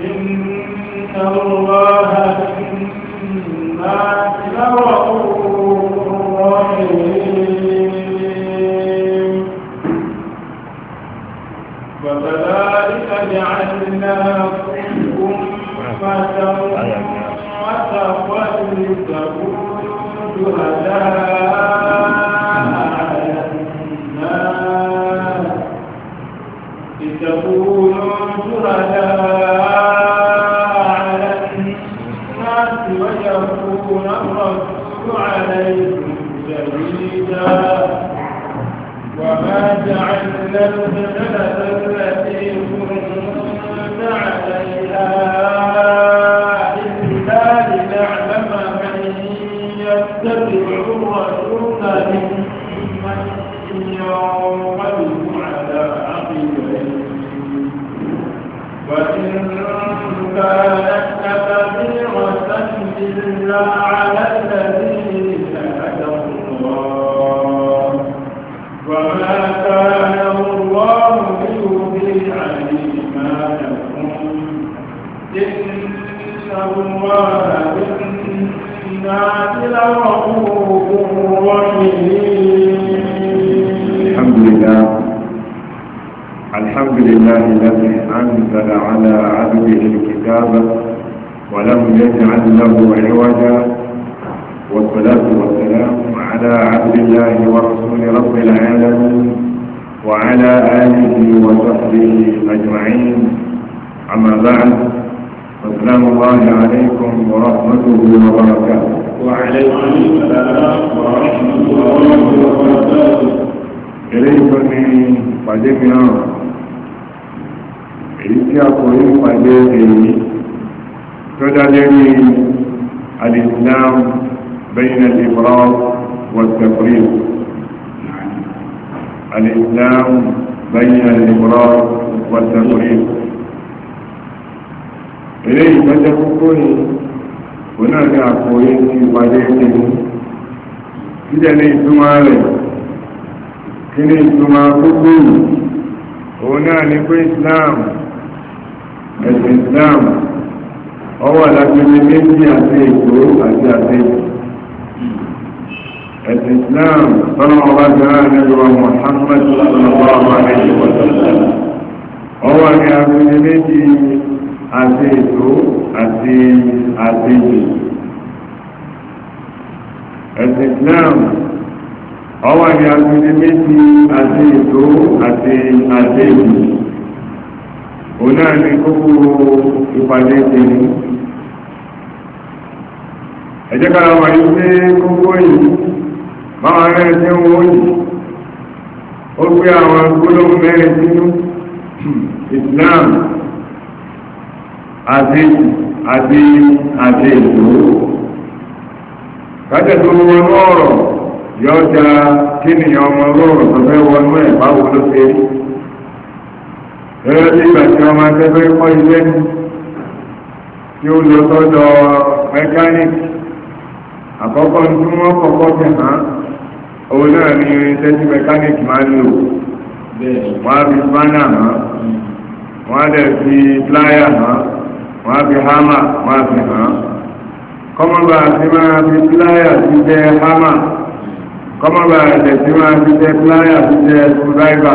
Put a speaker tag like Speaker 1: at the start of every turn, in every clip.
Speaker 1: إن الله بالناس لرؤوف رحيم وكذلك جعلناكم أمة وسطا لتكونوا
Speaker 2: شهداء
Speaker 1: لتكونوا شهداء يكون وما جعلنا الفتنة التي كنت عليها إلا لنعلم من يتبع الرسول ممن ينقلب على عقبيه وإن كانت لكبيرة إلا وعليكم السلام ورحمه الله وبركاته اليكم من فاجئ نار ايتيا قوي فاجئ ايه الاسلام بين الافراط والتفريط الاسلام بين الافراط والتفريط إليه مجد كوني òun náà ní àpò orí ti ìpàdé ṣe jíjẹ ní ìtumọ̀ rẹ̀ kí ní ìtumọ̀ gbogbo òun náà ní pé Islam ẹ̀sìn Islam ọwọ́ àlágbélé méjì àti èkó àti àtẹ́jì ẹ̀sìn Islam tọ́nà ọba jẹ́rà nílùú Muhammad sallallahu alaihi wa sallam ọwọ́ ní agbélé méjì àti ètò àti àtẹ̀jì ẹ̀sìn Islam ọwọ́ ni agbede méjì àti ètò àti àtẹ̀jì òun náà ní kókó ìpàdé tèmi ẹ̀jẹ̀ kára wà ní pé kókó yìí máa rẹ̀ ṣe ń wọ́n yìí ó gbé àwọn gbólóhùn mẹ́rin sínú hmm, Islam àti àti àti ètò kájẹ̀tò wọn lọ́rọ̀ yọ ja kí ni ọmọ lọ́rọ̀ tó fẹ́ wọn mọ́ ẹ̀fà wo ló ṣe rí ẹ̀rọ ìgbà tí ọmọ akẹ́fẹ́ kọ́ ilé tí ó lọ sọ́dọ̀ mẹkáníkì àkọ́kọ́ tí wọ́n kọ́kọ́ fi hàn òun náà ní irinṣẹ́ tí máa lò wọ́n á fi spanner hàn wọ́n á dẹ̀ fi pláyà hàn wọ́n á fi fi hàn kọmọba tí máa fi píláyà sí ẹ̀jẹ̀ ti máa fi jẹ́ píláyà sí jẹ́ sùdáìbà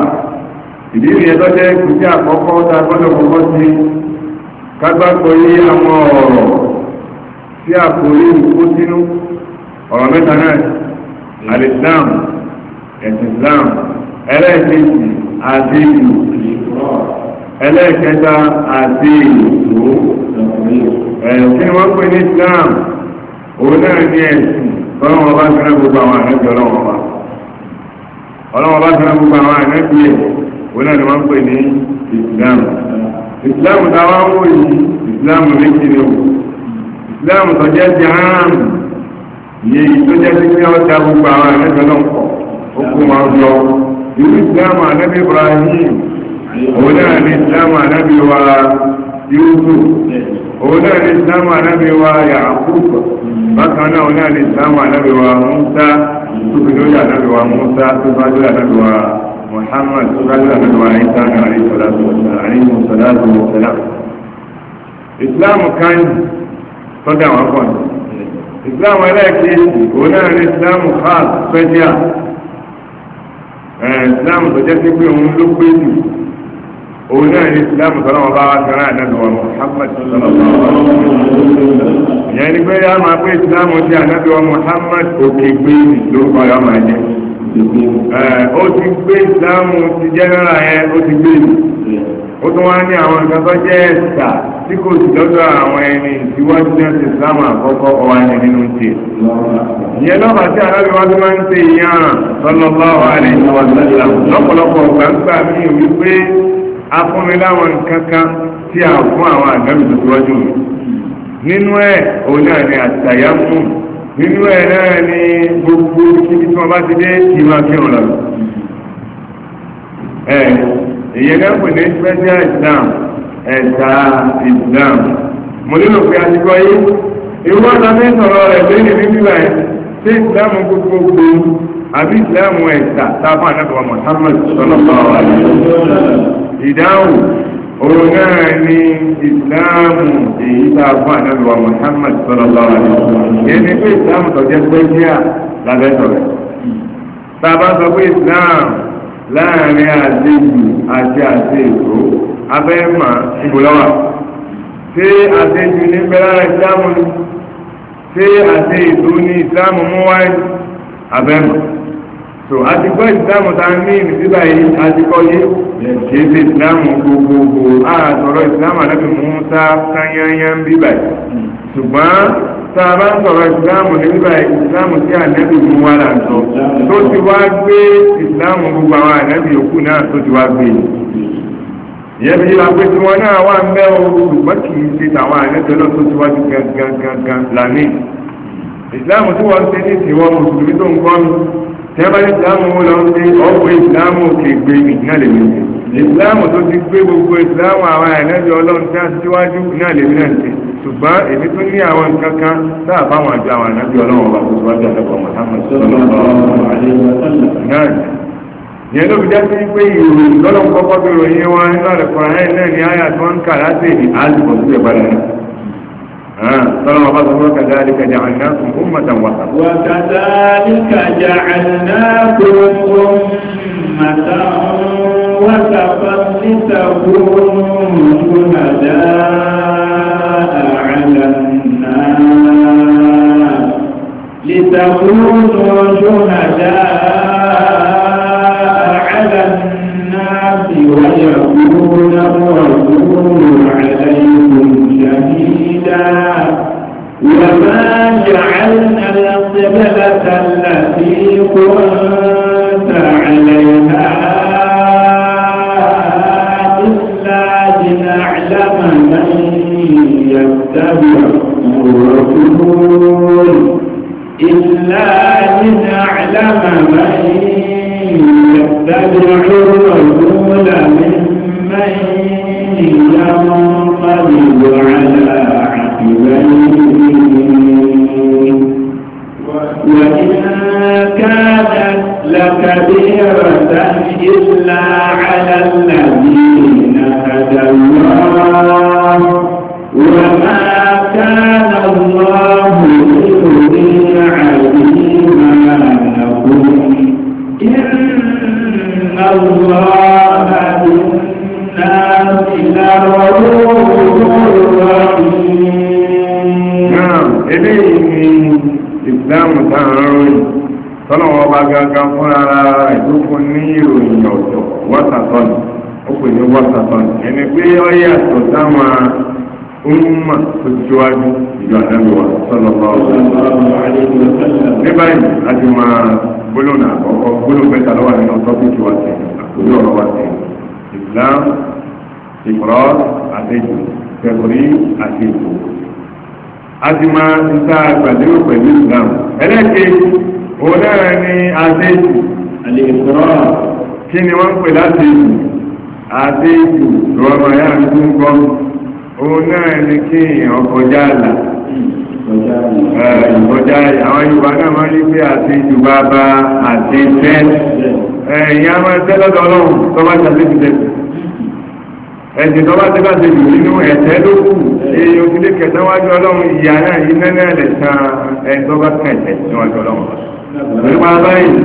Speaker 1: ìdí ìyẹn tó jẹ́ ìpínlẹ̀ àkọ́kọ́ tá gbọ́dọ̀ kọ́kọ́ sí kágbàgbọ́ yí àwọn ọ̀rọ̀ tí àkórí ìkó ọ̀rọ̀ mẹ́ta náà ẹlẹ́ẹ̀kẹta àti ìlú ẹ̀sìn wọ́n pè ní Islam òun náà ní ẹ̀sìn ọlọ́wọ́n bá fẹ́rẹ́ gbogbo àwọn ànábì ọlọ́wọ́n bá ọlọ́wọ́n bá fẹ́rẹ́ gbogbo àwọn ní Islam Islam táwa tó jẹ́ ti hàn yé tó jẹ́ ti àwọn ma lọ irú Ibrahim òun náà ní ìsìlámù ànábì wa yúùsù òun náà ní ìsìlámù ànábì wa yàkúb bákan náà òun náà ní ìsìlámù ànábì wa Mùsá tó fi lórí ànábì wa Mùsá tó bá lórí ànábì wa Muhammad tó bá lórí ànábì wa Isa kan tọ́jà wọn pọ̀ ní ìsìláàmù ẹlẹ́ẹ̀kejì òun náà ní ìsìláàmù khas special ìsìláàmù tó jẹ́ sí pé òun ló pé jù òun náà ní ìsìlámù tọ́lá wọn bá wá sí ọ̀rá ànábì wa Muhammad sallallahu alaihi wa sallam ìyẹn ni pé yá máa pé ìsìlámù ti ànábì wa Muhammad òkè gbé lórúkọ yọ máa jẹ ó ti gbé ìsìlámù ti jẹ́nẹ́rà yẹn ó ti gbé ó tún wá ní àwọn nǹkan tó jẹ́ ẹ̀sà tí kò sì lọ́dọ̀ àwọn ẹni ìdíwájú náà ti ìsìlámù àkọ́kọ́ ọwá ní nínú tiẹ̀ ìyẹn lọ́ba tí alábi wá tó máa ń ṣe ìyá sallallahu alaihi wa sallam lọ́pọ̀lọpọ̀ gbàgbà mi wípé a fún mi láwọn nǹkan kan tí a fún àwọn àdámì tó tọ́jú mi nínú ẹ̀ òun náà ni àtàyámù nínú ẹ̀ náà ni gbogbo kíbi tí wọ́n bá ti dé kí máa kírun lọ. ẹ ìyẹn náà pè ní special exam ẹ̀ta exam mo nílò pé a ti gbọ́ yé irú ọ̀nà sọ̀rọ̀ rẹ̀ lórí mi bíbá ẹ̀ ṣé ìsìláàmù gbogbogbò àbí ìsìláàmù ẹ̀ta tá a fún àdábọ̀ Muhammad sallallahu alaihi wasallam ìdáhùn òun náà ní ìsìláàmù èyí tá a fún ànábìwá Muhammad sallallahu alaihi wasallam yẹn ní pé ìsìláàmù tó jẹ́ pé díà lábẹ́ sọ̀rọ̀ tá a bá sọ pé ìsìláàmù láàrin àlejò àti àti èkó abẹ́mà so àti gbọ́ ìsìláàmù tá a kìí sí ìsìláàmù gbogbogbò àtọ̀rọ̀ ìsìláàmù ànábì Mùsá sáyányá ń bíbà ṣùgbọ́n tá a bá ń sọ̀rọ̀ ìsìláàmù ní bíbà ìsìláàmù tí ànábì mú wá là ń sọ tó ti wá gbé ìsìláàmù gbogbo àwọn ànábì yòókù náà tó ti wá gbé yẹ́bi yíra pé tí wọ́n náà wà ń bẹ́ o ṣùgbọ́n kì í ṣe tàwọn ànábì náà tó ti wá ju gangan gangan lànà ìsìláàmù tí wọ́n ṣe ní ìsìnwọ́n mùsùlùmí tó ń gbọ́ mi tẹ́bá ìsìláàmù ó lọ sí ọ̀pọ̀ ìsìláàmù òkè gbé náà lè mìí ìsìláàmù tó ti gbé gbogbo ìsìláàmù àwọn àìlẹ́bí ọlọ́run tí a ti síwájú náà lè mìí náà sí ṣùgbọ́n èmi tún ní àwọn nǹkan kan sáà báwọn àjọ àwọn àìlẹ́bí ọlọ́run ọba tó síwájú àtẹ́kọ̀ọ́ mọ̀tàmọ̀ yẹn ló fi já sí pé ìròyìn lọ́lọ́pọ̀ kọ́kọ́ bí طالما قال وكذلك جعلناكم أمة وسطا وكذلك جعلناكم أمة وسطا لتكونوا شهداء على الناس لتكونوا شهداء على الناس ويكون الرسول عليكم شهيدا وما جعلنا القبلة التي كنت عليها إلا لنعلم من يتبع الرسول إلا لنعلم من يتبع الرسول ممن ينقلب على
Speaker 3: وإن كانت لكبيرة إلا على الذين هدى الله
Speaker 1: وما كان الله إن الله بالناس eléyìí ni ìsìláàmù táwọn ròyìn tọ́nà wọn bá gangan fún ara rẹ̀ tó fún ní ìròyìn ọ̀tọ̀ wọ́sàtọ́nù ó pè ní wọ́sàtọ́nù ẹni pé ó yàtọ̀ táwọn umma tó síwájú ìjọ àdáwìwá sọ́nà bá ọ̀sán. ní báyìí a ti máa gbólóhùn àkọ́kọ́ gbólóhùn mẹ́ta lọ́wọ́ nínú tọ́pìkì wa tẹ̀ àkórí ọ̀rọ̀ wa tẹ̀ ìsìláàmù ìfọ̀rọ̀ àtẹ̀jù tẹ̀kùrí àti ìfòkù a ti máa ń tá àgbàlérò pẹ̀lú Islam ẹlẹ́kẹ̀ẹ́ òun náà ni àdéjù kí ni wọ́n ń pè látẹ̀jù àdéjù lọ́wọ́ ayá ń tún kọ́ òun náà ni kí ọkọjá àlà ìkọjá àwọn Yorùbá náà máa rí pé àdéjù bá bá àdéjù ẹ̀yìn a máa ọlọ́run tó bá ṣàlẹ́ ẹ̀sìn tó bá ti bá ti lù nínú ẹ̀tẹ́ ló kù èyí òfìlé kẹta wájú ọlọ́run ìyá náà yìí nẹ́nẹ́ lẹ̀ san ẹ̀sìn tó bá kàn ẹ̀tẹ́ níwájú ọlọ́run nípa báyìí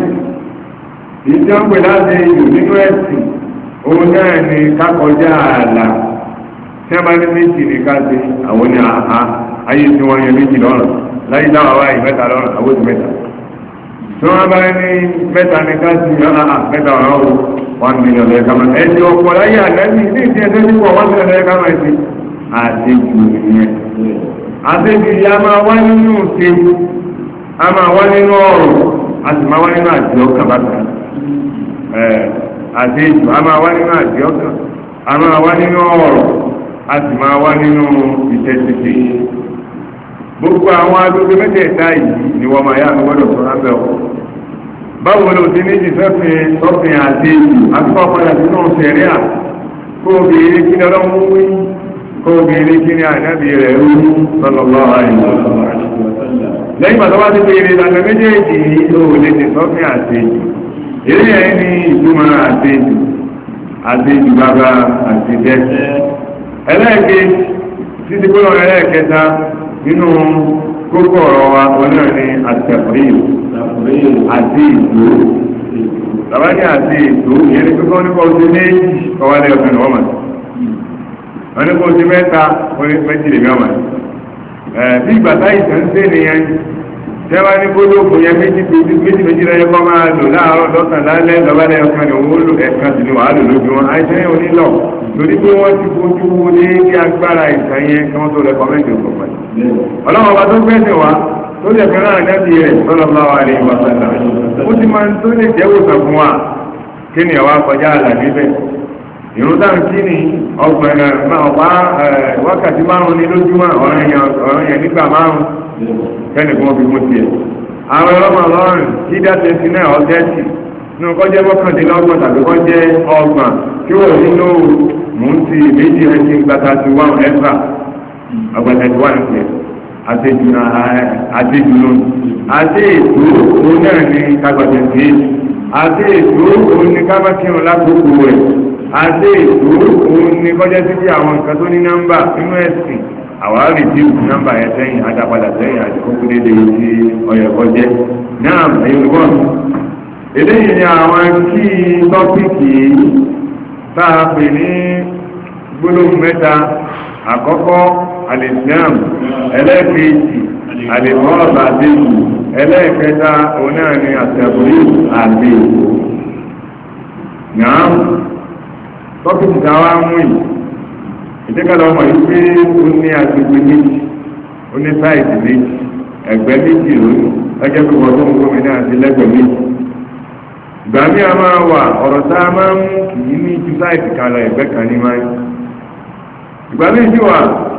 Speaker 1: ìjọ ń pè láti lù nínú ẹ̀sìn òun náà ni kákọjá ààlà tí wọ́n bá ní méjì ní káṣe àwọn ní àhá ayé tí wọ́n yan méjì lọ́rùn láyé dáwà wáyé mẹ́ta lọ́rùn àwọn ti tí bá ní mẹ́ta ní káàsì yọ́nà mẹ́ta ọ̀rọ̀ o wọ́n ní ọ̀rọ̀ ẹ̀ka ẹ̀jẹ̀ ọ̀pọ̀ láyé àgbẹ̀bí ní ìdí ẹ̀jẹ̀ tí wọ́n ní ọ̀rọ̀ ìyẹn. yìí a máa wá nínú a máa wá nínú ọ̀rọ̀ a sì máa wá nínú ọkàn bàtà a máa wá nínú ọkàn a máa wá nínú ọ̀rọ̀ a sì máa wá nínú gbogbo àwọn agbègbè mẹ́tẹ̀ẹ̀ta báwo ló ti ní ìfẹ́fin sọ́fin àti àtúbọ̀ padà sínú ṣẹ̀rí à kó obìnrin kí ni ọlọ́run wí kó obìnrin kí ni ànábì rẹ̀ wí lọ́lọ́lọ́ àìsàn lẹ́yìn pàtó wá ti béèrè ìlànà méjèèjì yìí tó lè ti sọ́fin àti eré àti ìdó tàbájá àti ìdó yẹn ni pípọ́ nípa oṣù méjì ọwọ́ ní ọ̀sán ìwọ́n mọ̀ wọ́n nípa oṣù mẹ́ta méjì lè mẹ́wàá bí ìgbà táyì sàn sí nìyẹn tẹ́wá ní bó lóògùn yẹn méjì méjì méjì lẹ́yẹ kọ́ máa lò láàárọ̀ lọ́sàn lálẹ́ lọ́bàdẹ́ ọ̀kan ni òun lò ẹ̀kan sì ni wàá lò lójú wọn àìsàn yẹn onílọ̀ torí pé wọ́n ti fojú wo ní agbára ìsàn yẹn kí wọ́n tó rẹ̀ kọ́mẹ́ntì ọ̀pọ̀ pẹ̀lú. ọlọ́run ọba tó gbẹ́sẹ̀ wá tó lè fẹ́ràn àdábì rẹ̀ sallallahu alaihi wa sallam ó ti máa ń tó lè jẹ́ òsàn fún wa kí ni àwa kọjá àlàbí bẹ́ẹ̀ ìrún dáhùn kí ni ọgbọ̀n ọ̀pá wákàtí márùn ní lójúmọ́ ọ̀ràn yẹn nígbà márùn kẹ́ni kí fi mún tiẹ̀ àwọn ọlọ́mọ ọlọ́run kí dáṣẹ́ sí náà ọ̀tẹ́ẹ̀tì nínú kọ́ jẹ́ mọ́kàndínlọ́gbọ̀n tàbí kọ́ jẹ́ ọgbọ̀n kí wọ́n nínú mú ti méjì ẹ̀sìn gbàtà ti wà ẹ̀fà ọgbọ̀n tẹ̀síwájú tiẹ̀ àtẹ́jù lónìí àti ètò òun náà ní kágbàjẹ̀ sí àti ètò òun ní kábàkírun lágbókò rẹ̀ àti ètò òun ní kọjá sí àwọn nǹkan tó ní nọ́mbà nínú ẹ̀sìn àwárí tí nọ́mbà yẹn sẹ́yìn adápadà sẹ́yìn àti kókó dédé tí ọyọ̀ kọjẹ́ náà ẹ̀yìn eléyìí ni àwọn kí tọ́pìkì tá a pè ní gbólóhùn mẹ́ta àkọ́kọ́ alìsíàm ẹlẹ́ẹ̀kejì àlìmọ́ọ̀lù àdéhù ẹlẹ́ẹ̀kẹta onáà àtẹ̀bùrí àdéhù náà tọ́kìtì táwa mú yìí ìdíkàlọ́ ọmọ yìí pé ó ní agbègbè méjì ó ní sáìdì méjì ẹgbẹ́ méjì lónìí lọ́jọ́ pé wọ́n tó ń gómìn náà ti lẹ́gbẹ̀ẹ́ méjì ìgbà a máa wà ọ̀rọ̀ tá a máa mú kì í ní ju ẹgbẹ́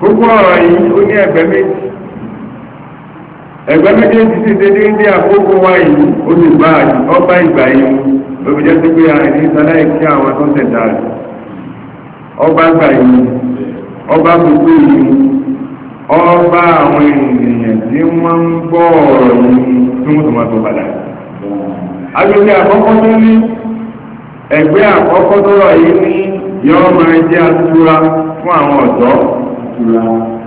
Speaker 1: gbogbo ọ̀rọ̀ yìí ó ní ẹgbẹ́ méjì ẹgbẹ́ méjì ti ti dédé ní àkókò wa yìí ó sì gba ọgbà ìgbà yìí lóbi jẹ́ tó gbé àìní sáláì kí àwọn tó ọba tẹ̀dá rẹ̀ ọgbà ìgbà yìí ọgbà gbogbo yìí ọgbà àwọn ènìyàn tí wọ́n ń gbọ́ ọ̀rọ̀ yìí tí wọ́n tó máa tó padà. agbègbè àkọ́kọ́ tó ní ẹgbẹ́ ọmọ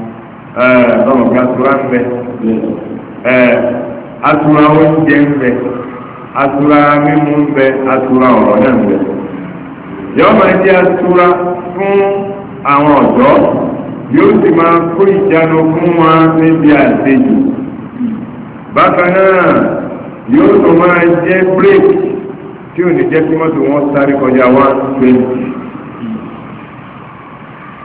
Speaker 1: kan atura ń bẹ atura oúnjẹ ń bẹ atura mímú ń bẹ atura ọ̀rọ̀ náà ń bẹ yọọ máa jẹ atura fún àwọn ọ̀dọ́ yóò sì máa kó ìjánu fún wa níbi àṣejù bákan náà yóò tó máa jẹ bírèkì tí ò ní jẹ́ kí mọ́tò wọn sáré kọjá wá twenty.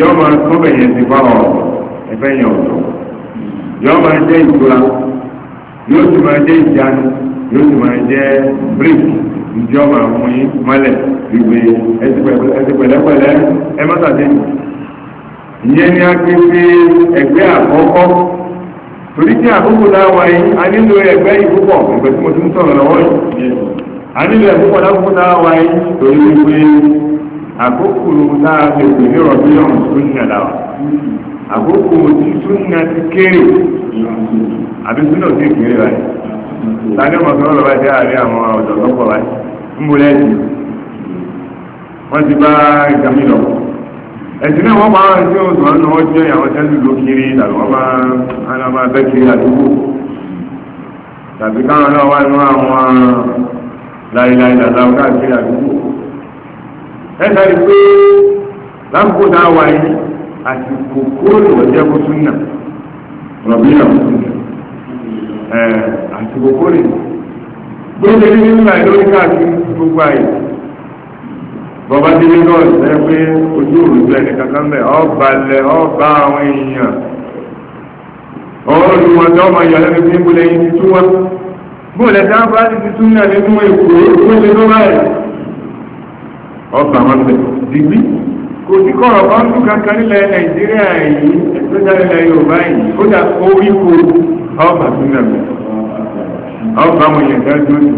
Speaker 1: yọ́ máa tó bẹ̀yẹn ti bá ọ̀ ẹ̀fẹ́ yẹn ọ̀tọ̀ yọ́ máa jẹ́ ìtura yóò sì máa jẹ́ ìjánu yóò sì máa jẹ́ bíríkì ìjọ máa mú yín mọ́lẹ̀ ìwé ẹsìpẹ̀lẹ́pẹ̀lẹ́ ẹ má tàdé ìyẹn ni a ti fi ẹgbẹ́ àkọ́kọ́ torí tí àkókò láwa yìí a nílò ẹgbẹ́ ìfúpọ̀ ìgbẹ́ tí mo ti ń sọ̀rọ̀ lọ́wọ́ yìí a nílò ẹ̀fúpọ̀ lákòókò láwa yìí torí wípé àkókò láàrin ìpínlẹ̀ rọ̀bí ọ̀hún súnà làwà àkókò tí súnà ti kéré àbí súnà ti kéré báyìí tani ọmọ sọ́rọ̀ lọ́ba jẹ́ àárín àwọn ọ̀dọ́ lọ́pọ̀ báyìí ń bo lẹ́sìn wọ́n ti bá ìjàmí lọ ẹ̀sìn náà wọ́n bá wọn tí kiri tàbí wọ́n kiri àdúgbò tàbí ẹ̀ka rí pé wà yìí àti kòkó ìwọ̀jẹ́ kó tún nà àti kòkó rè bó ṣe rí nígbà káàkiri gbogbo àyè bọ́bá Lagos ẹ pé ojú òrùlé ẹni kankan bẹ̀ ọ́ balẹ̀ ọ́ àwọn èèyàn wọn tó ọmọ yìí ti a bá ti nínú èkó ọ̀sán mọ́sẹ̀ dìgbì kò sí kọ́rọ̀ bá ń tún kankan nílẹ̀ nàìjíríà yìí ẹ̀sọ́jà nílẹ̀ yorùbá yìí ó dà orí ko ọba súnmọ̀ ọba àwọn èèyàn dájú ó sì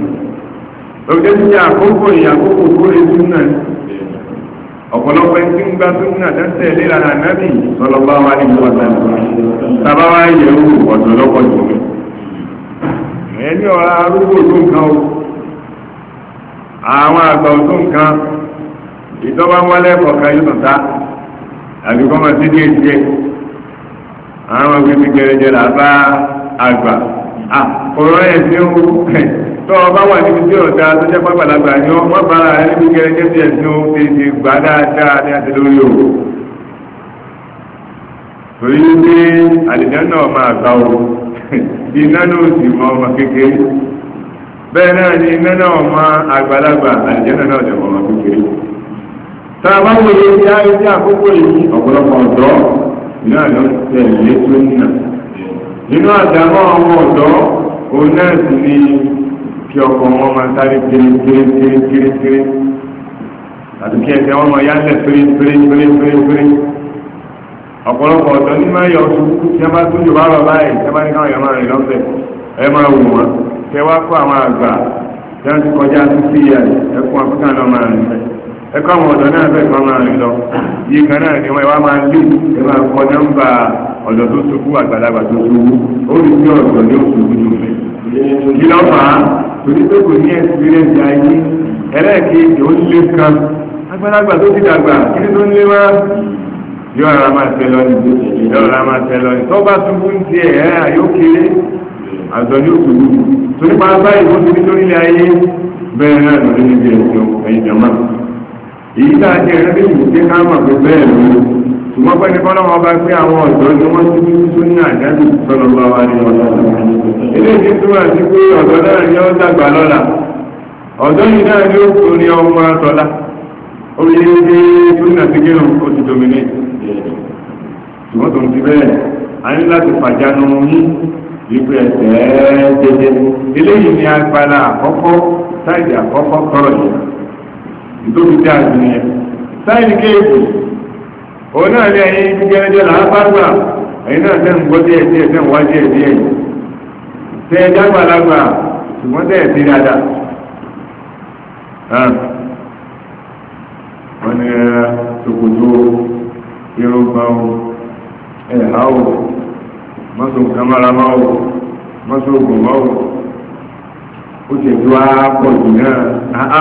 Speaker 1: lóde sí àkókò èèyàn àkókò kórè súnmọ̀ ọ̀pọ̀lọpọ̀ ẹni tí ń gba súnmọ̀ dáńtẹ̀ léra nàbì sọlọ́bà wa ní ìwọ̀ta tàbá wa yẹ owó ọ̀dọ̀ lọ́pọ̀ jù ẹni ọ̀rá arúgbó tó nǹkan o àwọn àgbà tó nǹkan ìtọ́ba ń wọlé kọ̀ọ̀kan yóò tún ta àbí kọ́ àwọn ọmọ ìgbésí gẹrẹjẹ àgbà ọ̀rọ̀ ẹ̀ tí ó tọ́ ọba wà níbi tí ọ̀dà tó jẹ́ ni wọ́n bá ara níbi gẹrẹjẹ bí ẹ̀sìn o torí pé àlìjá náà máa gbà o iná náà sì mọ ọmọ kékeré bẹ́ẹ̀ náà ni iná náà máa àgbàlagbà náà tá a bá wọ ilé tí a àkókò yìí ọ̀pọ̀lọpọ̀ ọ̀dọ́ tẹ̀lé tó nà nínú àdámọ́ ọ̀dọ́ òun náà sì kí ọkọ̀ wọn máa sáré àti kí ẹsẹ̀ wọn máa yálẹ̀ péré péré péré péré péré ọ̀pọ̀lọpọ̀ ọ̀dọ́ ní máa yọ ọ̀tún a bá tún jù bá lọ báyìí tí a bá ní káwọn èèyàn máa rìn ẹ máa wù wọn kẹ wá kó àwọn àgbà tí wọ́n ti kọjá sí sí náà máa rìn ẹ̀kọ́ àwọn ọ̀dọ́ náà bẹ́ẹ̀ kan máa rìn lọ yìí kan náà ni wọ́n wá máa ń lè ẹ máa kọ nọ́mbà ọ̀dọ́ tó ṣubú àgbàlagbà tó ṣubú ó rí sí ọ̀dọ́ ní òṣùwú jù mí. kí ló fà á torí pé kò ní ẹ̀sìpírẹ́ǹsì ayé ẹlẹ́ẹ̀kejì ó lé kan àgbàlagbà tó ti dàgbà kí ni tó ń lé wá yọ ara máa tẹ lọ ní yọ ara máa tẹ lọ ní tó bá ṣubú ń tiẹ̀ ẹ̀ àyó kéré àjọ ní òṣùwú torí pa báyìí ó ti èyí tá a jẹ ẹgbẹ́ ìlú pé ká mọ̀ pé bẹ́ẹ̀ ló ṣùgbọ́n ní bá pé àwọn ọ̀dọ́ ni wọ́n ti fi tó ní sọ̀rọ̀ bá wa ní ọ̀dọ́ sí pé ọ̀dọ́ náà ni ó dàgbà lọ́la ọ̀dọ́ yìí náà ni ó ọmọ ní túnà sí kí ó ti ṣùgbọ́n tó ń a ní láti ìtòkù tí a jù ní ẹ sáìnì kéèkù òun náà ní ẹ̀yìn gbígbẹ́rẹ́jẹ́ làápàgbà ẹ̀yìn náà tẹ́ ń gbọ́ díẹ̀ díẹ̀ tẹ́ ń wá díẹ̀ tẹ́ ẹ dágbàlagbà ṣùgbọ́n tẹ́ ẹ̀ sí wọ́n ní ẹ̀rọ irun ẹ̀há o mọ́tò kamara o ògùn ó náà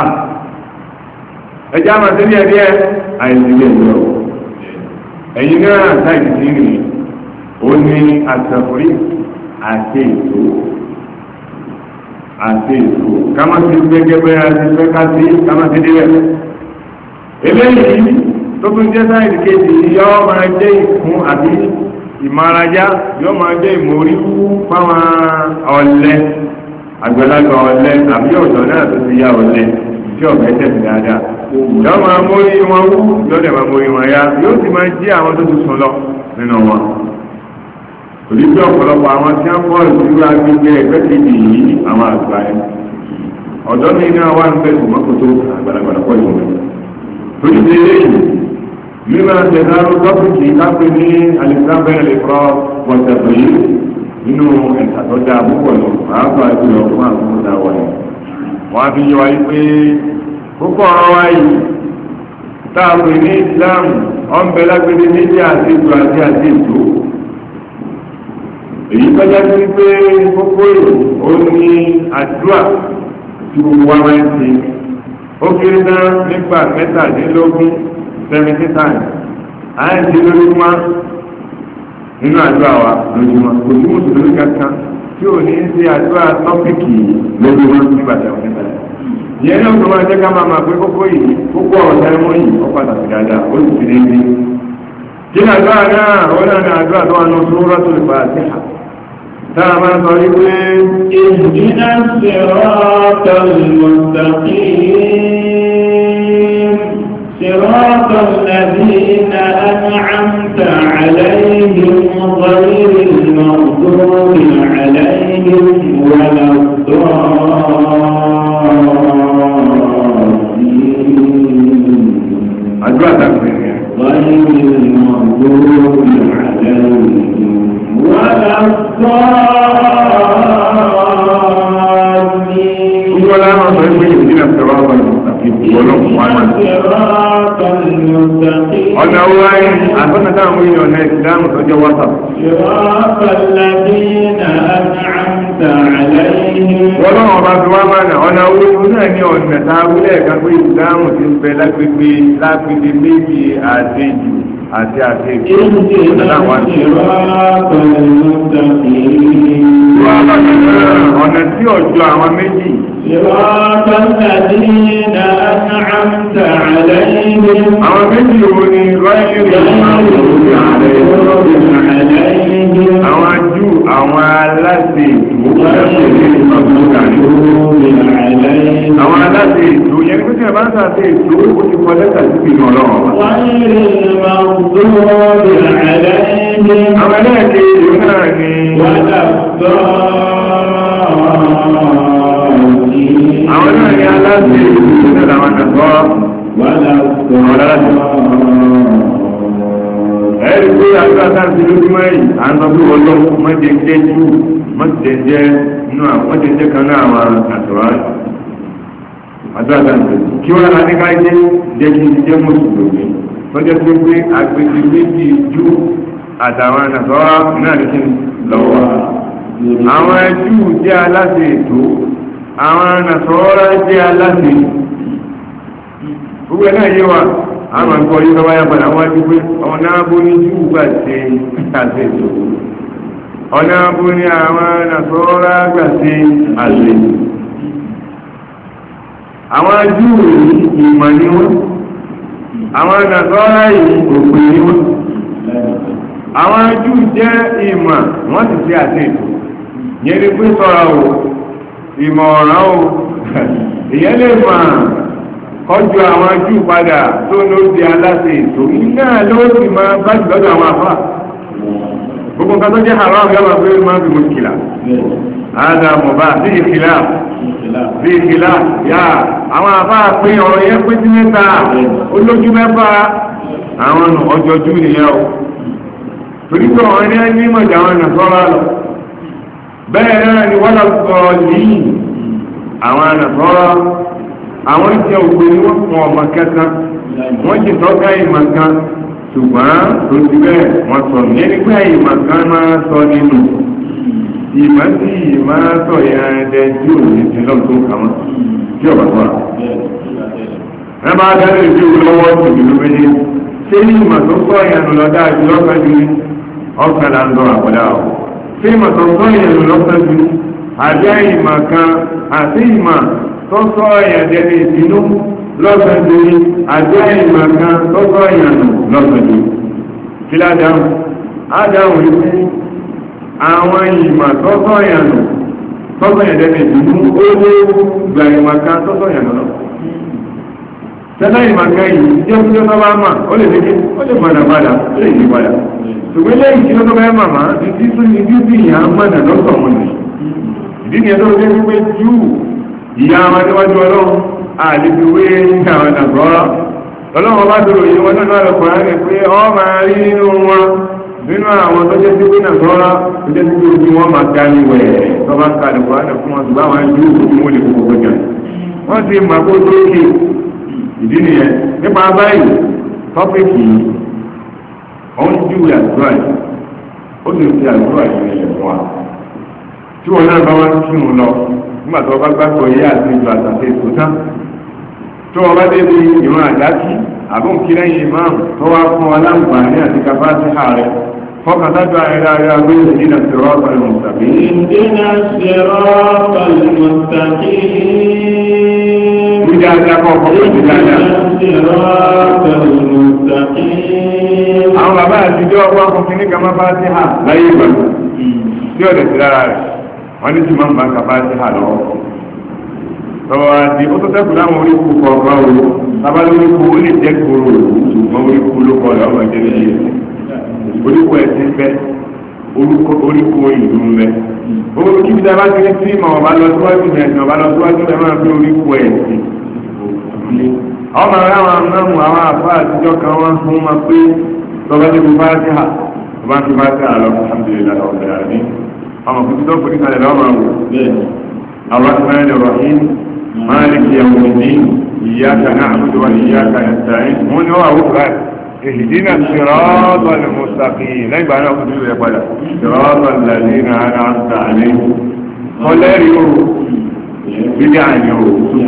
Speaker 1: ẹjá máa ṣe díẹ̀ díẹ̀ àìsí ilé ìlú ẹ̀yìn náà táìsì sí rìn ó ní àtàkùrí àti ètò àti ètò kámá ti gbẹgẹ bẹ àti fẹká sí kámá ti dé rẹ eléyìí tó tún jẹ sáìdì kejì yọ máa jẹ ìkún àbí ìmárajá yọ máa jẹ ìmórí fáwọn ọ̀lẹ àgbàlagbà ọ̀lẹ àbí ọ̀dọ́ náà tó ti ya ọ̀lẹ tí ọbẹ tẹsí dáadáa yọ máa mórí wọn wú lọ́dẹ̀ máa mórí wọn yá yóò sì máa jí àwọn tó ti sùn lọ nínú wọn òbí bí ọ̀pọ̀lọpọ̀ àwọn tí wọ́n fọ́ọ̀lù sí wá gbígbé ẹgbẹ́ kejì yìí àwọn àgbà yẹn ọ̀dọ́ ní iná wà ń bẹ̀ tòmọ́kòtò àgbàlagbàlà pọ̀ ìwọ̀n lójú ti léyìn mímọ àtẹnáró tọ́pìkì kápẹ́ ní alexander lefọ́ wọ́tẹ̀pẹ̀ yìí nínú ẹ̀ka tó dáa púpọ̀ lọ pàápàá jùlọ fún àwọn ọ̀dà wọ̀nyí wọ́n á fi púpọ̀ àwọn ayé táàpù ní Islam ọ̀nbẹ lágbèdè méjì àti ètò àti àti ètò èyí tọ́já sí pé kókó èrò ó ní àdúrà tí gbogbo wa máa ń ṣe ó kéré náà nígbà mẹ́tàdínlógún seventy times a ń ṣe lójúmọ́ nínú àdúrà wa lójúmọ́ kò sí mùsùlùmí kankan tí ò ní ṣe àdúrà tọ́pìkì lójúmọ́ nígbà tí a wọ́n nígbà yẹn náà tó máa jẹ́ ká máa máa pé kókó yìí kókó ọ̀rọ̀ sẹ́rẹ́mọ́ yìí ó pàtàkì dáadáa ó sì ti dé bí. kí ni àdúrà náà ó náà ní àdúrà tó wà ní Suratul Fatiha. tá a máa sọ wípé. ìdínà siratal mustaqim siratal ladina an'amta alayhim ghayril maghdubi alayhim wala àdúrà dàgbà yẹn. wáyé mi mọ̀ lóró ìrànlẹ́ òyìnbó.
Speaker 3: wọ́n á sọ ọ́ ní.
Speaker 1: gbogbo aláwọ̀ sọ pé ìdílé àti ọ̀rọ̀ àwọn ọ̀rọ̀ ìwọlọ́pù wọn náà. ọ̀nà owó ayé àtọ́nà táwọn ohun èèyàn náà ìsìlámù tó jẹ́ whatsapp. wọ́lọ́wọ́ bá fi wá máa nà ọ̀nà owó ewu náà ní ọ̀nà táwílẹ̀ kápé ìsìlámù ti ń bẹ tí ọ̀jọ̀ àwọn méjì صراط الذين أنعمت عليهم عمل غير المغضوب عليهم àwọn ajú àwọn aláṣẹ ètò àwọn aláṣẹ ètò yẹn kó tí a bá ń sàṣẹ ètò ó ti kọ lẹ́tà sí ìlú ọlọ́run àwọn ẹlẹ́ẹ̀kẹ́ ìlú náà ni àwọn náà ní aláṣẹ ìlú làwọn nàkọ́ àwọn aláṣẹ. ẹ̀rí pé àdúrà sáàsì lójúmọ́ yìí à ń lọ bí wọ́n lọ mọ́jẹ̀jẹ́ jù mọ́jẹ̀jẹ́ nínú àwọn mọ́jẹ̀jẹ́ kan náà àwọn àtọ̀rọ̀ àdúrà sáàsì kí wọ́n lára ní ká jẹ́ jẹ́ kí n jẹ́ mọ́sùlùmí lọ́jọ́ tó gbé agbègbè méjì jù àtàwọn àtọ̀rọ̀ náà ní kí n lọ́wọ́ àwọn ẹjú jẹ́ aláṣẹ ètò àwọn nàṣọ́rọ́ jẹ́ aláṣẹ gbogbo náà yé wa àwọn àgbọ̀ yìí lọ́wọ́ padà wọ́n ti pé ọ̀nà abó ní júù gbà ṣe àṣẹ ètò ọ̀nà abó ní àwọn nàṣọ́rọ́ gbà ṣe àṣẹ àwọn júù ìmọ̀ wọ́n àwọn yìí wọ́n àwọn jẹ́ ìmọ̀ wọ́n ti ṣe àṣẹ yẹn ni pé sọ́ra ìmọ̀ràn o ìyẹn lè mà kọjú àwọn ajú padà tó ló di aláṣẹ ètò iná ló sì máa bá jù lọ́dọ̀ àwọn afá gbogbo nǹkan tó jẹ́ haram yọba pé máa fi mú kìlà ádá mọ̀bá sí ìkìlá sí ìkìlá yá àwọn afá pé ọ̀rọ̀ yẹn pé sí mẹ́ta olójú mẹ́fà àwọn ọjọ́jú nìyẹn o torí pé ọ̀rọ̀ yẹn ní mọ̀jà àwọn ìnàsọ́ra lọ bẹ́ẹ̀ náà ni wọ́n lọ́pọ̀ lẹ́yìn àwọn ànàtọ́rọ́ àwọn ìjẹ́ ògbé ni wọ́n fún ọmọ kẹta wọ́n jì tọ́ka ìmọ̀ ṣùgbọ́n tó ti bẹ́ẹ̀ wọ́n sọ ní pé ìmọ̀ máa sọ nínú ìmọ̀ sí ìmọ̀ sọ yẹn tí ò ní ti lọ́n tó kà tí ọ̀bà tó rà. ẹ máa dáná ìdí òun lọ́wọ́ méjì sọ ju ń lọ tí ìmọ̀ tó sọ èèyàn lọ lọ́sẹ̀ ju àjẹ́ ìmọ̀ kan àti ìmọ̀ tó sọ èèyàn jẹ́ ní ìbínú lọ́sẹ̀ ju àjẹ́ ìmọ̀ kan tó sọ èèyàn lọ́sẹ̀ ju kí ládáhùn ádáhùn ìpín àwọn ìmọ̀ tó sọ èèyàn lọ tọ́sọ̀ yẹn dẹ́nu ìdùnnú ó lé gba ìmọ̀ká tọ́sọ̀ yẹn lọ. Tẹ́lá ìmọ̀ká yìí jẹ́ fúnjẹ́ tó bá mà ó lè dékè ó lè padà padà ó lè yí padà tòwé lẹ́yìn tí lọ́dọ́ bẹ́ẹ̀ màmá ìdí tún ní bí bí ìyá mọ̀nà lọ́sọ̀ wọn ni ìdí ni ẹjọ́ lóde wípé jù ìyá wọn níwájú ọlọ́run àlejò wé ní àwọn nàgbọ́rọ́ ọlọ́run ọba tó ròyìn wọn náà lọ kọ̀ọ̀rọ̀ rẹ̀ pé ọ máa rí nínú wọn nínú àwọn tó jẹ́ sí pé nàgbọ́rọ́ tó jẹ́ sí pé ojú wọn máa ga ní wẹ̀ẹ́ tó bá ń ka àlùkò rẹ̀ fún wọn ṣùgbọ́n àwọn ẹni yóò wọn lè kókó gbẹ̀gàn wọ́n ti mọ̀ àkóso òkè ìdí nìyẹn nípa báyìí tọ́pìkì ọ̀hún ti wí àdúrà yìí ó sì fi àdúrà yìí rẹ̀ fún wa tí wọn náà bá wá kí wọn lọ nígbà tó bá gbàgbọ́ yé àti ìjọ àtàkè tó tán tó wọn bá dé ní ìran àdákì àbúǹkí lẹ́yìn ìmáàmù tó wá fún wa láǹfààní àti kàfáàtìhà rẹ̀ فقد أدعى إلى يابين إلى الصراط المستقيم إلى الصراط المستقيم بجاء لك وقفت بجاء لك الصراط المستقيم àwọn bàbá àtijọ́ ọgbà fún kí ní kama bá ti hà láyé ìgbà tí ọ̀dẹ̀ ti lára rẹ̀ wọ́n ní tí máa ń bá kaba ti hà lọ́wọ́ tọ́wọ́ àti ó tó tẹ́kù láwọn oríkù kọ ọgbà bàbá lóríkù ó lè jẹ́ kóró ṣùgbọ́n oríkù ló kọ lọ́wọ́ oríkù oríkù ìlú ń owó kí dábàá ti ní tí ìmọ̀ lọ síwájú lọ síwájú máa fi oríkù ọmọ àwọn amẹ́mù àwọn àfá àtijọ́ kan wọ́n fún ma pé lọ́gbẹ́ tí mo bá ti hà mo bá ti bá ti hà lọ alhamdulillah ọ̀gbẹ̀ àní ọmọ kùtù tó kùtù kalẹ̀ lọ́mọ àwọn arrahman arrahim maliki yawmiddin iyyaka na'budu wa iyyaka ni wọ́n àwòrán المستقيم لا يبقى انا اقول الذين انعمت عليهم ولا يروا بدعا يروا ثم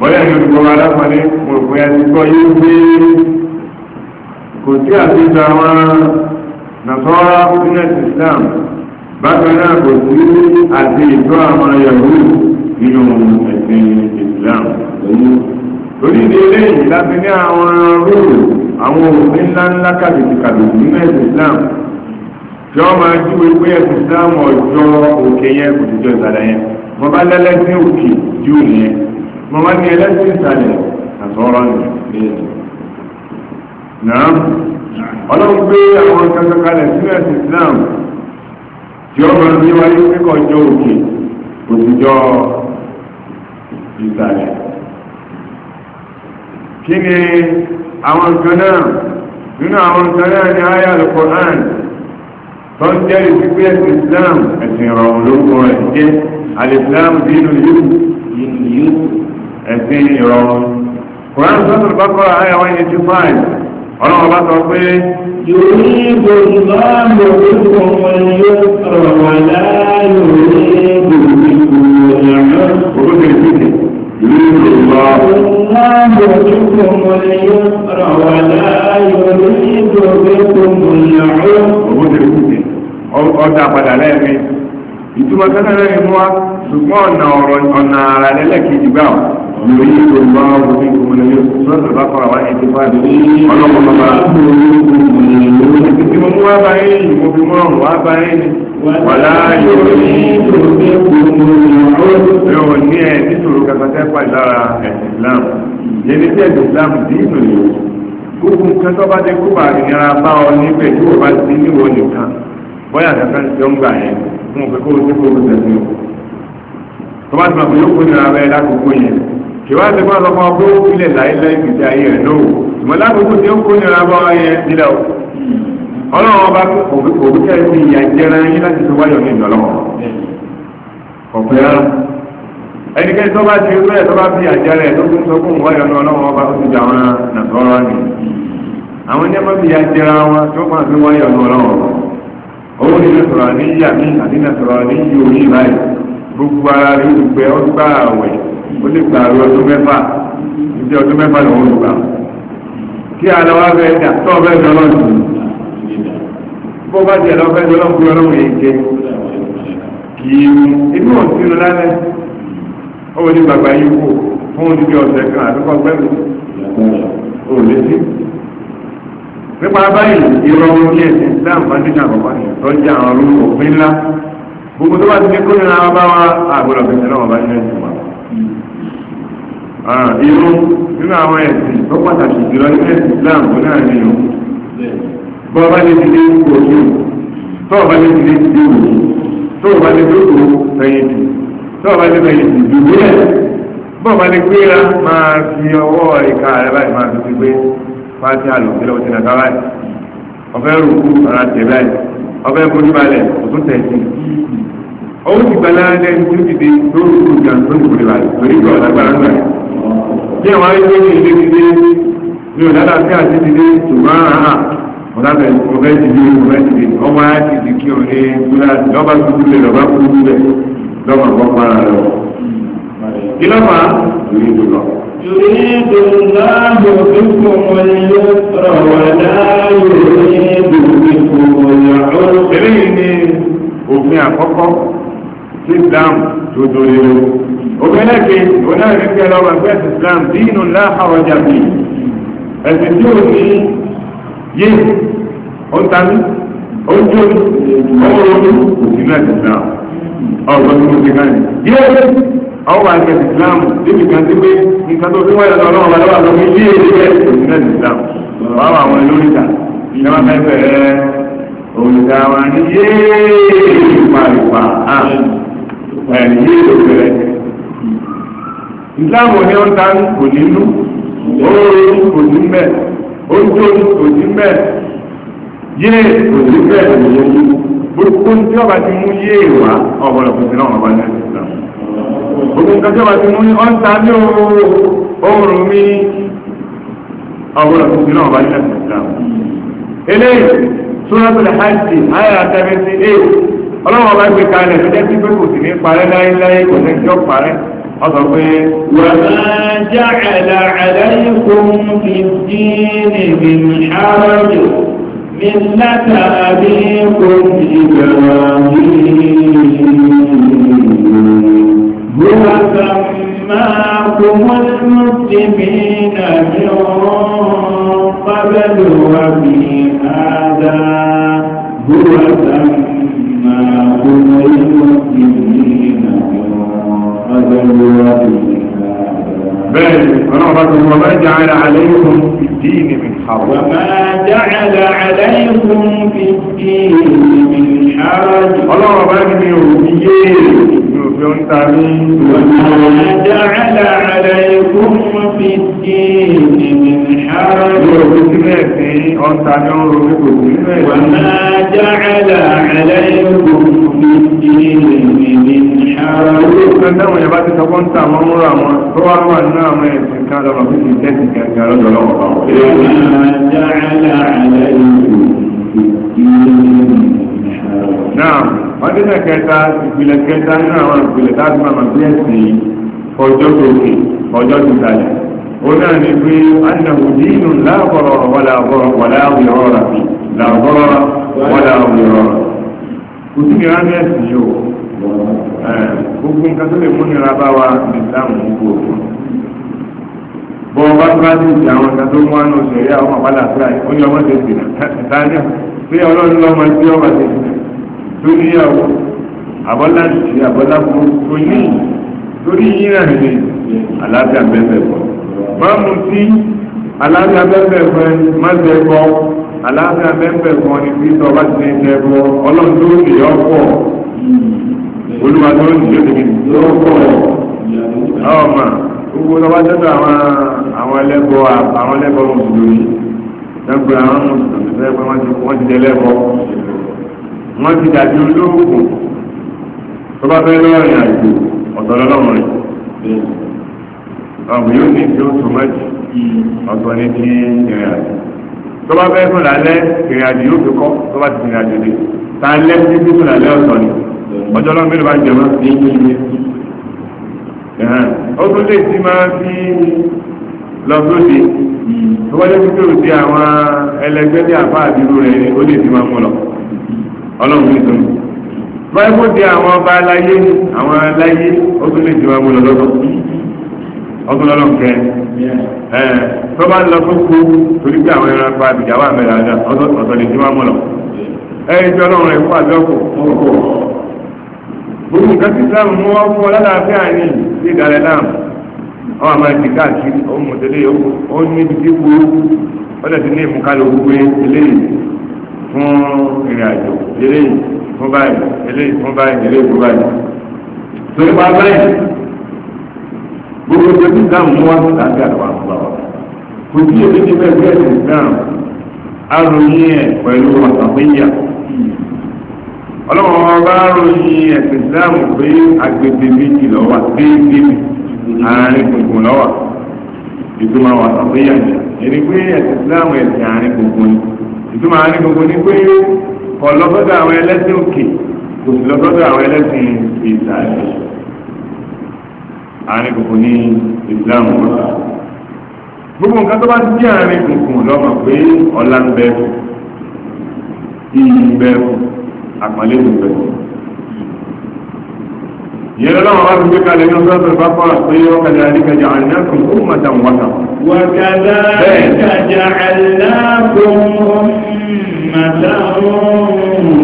Speaker 1: bọ́lẹ̀ ní olùkọ́ alápàdé mo rò pé a ti kọ́ yóò gbé kò sí àfihàn àwọn nàtọ́rọ́ fitness Islam bákan náà kò sí àti ìtọ́ àwọn yahoo nínú ẹ̀sìn Islam torí ní eléyìí láti ní àwọn rúùlù àwọn òfin ńláńlá kàbìtì kàbìtì nínú ẹ̀sìn Islam tí wọ́n máa júwe pé ẹ̀sìn Islam ọjọ́ òkè yẹn kò sí jọ ìsàlẹ̀ yẹn wọ́n bá lẹ́lẹ́sìn òkè jù nìyẹn mọ̀mọ́ ní ẹlẹ́sìn ìsàlẹ̀ àtọ́rọ̀ ní èdè náà ọlọ́run gbé àwọn kankan kalẹ̀ sílẹ̀ sí Islam tí ó máa ń bí wáyé kíkọ́ jọ òkè òtijọ́ ìsàlẹ̀ kí ni àwọn nǹkan náà nínú àwọn nǹkan náà ni àyà Al-Qur'an tó ń jẹ́ ìsìnkú ẹ̀sìn Islam ẹ̀sìn ìrọ̀rùn lórúkọ rẹ̀ jẹ́ Al-Islam dínú yìí ẹ̀sìn ìrọ̀rùn kùránì sọ́tọ̀ bá kọ́ra ayà wáyé eighty five ọlọ́run bá sọ pé. yorùbá ìbò ìbá àmọ̀ orúkọ wọn yóò sọ̀rọ̀ wà láàyò ní ìbò ìbò ìyàmọ́. olóògbé ìdíje yorùbá ìbò ìbá àmọ̀ orúkọ wọn yóò sọ̀rọ̀ wà láàyò ní ìbò ìbò ìyàmọ́. olóògbé ìdíje ọjà padà lẹ́ẹ̀mí ìtumọ̀ sẹ́nẹ̀rẹ́ ni wọ́n ṣùgbọ́n ọ̀nà ọ̀rọ̀ ọ̀nà àrà lẹ́lẹ́kejì gbà wọ́n. يريد الله بكم اليسر بقى واعتقاد ọlọ́pọ̀ bàbá ìdí mú wá báyé yìí mo fi mọ́ wá báyé ni wà láàyò ní ìrò Islam yẹni Islam dì í lòyè gbogbo nǹkan tó bá dé kó bá ìnira bá ọ níbẹ̀ tí ó bá ti níwọ̀ nìkan bóyá kankan ti ń gbà yẹn fún òfin kó o tó kó o tẹ̀sí o tó bá ti máa fi yókù nira bẹ́ẹ̀ lákòókò yẹn ìwádìí kọ́ lọ́kọ́ pé ó fílẹ̀ láìláì ìgbésí ayé rẹ̀ lóò ìmọ̀lá gbogbo tí ó kó nira bọ́ ayé nílẹ̀ o ọlọ́run ọba òbíkẹ́ fi ìyà jẹra yín láti fi wáyọ̀ ní ìdọ́lọ́wọ́ ọ̀pẹ́ rárá ẹnikẹ́ni tó bá ti rú ẹ̀ tó bá fi àjẹrẹ ẹ̀ tó tún sọ fún wáyọ̀ ní ọlọ́run ọba ó ti jà wọn nàtọ́rọ́ ni àwọn ní ẹgbẹ́ fi ìyà jẹra wọn tó máa fi wáyọ̀ ní ọlọ́run owó ní nàtọ̀rọ̀ ní yàmí àti nàtọ̀rọ̀ ní yìí ó lè gbà rú ọdún mẹ́fà ìdí ọdún mẹ́fà lọ́wọ́ olùgbà kí àlọ́ wá fẹ́ dà tó ọ̀fẹ́ jọ lọ́nà bó bá jẹ́ lọ́fẹ́ jọ lọ́nà kúrò lọ́wọ́ yẹn jẹ kì í mú inú òsì lọ lálẹ́ ó wọ́n ní gbàgbà yìí kù fún odidi ọ̀sẹ̀ kan àdúgbò gbẹ́rù ó lè sí nípa báyìí ìrọ̀rùn ní ẹ̀sìn Islam foundation àkọ́kọ́ ni tó jẹ́ òfin ńlá gbogbo tó bá ti ní kó Ah, irú nínú àwọn ẹ̀sìn tó pàtàkì jùlọ ní ẹ̀sìn Islam tó náà ní ìrún bọ́ bá lè dìde kò sí tó bá lè dìde dìde wò tó bá lè dókò fẹ̀yìntì tó bá lè fẹ̀yìntì bọ́ bá lè gbéra máa fi ọwọ́ ìka báyìí máa gbé lọ́wọ́ rúkú ara tẹ̀ báyìí balẹ̀ tẹ̀ sí ti lẹ́nu tó dìde tó rúkú tó balẹ̀ tí àwọn arúgbó ní ilé ti dé mi ò dáadáa sí àti ti dé ṣùgbọ́n àhà mo dábẹ̀ mo fẹ́ ti dé mo fẹ́ ti dé ọmọ ayé ti di kí o ní gúláàsì lọ́ba kúkú lẹ̀ lọ́ba kúkú lẹ̀ lọ́ba kọ́ para rẹ̀
Speaker 2: kí ló fà á lórí ìlú lọ.
Speaker 1: يريد الله بكم اليسر ولا يريد بكم العسر. eléyìí ni òfin àkọ́kọ́ sí dáàmù tó dórí lórí ògbẹ́lẹ́gbẹ́ onáàrínkẹ́ lọ́wọ́ ẹgbẹ́ islam dínú láhàwọ̀jà bí ẹ̀sìn tí ó ní yé ọ̀tàmí ojú ọmọlódún ìlú islam ọ̀gbọ́n tí mo ti ká ní yé ọwọ́ àgbẹ̀ islam débi kan tí pé nǹkan tó fi wáyé lọ́wọ́ wà lọ́wọ́ àgbẹ̀ yé ẹgbẹ́ ìlú islam wà wà àwọn ìlú ìta ìjọba fẹ́ bẹ̀rẹ̀ òrìṣà wa ní yé ìpàlùpà ẹ̀yìn yé ìlú bẹ̀rẹ̀ ìsìláàmù ní ó ń ta kò ní lú oòrùn kò ní mẹ́ oúnjẹ kò ní mẹ́ yéè kò ní mẹ́ ìyẹn yìí gbogbo tí ọba ti mú yéè wá ọ̀bọ̀lọ̀ kò sí náà ọba ní ìsìláàmù gbogbo nǹkan tí ọba ti mú ọ́n ta ní oòrùn mi ọ̀bọ̀lọ̀ kò sí náà ọba ní ìsìláàmù eléyìí suratul hajj ayà seventy eight ọlọ́wọ́ bá gbé kalẹ̀ tó jẹ́ pé kò sí ní parẹ́ láéláé kò ní jọ́ parẹ́. إيه؟ وما جعل عليكم في الدين من حرج ملة أبيكم إبراهيم هو سماكم المسلمين من قبل وفي
Speaker 2: هذا هو سماكم
Speaker 1: المسلمين
Speaker 2: من بل
Speaker 1: ربك وما جعل عليكم في الدين من حرج وما جعل عليكم في الدين من حرج الله ربك من يوميين وما جعل عليكم في الدين من حرج وما جعل عليكم في الدين من حرج Ọjọ́ ìbá ti sọ pọ́n tà mọ́ múra wọn tó wá wà náà mọ́ ẹ̀sìn kan lọ́wọ́ fún ìtẹ́sì kẹta lọ́jọ́ lọ́wọ́ bá wọn ọdún kẹta ìpìlẹ̀ kẹta nínú àwọn ìpìlẹ̀ tá a ti máa bí ẹ̀sìn ọjọ́ tòkè ọjọ́ tìtàlẹ̀ ó náà ní pé annahu dínú láàbọ̀rọ̀ wàlá àwòrán ràbí làbọ̀rọ̀ wàlá àwòrán kò sí nira ní ẹ̀sìn yìí o gbogbo nǹkan lè mú nira bá wa ní ìsìlámù ní gbogbo bọ́ ọba tó bá ti di àwọn nǹkan mú àánú ṣẹ̀rí àwọn àbálà fúláì ó ní ọmọ tẹ̀sí náà tó níyàwó àbọ́lá sí àbọ́lá fún tó ní torí yíra ní alága bẹ́ẹ̀ bọ́ máa mú sí alága bẹ́ẹ̀ bọ́ má bẹ́ bọ́ alága bẹ́ẹ̀ bọ́ ni bí tọ́ bá ti ní bọ́ ọlọ́run tó ní ọ̀pọ̀
Speaker 2: olúwa tó ní ọ̀pọ̀ ọmọ gbogbo lọ́wọ́ tẹ́tọ̀ àwọn àwọn ẹlẹ́bọ̀ àwọn
Speaker 1: ẹlẹ́bọ̀ mùsùlùmí lẹ́gbẹ̀ẹ́ àwọn mùsùlùmí lẹ́gbẹ̀ẹ́ wọ́n ti jẹ́ lẹ́bọ̀ wọ́n ti dàbí olóògùn tó bá fẹ́ lọ́rìn àjò ọ̀tọ̀ lọ́wọ́ rẹ̀ ọ̀gbìn yóò ní tí ó tó mẹ́jì ọ̀tọ̀ ní ti ìrìn àjò tó bá fẹ́ fún lálẹ́ ìrìn àjò yóò fi kọ́ tó bá ti ìrìn àjò dé ta lẹ́ sí sí fún lálẹ́ ọ̀tọ̀ ni ọjọ́ lọ́wọ́ mélòó bá jẹ mọ́ ní ìlú ó tún lè ti máa fi lọ sóde tó wáyé pípé òde àwọn ẹlẹgbẹ́ ní àbá àdúró rẹ̀ ó lè ti máa mú lọ. ọlọ́run nìkan báyìí kó di àwọn ọba aláyé àwọn aláyé ó tún lè jẹun àwọn ọlọ́dọ́ ọdún lọ́lọ́run kẹ ẹ tó bá ń lọ tó kú torí pé àwọn àbìjà wà ọ̀tọ̀ lè ẹ fún gbogbo nǹkan tí mú fún ọ lálàáfíà fún ìrìn àjò eléyìí fún báyìí eléyìí fún báyìí eléyìí fún báyìí torí pa báyìí gbogbo tẹbi dáhùn mú wá láti àgbà àgbà wa kò sí èmi ní bẹ́ẹ̀ bẹ́ẹ̀ sì dáhùn aròyìn ẹ̀ pẹ̀lú àtàwéyà ọlọ́wọ́n ọba aròyìn ẹ̀sìn dáhùn pé agbègbè méjì lọ́wọ́ déédéé àárín gbùngbùn lọ́wọ́ ìgbìmọ̀ àtàwéyà ni ẹni pé ẹ̀sìn dáhùn ẹ̀sìn àárín gbùngbùn ni ìtumọ̀ àwọn gbogbo ní pé ọlọ́gọ́dọ̀ àwọn ẹlẹ́sìn òkè kò sí lọ́gọ́dọ̀ àwọn ẹlẹ́sìn ìsàlẹ̀ àárín gbogbo ní Islam ọ̀la gbogbo nǹkan tó bá ti jẹ́ àárín gbogbo lọ́mọ pé ọlá ń bẹ ìyìn bẹ àpọ̀lẹ́ ìbẹ̀rù يلا ربك بك لأنه سورة البقرة وكذلك جعلناكم أمة وسطا وكذلك جعلناكم
Speaker 2: أمة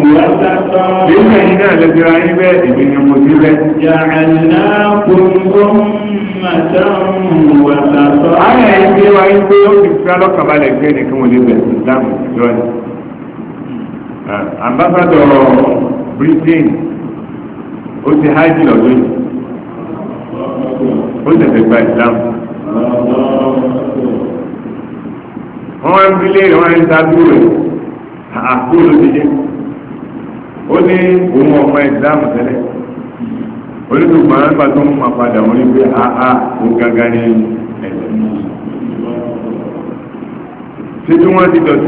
Speaker 2: وسطا للمهنة التي رأيبه
Speaker 1: ابن مجيبه جعلناكم أمة وسطا أنا عندي وإن كنت تسألوا قبل الكين كم لبه الإسلام الجواني أمبسطة بريطين ó ti hájì lọ́dún yìí
Speaker 2: ó tẹ̀sẹ̀ gba ìsìlámù
Speaker 1: wọ́n wá ń bí léèrè wọ́n ń ta rẹ̀ àkókò ló ti dé ó ní òun ọmọ ìsìlámù tẹ́lẹ̀ onídùúgbọ́n nígbà tó ń máa padà wọ́n ní pé àá ó gángan ní ẹ̀sìn ṣé wọ́n ti dọ̀tí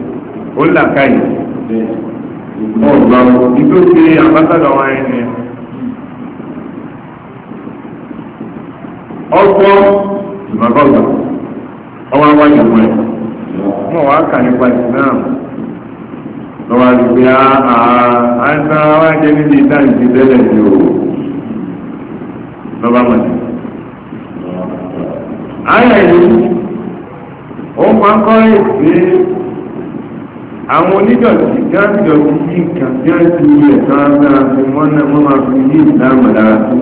Speaker 1: ó là káyì wọn ò gbà wọn ní tó ṣe àbáṣádà wọn ẹ ní ọgbọ ìmọ̀gbọ́gbà ọwọ́ awájú wọn ẹ mọ̀ wá kà nípa ìsìláàmù lọ́wọ́ àdìgbé àìsàn àwọn ajẹ́ níbi ìdá ìdílẹ́lẹ̀ ní o lọ́ba mọ̀ sí. ayẹyẹ ó máa ń kọ́ èsì àwọn onídọ̀tí gáàsìdọ̀tí yìí kan gáàsì ilẹ̀ tán náà fi wọ́n náà wọ́n máa fi yí ìdáàmù lára tó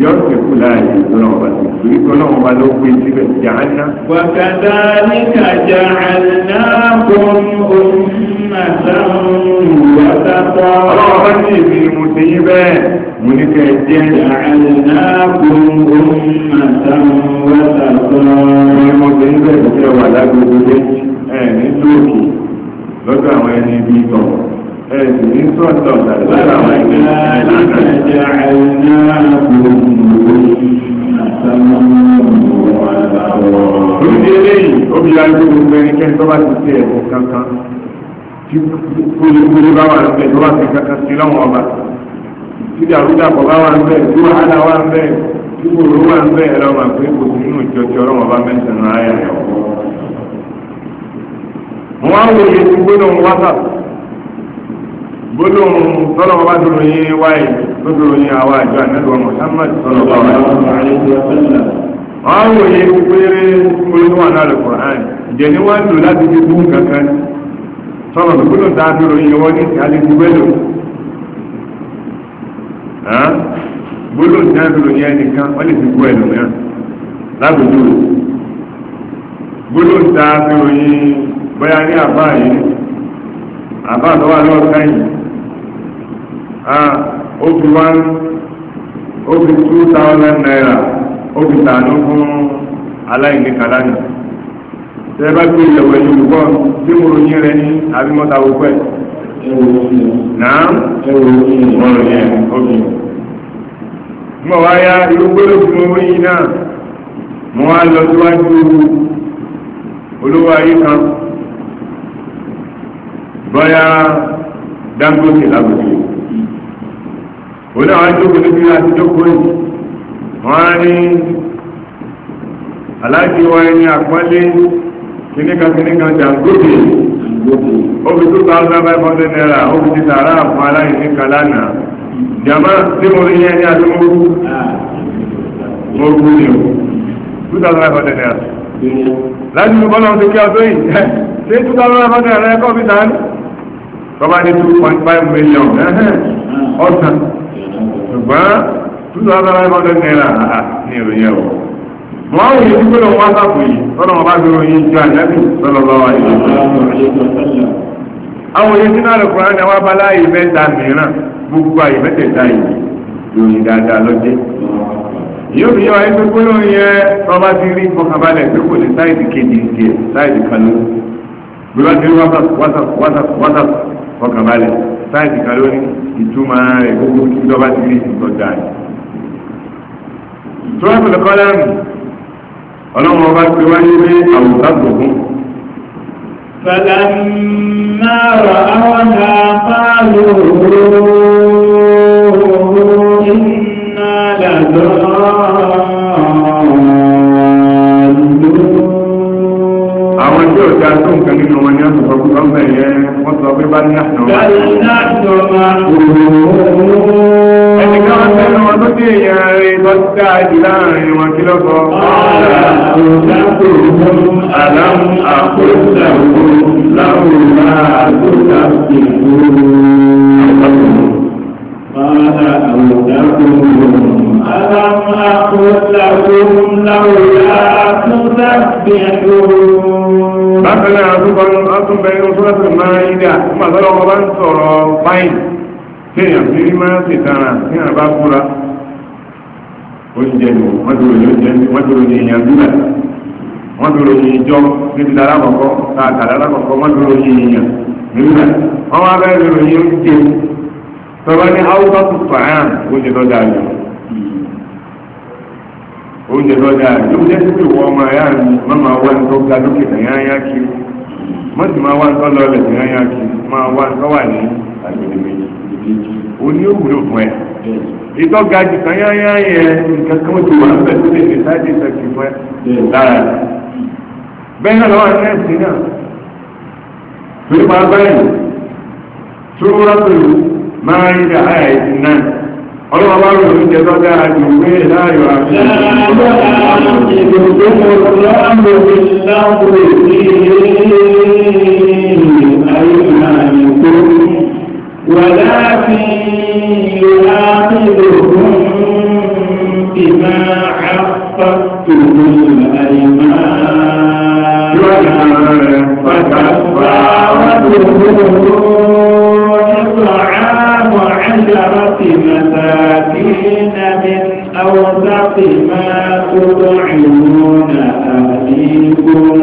Speaker 1: yóò sèkú láàyè ìtọ́nà ọba tó torí tọ́nà ọba ló gbé síbẹ̀ jàánà. wàkàtà ní kàjà àná kún òmìnàtàrún ọlọ́wọ́ bá ní èmi mo ti yí bẹ́ẹ̀ mo ní kẹ́ jẹ́. àná kún òmìnàtàrún wàtàkọ́. mo ní mo ti yí bẹ́ẹ̀ jẹ́ wà lágbègbè méjì ẹ̀ lọ́dọ̀ àwọn ẹni bí tọ̀ ẹ̀sìn ní sọ́ọ̀tọ̀ tàbí lọ́dọ̀ àwọn ẹni bí tọ̀ lórí eléyìí obìnrin arúgbó gbogbo ẹnikẹ́ni tó bá ti ṣe ẹ̀kọ́ kankan tí kúlíkúlí bá wà níbẹ̀ tó bá ti kankan sí lọ́wọ́ ọba tí dàrúdàpọ̀ bá wà níbẹ̀ tí wàhálà wà níbẹ̀ tí kòró wà níbẹ̀ ẹ̀rọ màá pé kò sí nínú ìjọ tí ọlọ́wọ́ ọba mẹ́sàn-án ayà ẹ̀kọ́ wọ́n á wòye sí gbólóhùn whatsapp gbólóhùn tọ́lọ̀ bá dúró yín wáyé tó dúró yín àwa àjọ ànádùn Muhammad tọ́lọ̀ bá wáyé wọ́n á wòye sí péré gbólóhùn àná Al-Qur'an ìjẹ́ ni wọ́n á lò láti fi bú kankan tọ́lọ̀ gbólóhùn tá a dúró yín wọ́n ní ìkàlẹ̀ gbólóhùn gbólóhùn tí a dúró yín ẹnìkan wọ́n lè fi bú ẹlòmíràn lágbèjúwe gbólóhùn tá dúró yín bóyá ní àbá yìí àbá tó wà ní yìí a ó fi one ó fi two thousand naira ó fi tàánú fún aláìní kàlánì tẹ́ bá tí mo ròyìn rẹ ní abimọ́ta gbogbo ẹ̀ náà mo ròyìn mo wá ya irúgbóró fún owó yìí náà mo wá lọ síwájú olówó ayé kan. bọ́yá Dangote lágbègbè òun náà wọ́n jókòó níbi láti jókòó yìí wọ́n ní aláàjì wa ẹni àpọ́nlé kìnnìkan kìnnìkan Dangote ó fi two thousand five hundred naira ó fi ti sàárà fún aláìní kan lánàá jàmá tí mo rí yẹn ní àdúgbò mo kú ni o two thousand five hundred naira láti mú bọ́lá ọ̀sẹ̀ kí ọ̀sẹ̀ yìí ṣé two thousand five hundred naira ẹ̀kọ́ fi sàárà tọ́ba ní 2.5 million ọ̀sán ṣùgbọ́n 2,500 naira ní ìròyìn ẹ̀wọ̀ wọ́n wù yìí pé lọ́wọ́ wásáàpù yìí tọ́lọ́ wọn bá fi ròyìn ju àjẹ́bì tọ́lọ́ bá wà yìí àwọn òye sínú àlùkùrán ni wọ́n bá láàyè mẹ́ta mìíràn gbogbo àyè mẹ́tẹ̀ẹ̀ta yìí ròyìn dáadáa lọ́jẹ́ yóò fi yọ ẹgbẹ́ pé lórí ẹ tọ́ba ti rí fọkànbalẹ̀ pé kò ní sáìdì kejì tiẹ̀ sáìdì kan ló gbé wá sí wásáàpù wásáàpù fọkànbalẹ̀ sáìsì kan lórí ìtumọ̀ rẹ̀ gbogbo ìjọba ti rí ìtọ́jà rẹ̀. tíwájú lọ́kọ́ lẹ́rìn ọlọ́run ọba ti wáyé ní àwùjọ gbogbo.
Speaker 3: فلما رأوها
Speaker 1: قالوا إنا لضالون àwọn tí ó dáa tó nǹkan nínú wọn ní àtúntò ọgbà ẹ̀yẹ sọ pé bá ní àtọ̀mọ́ ẹnìkan wọ́n tẹ́nu wọn tó dé èèyàn rẹ̀ tó dáa jù láàrin wọn kí lọ́kọ́ Àdámù àkóṣà láwùrá àkóṣà ìgbòho. Fáàdà àwòdá kò rọrùn. ألم أقل لَهُمْ لولا تسبحون مثلا أتبعون أتم بين سورة المائدة مَا ومن مَنْ فين kéèyàn fi rí máa ń ṣètara kéèyàn bá kúra oúnjẹ nù wọ́n dúró ní oúnjẹ nù wọ́n dúró ní èèyàn dúrà wọ́n dúró ní ìjọ níbi dára kọ̀kọ́ káàkà dára kọ̀kọ́ wọ́n dúró ní èèyàn dúrà wọ́n wá bẹ́ẹ̀ lórí oúnjẹ tọ́ba ní haúsá tó fàáyàn oúnjẹ tó dáa jù oúnjẹ lọ́dà yóò jẹ́ pé ìwọ ọmọ ayá mi má máa wá nǹkan ga lókè tẹ̀yán ayá kiri má sì máa wá nǹkan lọ́lẹ̀ tẹ̀yán ayá kiri máa wá nǹkan wà ní àgbègbè o oní òwúlò fún ẹ ìtọ́ ga jù tẹ̀yán ayá yẹn nǹkan kan tó wà bẹ́ẹ̀ tó lè fi sáájì sẹ́kì fún ẹ lára bẹ́ẹ̀ náà lọ́wọ́ ẹ̀ sí náà tó máa báyìí tó rọ́pẹ̀lú máa ń yà áyà ìdí náà ọlọ́wọ́ bá rò ní jẹ́tọ́ dára jù pé láàyò àti
Speaker 2: ولكن يؤاخذهم بما
Speaker 1: عقدتم الأيمان فتفاوتهم إطعام عشرة تطعمون أهليكم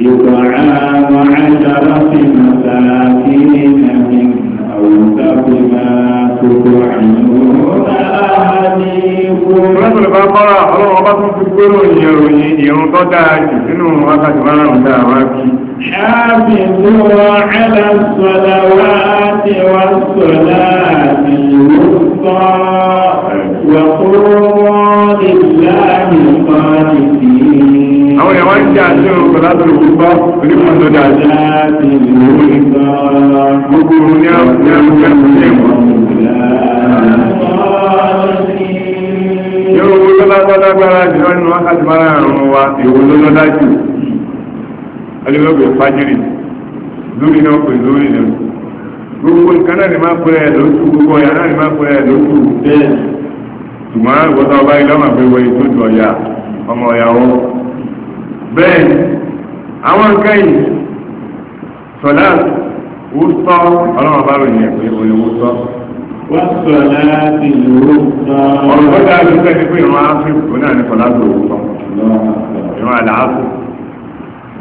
Speaker 1: يطعام عشرة مساكين من أوسط ما تطعمون bákọ́rà ọlọ́wọ́ bá tún fi gbérò ìròyìn ìrun tó dáa jù nínú wákàtí márùn-ún dáa wá kí. ṣáàbìnú ọ̀rẹ́lá sọ̀lá wá ti wá sọ̀lá àti ìlú sọ wàkúrọ́ ìlànà ń jẹ́ lágbára jùlọ nínú wákàtí mara àrùn wa èwo ló lọ dájú alẹ́gbẹ̀gbẹ̀ fájìrì lórí náà pè lórí náà gbogbo nǹkan náà ni máa pẹ́ ẹ̀ lóṣù gbogbo ọ̀yà náà ni máa pẹ́ ẹ̀ lóṣù bẹ́ẹ̀ ṣùgbọ́n ìwọ́ta ọba ilé ọmọ àgbẹ̀wọ̀ ètò ìtò ọ̀yà ọmọ ọ̀yàwó bẹ́ẹ̀ àwọn nǹkan yìí sọ̀dá wúsọ́ ọlọ́mọba ròyìn ẹ̀pẹ́ òye wúsọ́ wọ́sọ̀lá ti lòó sọ. ọ̀rọ̀ tó dáa ló sẹ́ni pé ìwọ̀n áfíì tó náà ní kọ̀lá tó wù sọ. ìwọ̀n àlàáfù.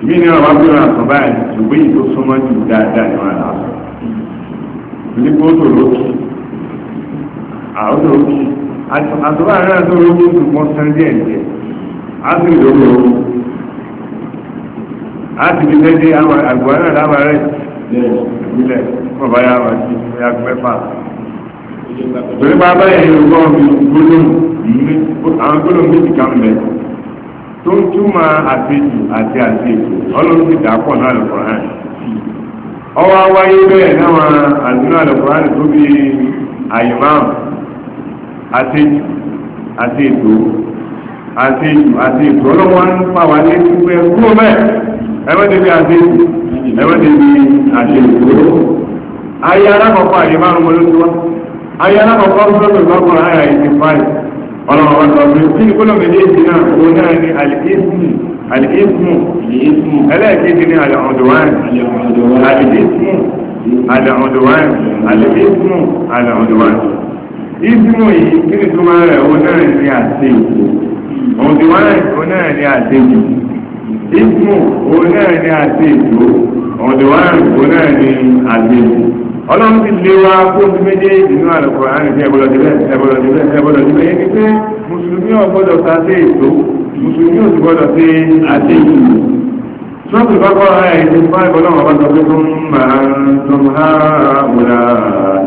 Speaker 1: ìbí ni ọ̀rọ̀ bí wọn àtọ̀ báyìí ṣùgbọ́n ìtò súnmọ́ jù dáadáa ìwọ̀n àlàáfù. ní kó tó lókì. àwọn tó lókì. àtọ̀bá náà tó lókì tó mọ́ sán díẹ̀ díẹ̀. á sì lóko. á sì fi lẹ́dí àgbọ̀n náà lábàárẹ̀. ìbílẹ̀ torí bá bá yẹn yorùbá ọ̀bí gbólóhùn ní àwọn gbólóhùn méjì kan bẹ tó ń túmọ̀ àtẹjù àti àtẹjù ọlọ́run ti dàpọ̀ náà lọ́kọ̀ hàn ọwọ́ wáyé bẹ́ẹ̀ náwọn àdúrà lọ́kọ̀ hàn tó bí àyùmáwò àtẹjù àtẹjù àtẹjù àtẹjù ọlọ́wọ́ ń pa wà ní ẹgbẹ́ kúrò bẹ́ẹ̀ ẹwọ́dé bí àtẹjù ẹwọ́dé bí àtẹjù ayé alákọ̀ọ́kọ́ àyè márùn-ún ló ti wá ayé alákọ̀ọ́kọ́ sọ́tọ̀ lọ́kọ̀ ayé àìsí fáì ọlọ́wọ́ sọ́tọ̀ sí ìkúlọ̀ méjèèjì náà òun náà ni alìkísmù alìkísmù ẹlẹ́ẹ̀kejì ní àlẹ́ọ̀dọ̀wáìn alìkísmù àlẹ́ọ̀dọ̀wáìn alìkísmù àlẹ́ọ̀dọ̀wáìn ìsmù yìí kí ni túmọ̀ rẹ̀ òun náà ni àti ọ̀dọ̀wáìn òun náà ni àti ìsmù òun náà ni àti ìsmù ọ̀dọ̀wáìn òun náà ọlọ́run ti lé wa kóòtù méjèèjì nínú àlùkò àárín bí ẹ̀bọ̀lọ̀ dìbẹ̀ ẹ̀bọ̀lọ̀ dìbẹ̀ ẹ̀bọ̀lọ̀ dìbẹ̀ yẹn ni pé mùsùlùmí ò gbọ́dọ̀ ta sí èso mùsùlùmí ò sì gbọ́dọ̀ sí àti ìlú. sọ́ọ̀tù bá kọ́ ara ẹ̀ ti fún àìkọ́ náà wọ́n sọ pé tó ń máa ń tó ń há wùlà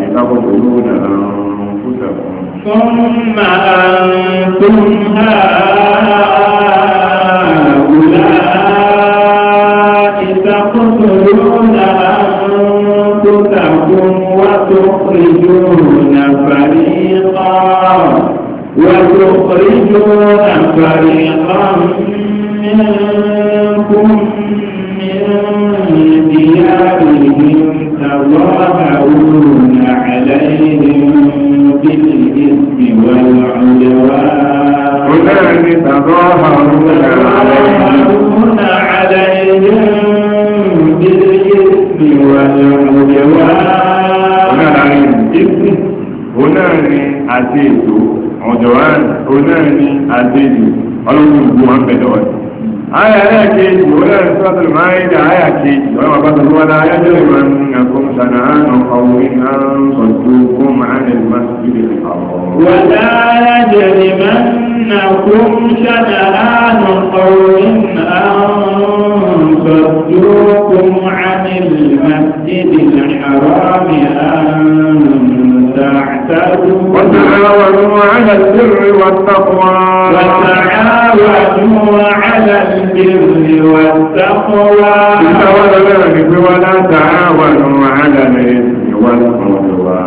Speaker 1: ìtàkùn pẹ̀lú náà fúnṣẹ̀kùn. fún máa ń tó ń há وتخرجون فريقا وتخرجون فريقا
Speaker 2: منكم من ديارهم تظاهرون
Speaker 1: عليهم بالإثم والعدوان تظاهرون عليهم بالإثم والعدوان onáàrin àti ètò ọ̀dọ̀rán onáàrin àti ètò ọlọ́run ìlú wọn bẹ̀rẹ̀ ọ̀dọ̀ aya náà kejì onáàrin sọ́tàlù máa ń da aya kejì ọ̀rọ̀ àbáta tó wọ́n aya jẹ́ ìwọ̀n nǹkan fún sànà àánú ọ̀wé náà sọ̀tù fún màánì masjidi wàlá alájẹ̀rì máa ń nà fún sànà àánú ọ̀wé náà sọ̀tù fún màánì masjidi الحرام أن وتعاونوا على البر والتقوى وتعاونوا على البر والتقوى ولا تعاونوا على الإثم والعدوان ولا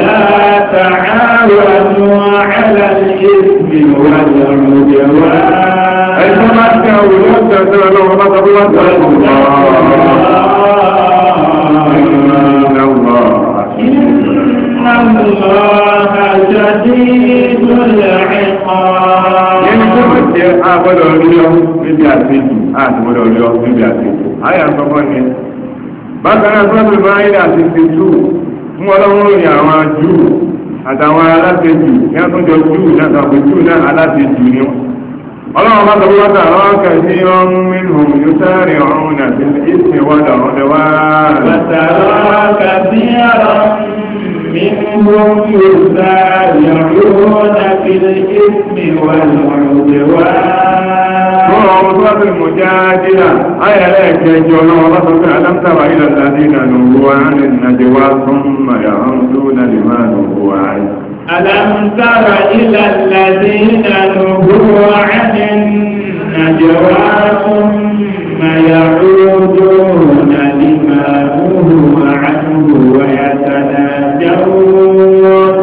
Speaker 1: تعاونوا على الإثم والعدوان أيما كانوا يتدلون الله الله شديد العقاب yẹn tó bá jẹ́ agbọ́dọ̀ rí ọ níbi àtẹ̀jù àtìgbọ́dọ̀ rí ọ níbi àtẹ̀jù àyà ń sọ́kọ́ ni bákan náà sọ́dọ̀ bá ń rí àtẹ̀jù tù fún ọlọ́run ròyìn ni منهم يسارعون في الإثم
Speaker 2: والعدوان صورة المجادلة
Speaker 1: أي لك يجعلون رسولك ألم تر إلى الذين نهوا عن النجوى ثم يعودون لما نهوا عنه ألم تر إلى الذين نهوا عن النجوى ثم ثم يعودون لما هم عنه ويتناجون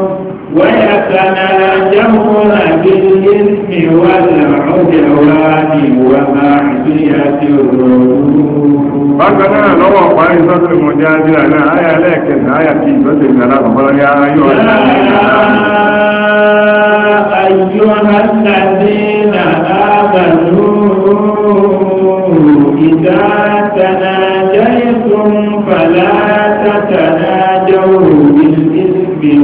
Speaker 1: ويتناجون بالإثم والعدوان ومعصية الرسول. بقنا لو قريت المجادلة أنا آية لكن آية في بدر ثلاثة يا أيها الذين آمنوا إذا تناجيتم فلا تتناجوا بالإثم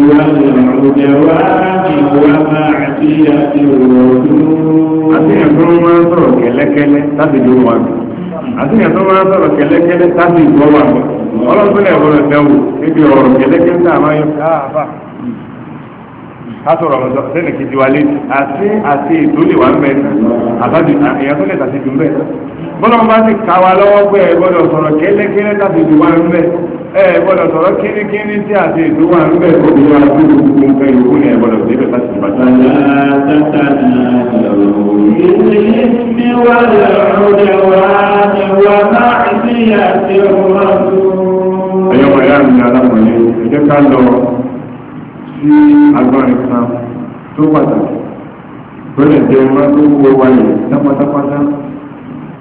Speaker 1: والعدوان ومعصية الرسول. أتينا كل ما نصر كلكلة تبدو واجب. àtúnyà tó máa sọ̀rọ̀ kẹlẹ́kẹlẹ́ tábì ìgbọ́wà ọlọ́gbọ́n ẹ̀rọ ẹ̀dẹ́wò níbi ọ̀rọ̀ kẹlẹ́kẹlẹ́ tá a máa yọ káàbà kásọ̀rọ̀ ọ̀rọ̀ sẹ́nì kejì wa lé àti àti ètò lè wà mẹ́ àbájú èèyàn tó lè tàbí jù mẹ́ bọ́lá bá ti kà wá lọ́wọ́ pé ẹ gbọ́dọ̀ sọ̀rọ̀ kẹ́lẹ́kẹ́lẹ́ tàbí jù wá mẹ́ ẹ gbọ́dọ̀ sọ̀rọ̀ kínníkínní tí àti ètò wà mẹ́ òbí wa tó gbogbo nǹkan ìlú ni gbọ́dọ̀ tí agbára ìsan tó pàtàkì bẹ́ẹ̀ jẹ́ máa tó wọ wáyé tápátápátá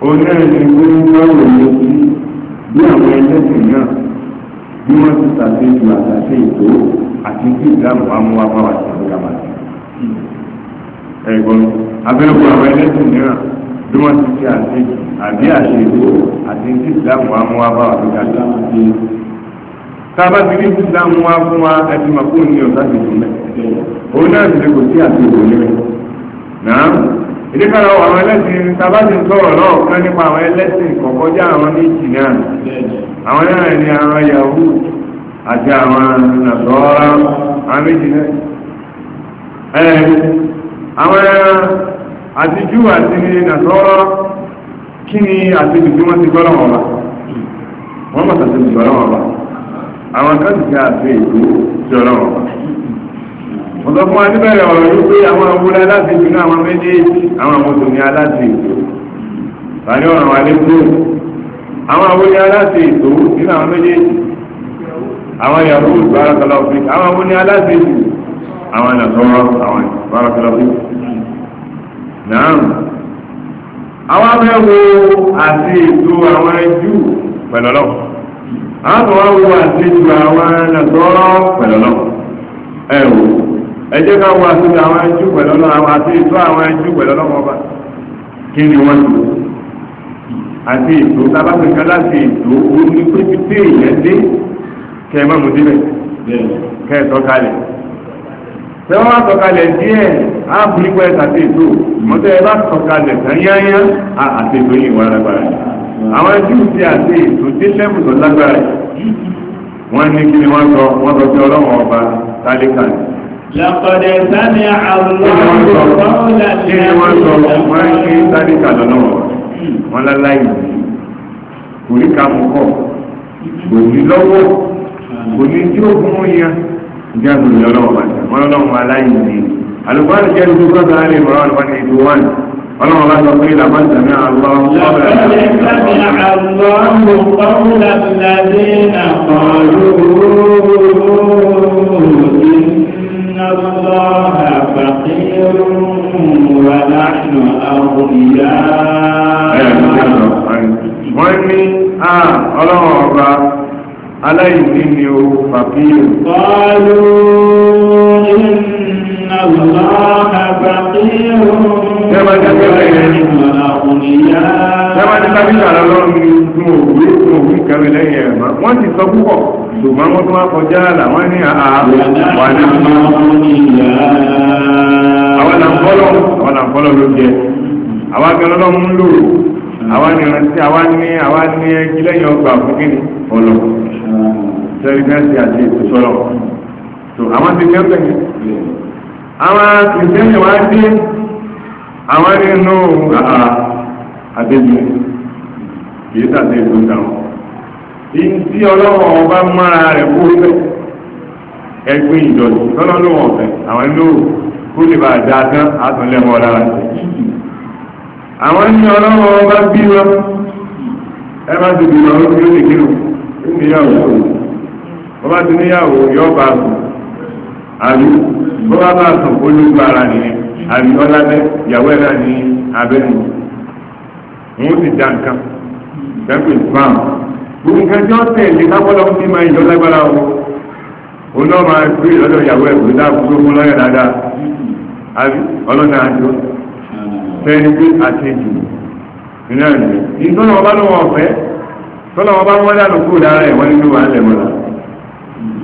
Speaker 1: onírìnlẹ̀ ìwé ìgbàwò ní sí bí àwọn ẹlẹ́sìn náà bí wọ́n ti tàbí ju àtàṣe ètò àti tí ìdáàbò amúwá bá wà tàbí ká máa ẹ̀gbọ́n abẹ́rẹ́kọ̀ àwọn ẹlẹ́sìn náà bí wọ́n ti ṣe àti àbí àṣe ètò àti tí ìdáàbò amúwá bá wà tàbí ká máa tába ti rí islam wá fún wa ẹtì máa kó ní ọ̀sán ti fún mẹ́ òun náà ti kò sí àti ìwò ní mẹ́ náà ìdí kan àwọn àwọn ẹlẹ́sìn tába ti ń sọ̀rọ̀ náà kán nípa àwọn ẹlẹ́sìn kọ̀kọ́já àwọn méjì náà àwọn náà ni ati ati ati àwọn kan ti àti ètò tí ọlọ́wọ́ wọ́n tó fún wa níbẹ̀rẹ̀ ọ̀rọ̀ yìí pé àwọn awúrẹ́ láti ìdúná àwọn méjèèjì àwọn àmọ́tò ní aláti ètò tàbí ọ̀rọ̀ àwọn alẹ́kùn àwọn awúrẹ́ aláti ètò nínú àwọn méjèèjì àwọn yàrá ìbárakàlà òfin àwọn awúrẹ́ aláti ètò àwọn ànàtọ́rọ̀ àwọn ìbárakàlà òfin náà àwọn abẹ́wò àti ètò àwọn ẹjú pẹ̀lọ́lọ́wọ́ àwọn a àtijọ́ àwọn ẹ̀nàgọ́rọ́ pẹ̀lọ́lọ́ ẹ̀wò ẹjẹ́ ká wọ àtijọ́ àwọn ẹjú pẹ̀lọ́lọ́ àwọn àtijọ́ àwọn ẹjú pẹ̀lọ́lọ́ ọba kí ni wọ́n tó àti ètò tábàpẹ̀ká láti ètò orí pípí tí èèyàn dé kẹ ẹ má mú débẹ̀ kẹ ẹ tọ́kalẹ̀ tẹ wọ́n tọ́kalẹ̀ díẹ̀ á fún ipò tàbí ẹ bá tọ́kalẹ̀ tán àwọn jíù tí a ṣe ètò dé lágbára wọ́n ní kí ni wọ́n sọ wọ́n sọ pé ọlọ́run ọba tálíkà ni. Lọ́kọ̀dé sani àwọn ọlọ́run wọ́n sọ wọ́n ń wọ́n láláyé kò ní ká mú kọ́ lọ́wọ́ kò ní tí ó ọlọ́run bá sọ pé làbá ìsàmì àlọ́ ọ̀bẹ̀ wọ́n ní ọlọ́run ọba aláìní ni ó fàfíì. Ọlọ́run Wọ́n ti sọ púpọ̀, ṣùgbọ́n wọ́n tún wá kọjá àlà wọ́n ní àárí wà ní àwọn àǹfọ́lọ́ àwọn àǹfọ́lọ́ ló jẹ. Àwọn akẹ́lọ́lọ́ ń lò, àwọn ni ìrántí, àwọn ní àwọn ní ẹgbẹ́lẹ́yìn ọgbà fún kí ọlọ́. Sẹ́rí àwọn kìrìsìtẹ́nì wá dé àwọn nínú àtẹ́jù kìí tàbí ètò ìdáwọn in tí ọlọ́wọ́ ọba mọ́ra rẹ̀ kó fẹ́ ẹgbẹ́ ìjọsìn tọ́lọ́ ló wọ̀n fẹ́ àwọn ló kó lè bá dá tán àtúnlẹ̀mọ́ lára àwọn ní ọlọ́wọ́ ọba bí wọn ẹ bá ti bìrọ̀ ó fi ó lè kírun ó níyàwó ọba ti níyàwó yọ bá àbí bó bá máa sùn ó lójú ara nìyẹn àbí ọlábẹ́ ìyàwó ẹ̀ náà ní abẹ́nu wọn ó sì dá nǹkan pẹ́pẹ́ spam gbogbo nǹkan tí wọ́n tẹ̀lé lábọ́lọ́ ní máa yọ lágbára o òun náà máa gbé lọ́dọ̀ ìyàwó ẹ̀ pé dáàbò fún lọ́yà dáadáa àbí ọlọ́dà àjọ fẹ́ẹ́ ní pé àtẹ̀jù nínú àná ìtọ́nà ọba ló wọ̀ fẹ́ tọ́nà ọba wọ́n dà lókù lára ẹ̀ wọ́n nínú wàhálẹ̀ mọ́ra.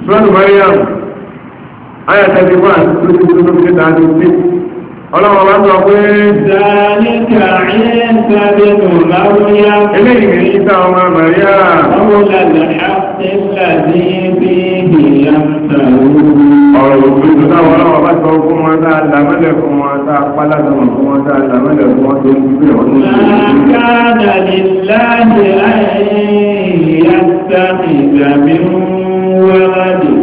Speaker 1: sọ́dọ̀ mọ́ríyàmù Ayà tẹ́lẹ̀ wà tó ti tó ti dá ní sí. Ọlọ́run bá sọ pé. Dàníkà ìyẹ́ta bínú Máríà. Eléyìí ní ìta ọmọ Màríà. Ọmọlá làásìlà ní bí ìyá Ọ̀rọ̀ òfin táwọn ọlọ́wọ́ bá sọ fún wọn tá a làmọ́lẹ̀ fún wọn tá a pálásọ̀mọ̀ fún wọn tá a fún wọn tó ń gbé ọdún. Àkàdà lè láti àìyí àtàkìdà mi ń wá láti.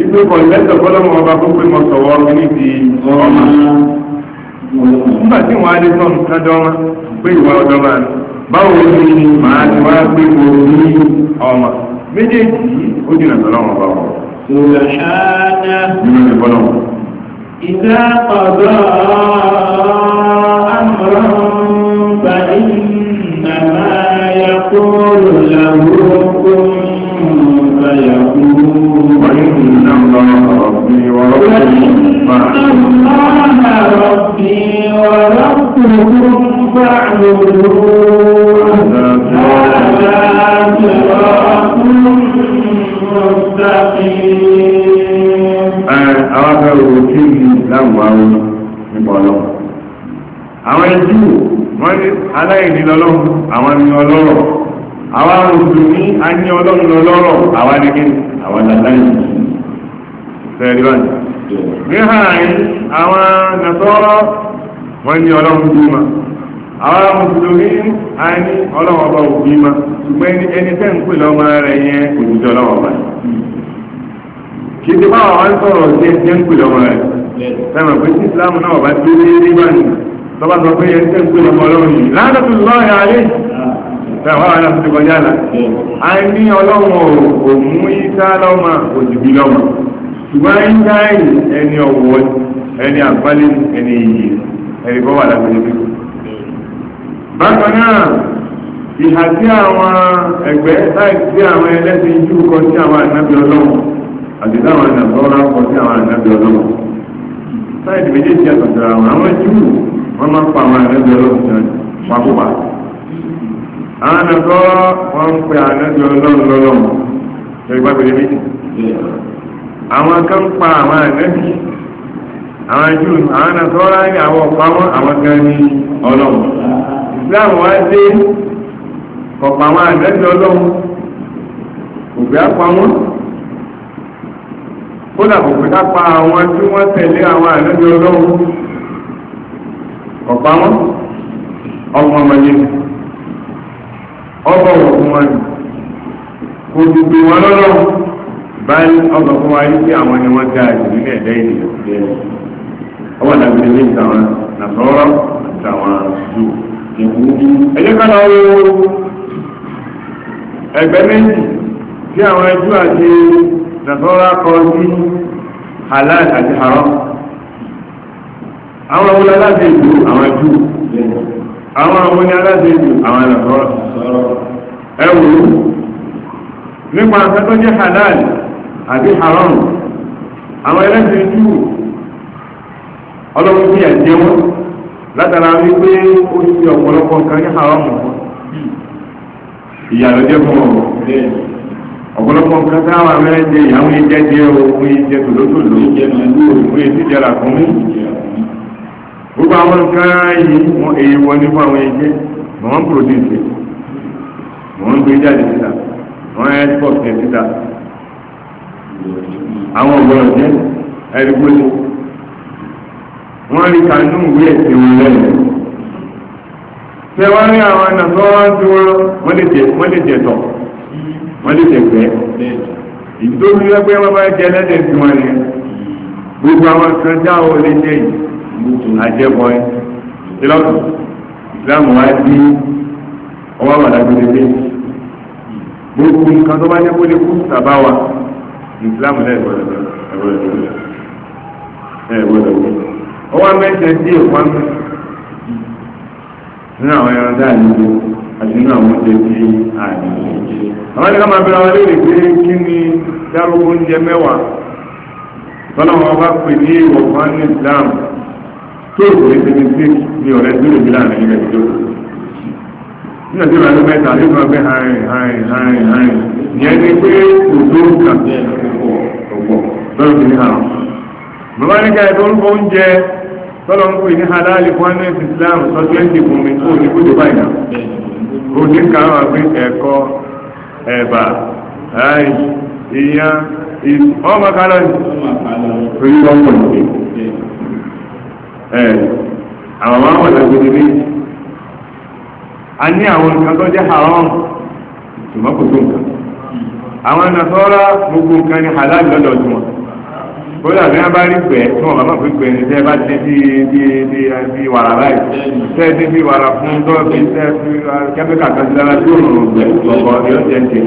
Speaker 1: ìgbé bọ̀ ìlẹ́sẹ̀ fọ́lọ́mọ ọba tó pé mọ sọ̀wọ́ ní ti ọmọ nígbà tí wọ́n á lé sọ nǹkan dánwà pé ìwà ọ̀dọ́mà báwo ni màá ti wá pé mo ní ọmọ méjèèjì ó jìnà sọ́lọ́mọ ọba wọn. sùlùmọ́ṣáná nínú ìfọ́lọ́mọ. ìdá ọ̀dọ́ àmọ́ràn bá ìnàmáyà kúrò làwọn إن الله ربي وربكم فاعبدوه هذا صراط مستقيم أعطى الوكيل لهم وعلم àwọn ẹjú wọ́n ní aláìní lọ́lọ́run àwọn ni ọlọ́rọ̀ àwọn arùn ní a ní ọlọ́run lọ́lọ́rọ̀ àwọn ni kíni àwọn aláìsí sẹ́rí báyìí ní àárín àwọn nàtọ́rọ́ wọ́n ní ọlọ́run bí ma àwọn mùsùlùmí a ní ọlọ́run ọba ò bí ma ṣùgbọ́n ẹni tẹ́ ń pè lọ́mọ rẹ̀ yẹn kò ní jọ ọlọ́run ọba kì í ti báwọn wá sọ̀rọ̀ sí ẹni ń pè lọ́mọ rẹ̀ sẹ́mọ̀ pé tí ìsìlámù náà ọba tí ó lé ní tàwọn àwọn àti kọjá là á ní ọlọ́run òmú ìta lọ́mà òjìbí lọ́mà ṣùgbọ́n ìta ẹni ọ̀wọ́ ẹni àgbálẹ̀ ẹni iyì ẹni kọ́ wà lágbẹ̀ẹ́ bí bákan náà ìhà tí àwọn ẹgbẹ́ láì sí àwọn ẹlẹ́sìn ijú kọ sí àwọn ànábì ọlọ́run àti táwọn ànàbọ́ra kọ sí àwọn ànábì ọlọ́run sáìdì méjèèjì àtọ̀tọ̀ àwọn àwọn júù wọ́n máa ń pa àwọn ànábì ọlọ́run jẹ́ pàkópa àwọn ẹ̀kọ́ wọ́n ń pè ànájọ ọlọ́run lọ́lọ́run lórí pàgbèrè méjì àwọn kan pa àwọn ànájì àwọn jù àwọn ẹ̀kọ́ rá ní àwọn ọ̀pá àwọn kan ní ọlọ́run islam wá dé kọ̀pọ̀ àwọn ànájì ọlọ́run òbí apá wọn kódà kò pé ká pa àwọn tí wọ́n tẹ̀lé àwọn ànájì ọlọ́run ọ̀pá wọn ọmọ ọmọ yẹn ọbọ̀wọ̀ fún wọn kò gbogbo wọn lọ́rọ̀ báyìí ọbọ̀ fún wọn yìí àwọn ni ga ẹ̀dá ọwọ́ ìwú wo ẹgbẹ́ méjì tí àwọn ẹjú àti sí halal àti haram àwọn ọmọ ìlú àwọn ẹjú àwọn àwọn ní aláṣẹ́jù àwọn ẹ̀lọ́rọ̀ ẹwù nípa akẹ́kọ̀ọ́ jẹ́ halal àbí haram àwọn ẹlẹ́sẹ̀jù ọlọ́run fi ẹ̀jẹ̀ wọn látara wípé ó ti ọ̀pọ̀lọpọ̀ nǹkan ní haram wọn ìyàlọ́jẹ́ fún ọ ọ̀pọ̀lọpọ̀ nǹkan táwọn amẹ́rẹ́ jẹ ìyàwó ìjẹ́ jẹ́ ohun ìjẹ́ tòlótòló ìjẹ́ màlúù òun èsì jẹ́ gbogbo àwọn nǹkan yìí wọn èyí nípa àwọn wọn ń wọn gbé jáde síta wọn ń export síta àwọn ọ̀gbọ́n jẹ́ ẹ̀rígbóni wọ́n rí kanú ìwé ẹ̀sìn wọn lẹ́nu tẹ́wọ́n rí àwọn nàfọ́wọ́n tí wọ́n lè jẹ̀tọ̀ wọ́n lè jẹ̀gbẹ́ ìdókòwò wọn bá wọn ni gbogbo àwọn kan lè yìí àjẹbọyìn ìlọ́tù ìsìláàmù wa bí ọwọ́ àmàlàgbèrè lé gbogbo nǹkan tó bá yẹ kó lè kú sábà wa ìsìláàmù lẹ́gbọ̀dọ̀ ọwọ́ sí nínú àwọn àti nínú àwọn oúnjẹ àwọn máa bẹ̀rẹ̀ wọn léèrè pé kí ni tó o lè fi ṣe ní ọ̀rẹ́ tó lè fi láàrin ilẹ̀ tó nígbà tí wàá ló mẹ́ta ló máa gbé hain hain hain hain yẹn ni pé kò tó nǹkan ọ̀pọ̀ lọ́dún fi ní hàn. bàbá ní ká ẹ̀dọ́ orúkọ oúnjẹ tọ́lọ̀ ń pè ní halali fún ánú ẹ̀sìn Islam sọ́jọ́ ẹ̀sìn ìfún mi kó ní kótó báyìí náà. kò ní ká wà pé ẹ̀kọ́ ẹ̀bà ìyá ọmọ kálọ̀ ní. orí ọmọ ìgbé àwọn máa wà lágbèdè méjì a ní àwọn nǹkan tó jẹ́ haram ṣùgbọ́n kò tó nǹkan àwọn nasọ́ra gbogbo nǹkan ní halal lọ́dọ̀ tí wọn kódà bí wọn bá rí pẹ́ tí wọn bá fi pẹ́ ní tẹ́ bá ti di di di di wàrà láì tẹ́ ti di wàrà fún dọ́ọ̀bì tẹ́ fi kẹ́míkà uh, kan sí lára tí ó rọrùn gbẹ lọ́kọ̀ yóò jẹ́ ti.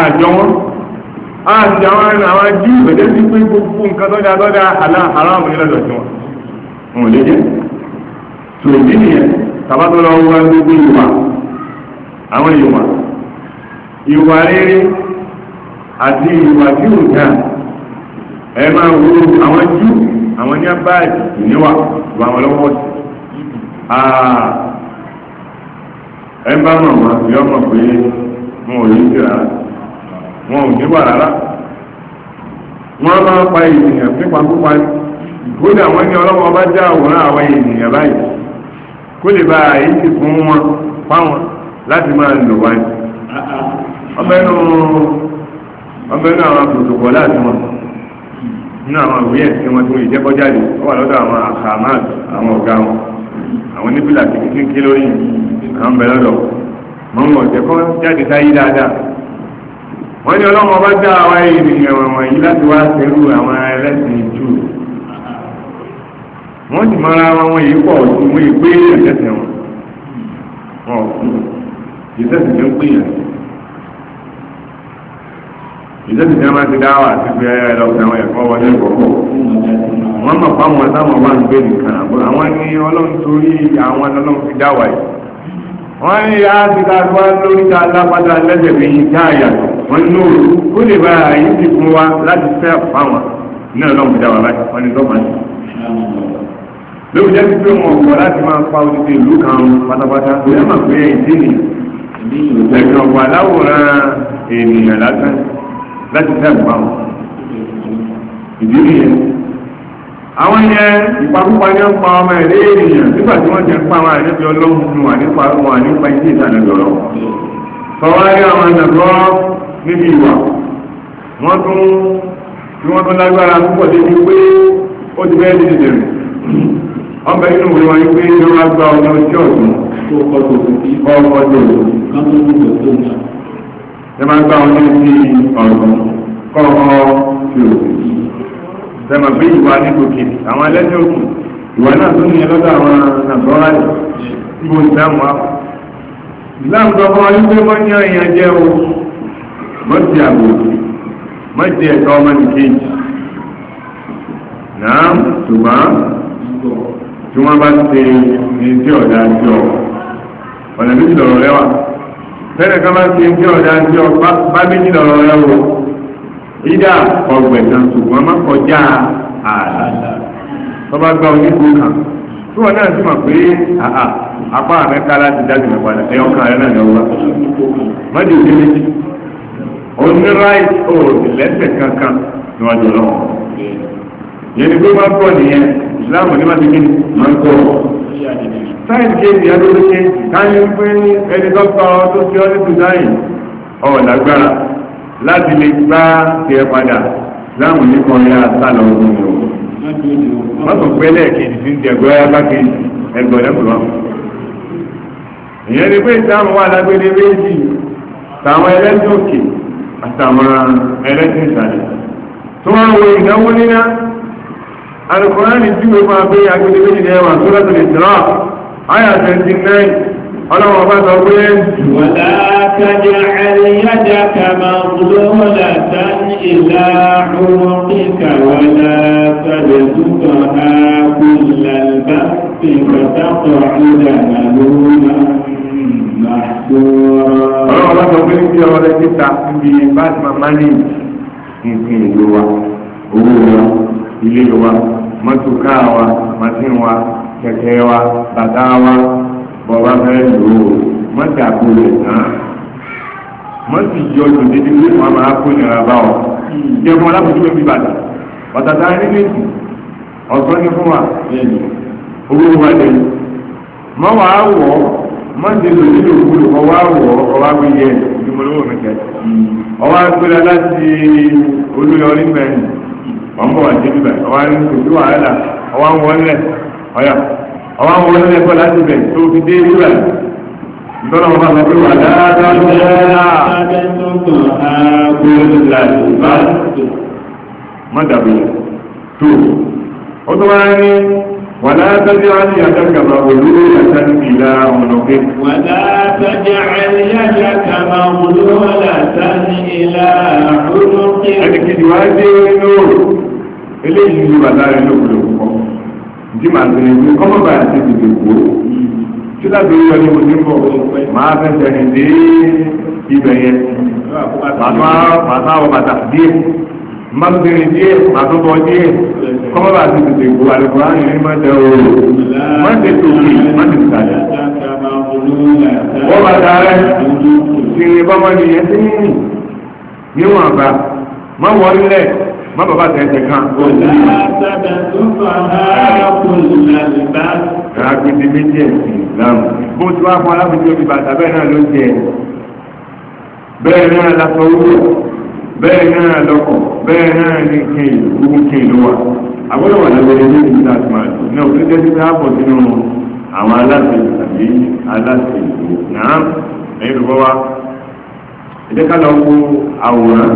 Speaker 1: àjọ wọn. àti àwọn àwọn jú ìbẹ̀dẹ̀ sí pé gbogbo nǹkan tọ́jà tọ́jà aláàmù ní lọ́dọ̀ tí wọn wọn lè jẹ́ tó ìdí nìyẹn tàbátọ́ lọ wọ́n gbogbo ìwà àwọn ìwà ìwà rírí àti ìwà tí ò dá ẹ máa wo àwọn jú àwọn ní abáàjì ìníwà wà wọn lọ́wọ́ ẹ bá mọ̀ pé wọn ò wọn ò ní wà rárá wọ́n máa pa ènìyàn nípa púpa kódà wọ́n ní ọlọ́wọ́ bá já àwòrán àwọn ènìyàn báyìí kó lè bá àyè ti fún wọn fáwọn láti máa lò wá ní ọbẹ̀nu ọbẹ̀nu àwọn àpòtòkọ̀ láti wọn nínú àwọn ìwé ẹ̀sìn wọn tó ìjẹ́kọ́jáde ó wà lọ́dọ̀ àwọn àkàmáà àwọn ọ̀gá wọn àwọn oníbìlà kékeré lórí àwọn bẹ̀rẹ̀ lọ mọ́ wọn jáde sáyé dáadáa wọ́n ní ọlọ́run ọba dá àwa ènìyàn wọ̀nyí yìí láti wá sẹ́rù àwọn ẹlẹ́sìn jù wọ́n sì mọ́ra wọn yìí pọ̀ sí wọ́n yìí pé èèyàn tẹ̀sẹ̀ wọn wọn ò kú ìtẹ̀sẹ̀ tó ń pè yàn ìtẹ̀sẹ̀ tó máa ti dá wà sí pé ẹ lọ́sẹ̀ àwọn ẹ̀kọ́ wọlé ìkọ̀kọ̀ wọ́n mọ̀ fún àwọn táwọn wà ń gbé nìkan àwọn ní ọlọ́run torí àwọn ọlọ́run fi dá wà yìí wọ́n ní yáá ti ká wá lórí ta lápá wọ́n ní òru ó lè bá ayé ti fún wa láti fẹ́ fáwọn náà lọ́mù dá wa láti wọ́n ní lọ́mù àti. lóbi jẹ́ pípé wọn ọ̀pọ̀ láti máa pa odidi ìlú kan pátápátá ó yẹ máa pé ìdí ni ẹ̀kan wà láwòrán ènìyàn lásán láti fẹ́ fáwọn. ìdí nìyẹn àwọn yẹn ìpakúpa ní ọ̀pọ̀ ọmọ ẹ̀dẹ́ ènìyàn nígbà tí wọ́n ti ń pa àwọn àdébí ọlọ́run nù ànípa àwọn ànípa iṣẹ́ ìtàn ẹ̀dọ̀rọ̀. sọ wá rí àwọn ẹ̀dọ̀rọ̀ níbi ìwà wọ́n tún tí wọ́n tún lágbára púpọ̀ débi pé ó ti bẹ́ẹ̀ dìde rẹ̀ wọ́n bẹ nínú ìwé wọn yí pé ní wọ́n gba ọmọ tí ọ̀sùn tó kọ́ tó kọ́ ọkọ̀ tó ṣe máa gba ọmọ tí ọ̀sùn kọ́ ọkọ̀ tí ò ṣe máa gbé ìwà ní gòkè àwọn ẹlẹ́sìn òkè ìwà náà tó ní ẹlọ́dọ̀ àwọn nàbọ́rà yìí tí mo ń ní ọ̀yàn jẹ́ òkú mọ́tì àbòsí mọ́tì ẹ̀tọ́ ọmọnìkejì náà ṣùgbọ́n tí wọ́n bá ṣe ní tí ọ̀dà sí ọ ọ̀nà méjì lọ̀rọ̀ lẹ́wà fẹ́rẹ̀ kan bá ṣe ní tí ọ̀dà sí ọ bá méjì lọ̀rọ̀ lẹ́wọ̀ ìdá ọgbẹ̀sán ṣùgbọ́n má kọjá ààlà tọ́ba gba onígbò kan tí wọ́n náà sì mọ̀ pé àpá àmẹ́ká láti dájú mẹ́padà ẹ̀yọ́ kan ẹ̀rọ náà lọ́wọ́ mọ́tì òkè méjì ó ní ráìtì òòrùn lẹ́sẹ̀ kankan níwájú ọlọ́run yẹn ni pé máa ń kọ́ nìyẹn ìsìláàmù ní máa ti kíni máa ń kọ́ sáyẹ̀dì kejì adóléke táyé ń pé ẹni tó pa ọ tó fi ọ ní sùdáyì ọ̀ lágbára láti lè gbá tiẹ̀ padà láàmù ní kan yá sálọ ọdún yìí o má tó pẹ́ lẹ́ẹ̀kejì sí ti ẹ̀gbọ́n yá bákejì ẹ̀gbọ́n lẹ́kùn lọ. ìyẹn ni pé ìsìláàmù wà lágbére méjì tàwọn ẹlẹ́sìn òkè àtàwọn ẹlẹ́sìn ìsàlẹ̀ tó wá wo ìnáwó níná alukùránì júwe fún abẹ́ agbègbè méjì lẹ́wà tó lọ́tọ̀ lè tẹ̀lá àyà 29 ọlọ́wọ́ bá sọ pé wàlá tajà àríyájà kàmà ọlọ́run bá sọ pé ń jẹ́ ọrẹ títa níbi bá ti máa máa ní nǹkan ìlú wa owó wa ilé wa mọ́tò káà wa màsín wa kẹ̀kẹ́ wa bàtà wa bọ̀wá fẹ́ lò ó mọ́tò àpò rẹ̀ tán mọ́tò ìjọ lò dédé wí wọn máa kó ìnira bá ọ jẹ́ fún alábòjú mi bí bàtà bàtà tá a rí lẹ́sì ọ̀sán ní fún wa owó wa lẹ́yìn mọ́ wàá wọ̀ ọ́ mọ́tì lò nílò òkúrò ọwá wọ̀ ọwá wíyẹ ìdúmọ̀lówó mẹ́kẹ́ ọwá gbéra láti olúyọrí mẹ́rin ọmọ wà dé bíbẹ̀ ọwá ní kò sí wàhálà ọwá ń wọlé ọyà ọwá ń wọlé ẹ̀kọ́ láti bẹ̀ tó fi dé bíbẹ̀ ìtọ́nà ọba sọ pé wà dáadáa mọ́tàbí tó ó tó wá ní ولا تجعل يدك مغلولة إلى عنقك ولا تجعل يدك مغلولة إلى عنقك ẹnìkí ni wáá dé inú eléyìí ní bàbá rẹ lókùlókù kọ jí màá tẹ̀lé ní kọ́mọ́ bá àti ìdìbò kú tí láti orí ọdún òní bọ̀ máa fẹsẹ̀ ní dé ibẹ̀ yẹn màá tún àwọn bàtà díẹ̀ mọ́tìrì díẹ̀ àtúbọ̀ díẹ̀ kọ́mọ́bà ti tètè kó àlùkùrá ní ní mọ́tẹ oòrùn mọ́tẹ tòkè mọ́tẹ tàlẹ̀. wọ́n bá sáré sí ní bọ́mọ́ ní yẹn sí ní níwọ̀n àbá má wọlé má bàbá tẹ̀sẹ̀ kan. ràgbèdè méjì ẹ̀sìn ìsìlámù bó ti wá fún alábòjì òbí bàtà bẹ́ẹ̀ náà ló jẹ bẹ́ẹ̀ náà lásán wúwo bẹ́ẹ̀ náà lọ́kọ̀ bẹ́ẹ̀ náà ní kéyìn gbogbo kéyìn ló wà agbọ́dọ̀ wà lágbẹ̀rẹ̀ ní ìlú láti máa lò náà tó jẹ́ títí àpọ̀ sínú àwọn aláṣẹ tàbí aláṣẹ ìlú náà ẹ̀yìn lọ́wọ́ wa ẹ̀jẹ̀ ká lọ wo àwòrán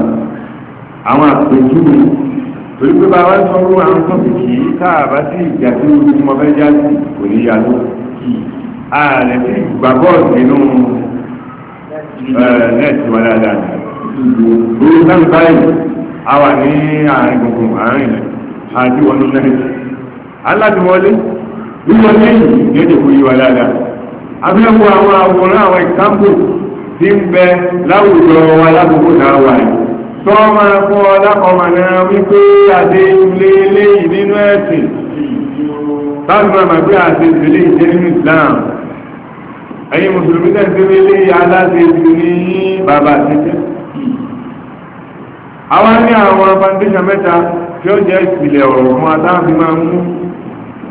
Speaker 1: àwọn àpèjúwe torí pé bá wá sọ fún àwọn tọ́pìkì káàbá sí ìjà tí ó ti mọ fẹ́ já sí kò ní yá lọ kí ààrẹ sí ìgbàgbọ́ nínú ẹ̀ẹ́dẹ́gbẹ̀rẹ̀ dáadáa orí náà báyìí a wà ní àárín gbùngbùn àárín rẹ̀ àti wọnú náà aláàdìwọlé wíwọ lẹ́yìn ní èdè kò yí wa dáadáa abẹ́wò àwọn àwòrán àwọn ìkámpò tí ń bẹ láwùjọ wa lákòókò náà wà yìí tọ́ máa fún ọ lákọ̀ọ́mà náà wípé àti ilé eléyìí nínú ẹ̀sìn táwọn máa máa gbé àti ìdílé ìjẹ́ nínú Islam ẹ̀yin mùsùlùmí tẹ̀sí ilé ìdílé ní bàbá àti ìjẹ́ àwọn ní àwọn foundation mẹ́ta tí ó jẹ́ ìpìlẹ̀ ọ̀rọ̀ fún adáàbí máa ń mú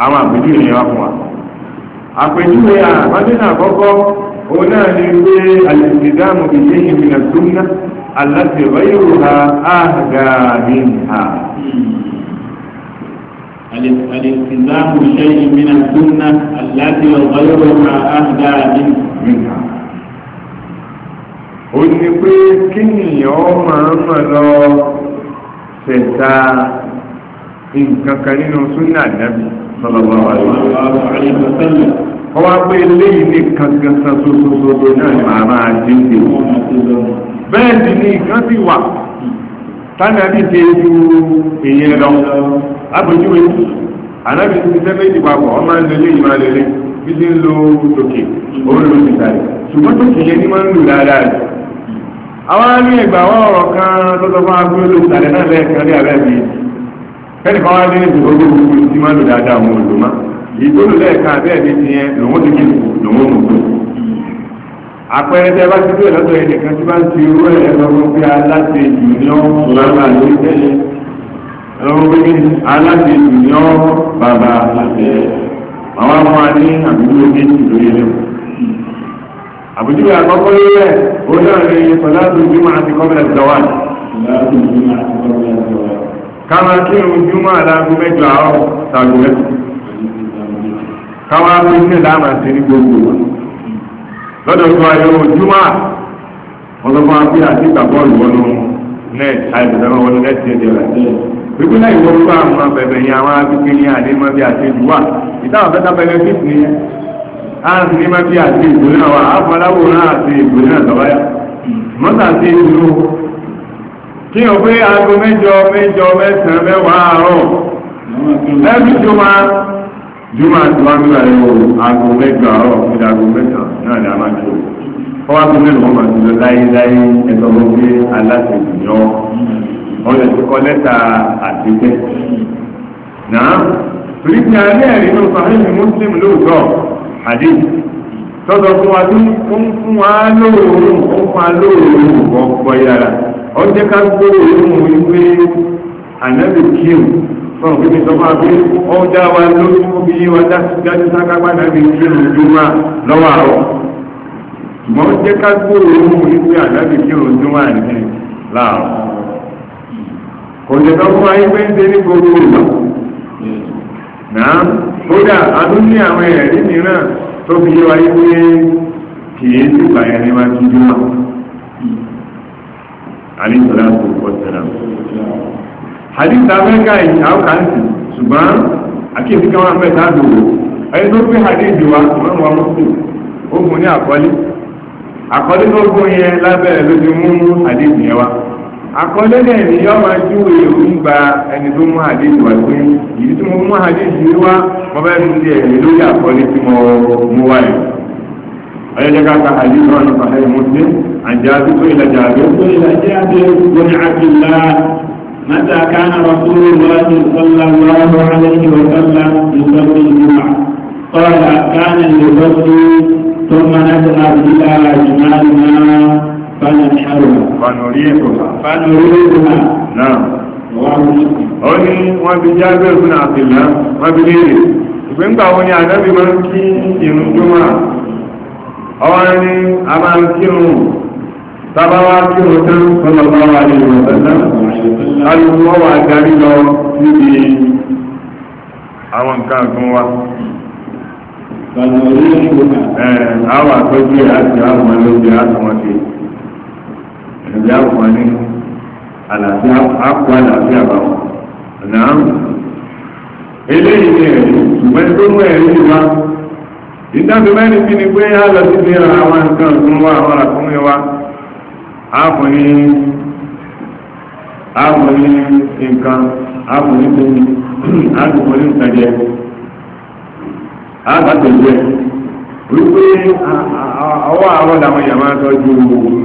Speaker 1: àwọn àpèjú ìrìn wá fún wa àpèjúwe foundation àkọ́kọ́ òun náà ni pé àlèsìdáàmù ìṣe ìrìnà tó ń ná aláti ọ̀yẹ̀wò ha ágàmì ha àlèsìdáàmù ìṣe ìrìnà tó ń ná aláti ọ̀yẹ̀wò ha ágàmì ha ó ní pé kí nìyàn máa ń mọ̀ lọ tẹ̀ta nǹkan kan nínú súnà nàbì sallallahu alaihi wasallam wọ́n wá pé eléyìí nìkan kan ṣoṣoṣo náà ni màá máa dídè bẹ́ẹ̀ sì ni nǹkan ti wà tánàbí ti ju èyí lọ abòjúwe ànábì ti fẹ́ méjì papọ̀ ọmọ ẹlẹ́lẹ́ yìí máa lẹ́lẹ́ bí ti ń lo tòkè òun ló ti ṣùgbọ́n tòkè yẹn ni máa ń lò dáadáa àwọn ní ìgbà wọn ọ̀rọ̀ kan tọ́tọ́ fún agbó ló sàlẹ̀ náà lẹ́ẹ̀kan ní abẹ́ bíi kẹ́ni kan wá ní ìdìbò gbogbo tí máa lò dáadáa òun òdò má ìgbóló lẹ́ẹ̀kan abẹ́ ẹ̀mí ti yẹn lòun ti kìlù lòun ò mọ̀ àpẹẹrẹ tẹ bá ti dúró lọ́dọ̀ ẹnìkan tí bá ń ti irú ẹ̀ lọ́wọ́ pé aláṣẹ jù ní ọ́ bàbá ló tẹ́lẹ̀ lọ́wọ́ pé aláṣẹ jù ní ọ́ bàbá àtẹ́ àwọn àwọn àní àdúgbò méjì àbújúwe àkọ́kọ́ lórí ẹ̀ ó náà rí sọ̀lá tó ń bímọ àti kọ́bẹ̀rẹ̀ ìjọwà káwa kí ohun júmọ́ àdágó mẹ́jọ àárọ̀ tàbí mẹ́jọ káwa fi ní ìlànà àti ní gbogbo lọ́dọ̀ tó ayé ohun júmọ́ ọlọ́pàá fi àti ìgbàgbọ́ ìwọ́nú net àìbẹ̀rẹ̀ wọn net ẹ̀dẹ̀ rẹ̀ wípé náà ìwọ́n fún àwọn bẹ̀bẹ̀ yẹn àwọn agbègbè ní àdémọ́ bí àti ìlú wà ìtàwọn fẹ́ta bẹ̀rẹ̀ fífi nìyẹn àti ní máa fi àti ìbò náà wà áfọláwòrán àti ìbò náà tọ́báyá mọ́tà sí ìdúró kí o pé aago mẹ́jọ mẹ́jọ mẹ́sàn-án mẹ́wàá àárọ̀ ẹbí jùmọ̀ jùmọ̀ àti wọn bí wàá yóò aago mẹ́jọ àárọ̀ fi aago mẹ́sàn-án náà ní a máa tó ọwọ́ àti mẹ́rin wọn máa ti lọ láyéláyé ẹ̀tọ́ wọn pé aláṣẹ ìdùnnú ọ̀rẹ́ ti kọ́ lẹ́tà àti bẹ́ẹ̀ náà torí ti alẹ́ ẹ̀rí ló fà á ní Muslim lóòótọ́ àdéhùn tọ́tọ̀ fún wa tó ń fún wa lóòrùn ó fún wa lóòrùn ọ̀pọ̀ yàrá ó jẹ́ ká gbóró òun wípé ànábì kíù fọ́n kí o sọ máa pé ó dá wa lórí omi yí wa dájú sáká padà bí kíù júmọ́ lọ́wọ́ àwọ̀ ṣùgbọ́n ó jẹ́ ká gbóró òun wípé ànábì kíù júmọ́ kò jẹ́ ká fún wa pé ń ṣe ní gbogbo ìgbà náà kódà adún ní àwọn ẹ̀rí mìíràn tó fi yé wa yí pé kìí sí ìgbàyà ní wájú jùmọ̀ àlìsọ̀lá tó pọ̀ sẹ́lá hadith amẹ́ríkà ìṣàwọ̀ kàǹtì ṣùgbọ́n àkíyèsí kan wà mẹ́ta dòwò ẹni tó gbé hadith wa mọ́n wa mọ́sùn ó ní àkọ́lé àkọ́lé tó gún yẹn lábẹ́ ló ti mú hadith yẹn wa àkọlẹ́lẹ̀ ni yọ́ máa jú èrò ń gba ẹni tó mú àdéjì wá pé ìdí tí mo mú àdéjì ní wá mo bẹ́ẹ̀ fi ti ẹ̀rí lórí àkọlé tí mo mú wá yìí ọ̀yẹ́dẹ́ká ka àdéjì wọn nípa ẹ̀ mo ṣe àjáde tó ilẹ̀ jáde tó ilẹ̀ jáde lórí àbílá متى كان رسول الله صلى الله عليه وسلم يصلي الجمعة قال كان يصلي ثم نذهب إلى جمالنا fananharuna fanurikuha fanurikuha náà ó ní wọ́n fi jágbé fún àtìlá wọ́n fi léèrè ìgbéǹgbà wo ni àdábì máa kí a máa ń kírun tábáwá kírun tán sọ́lọ́lọ́wà ní ìrọ̀sẹ̀lá alùpùpù wà darí lọ níbi àwọn nǹkan kan wa ẹ̀jẹ̀ àpò nínú àlàáfíà àpò àlàáfíà bá wọn náà eléyìí ẹ̀rí ṣùgbọ́n tó mú ẹ̀rí wa ìdájọ́ mẹ́rin ni pé lọ sí ara nǹkan wa àwọn wa nǹkan tóbi wípé ọwọ́ àwọn làwọn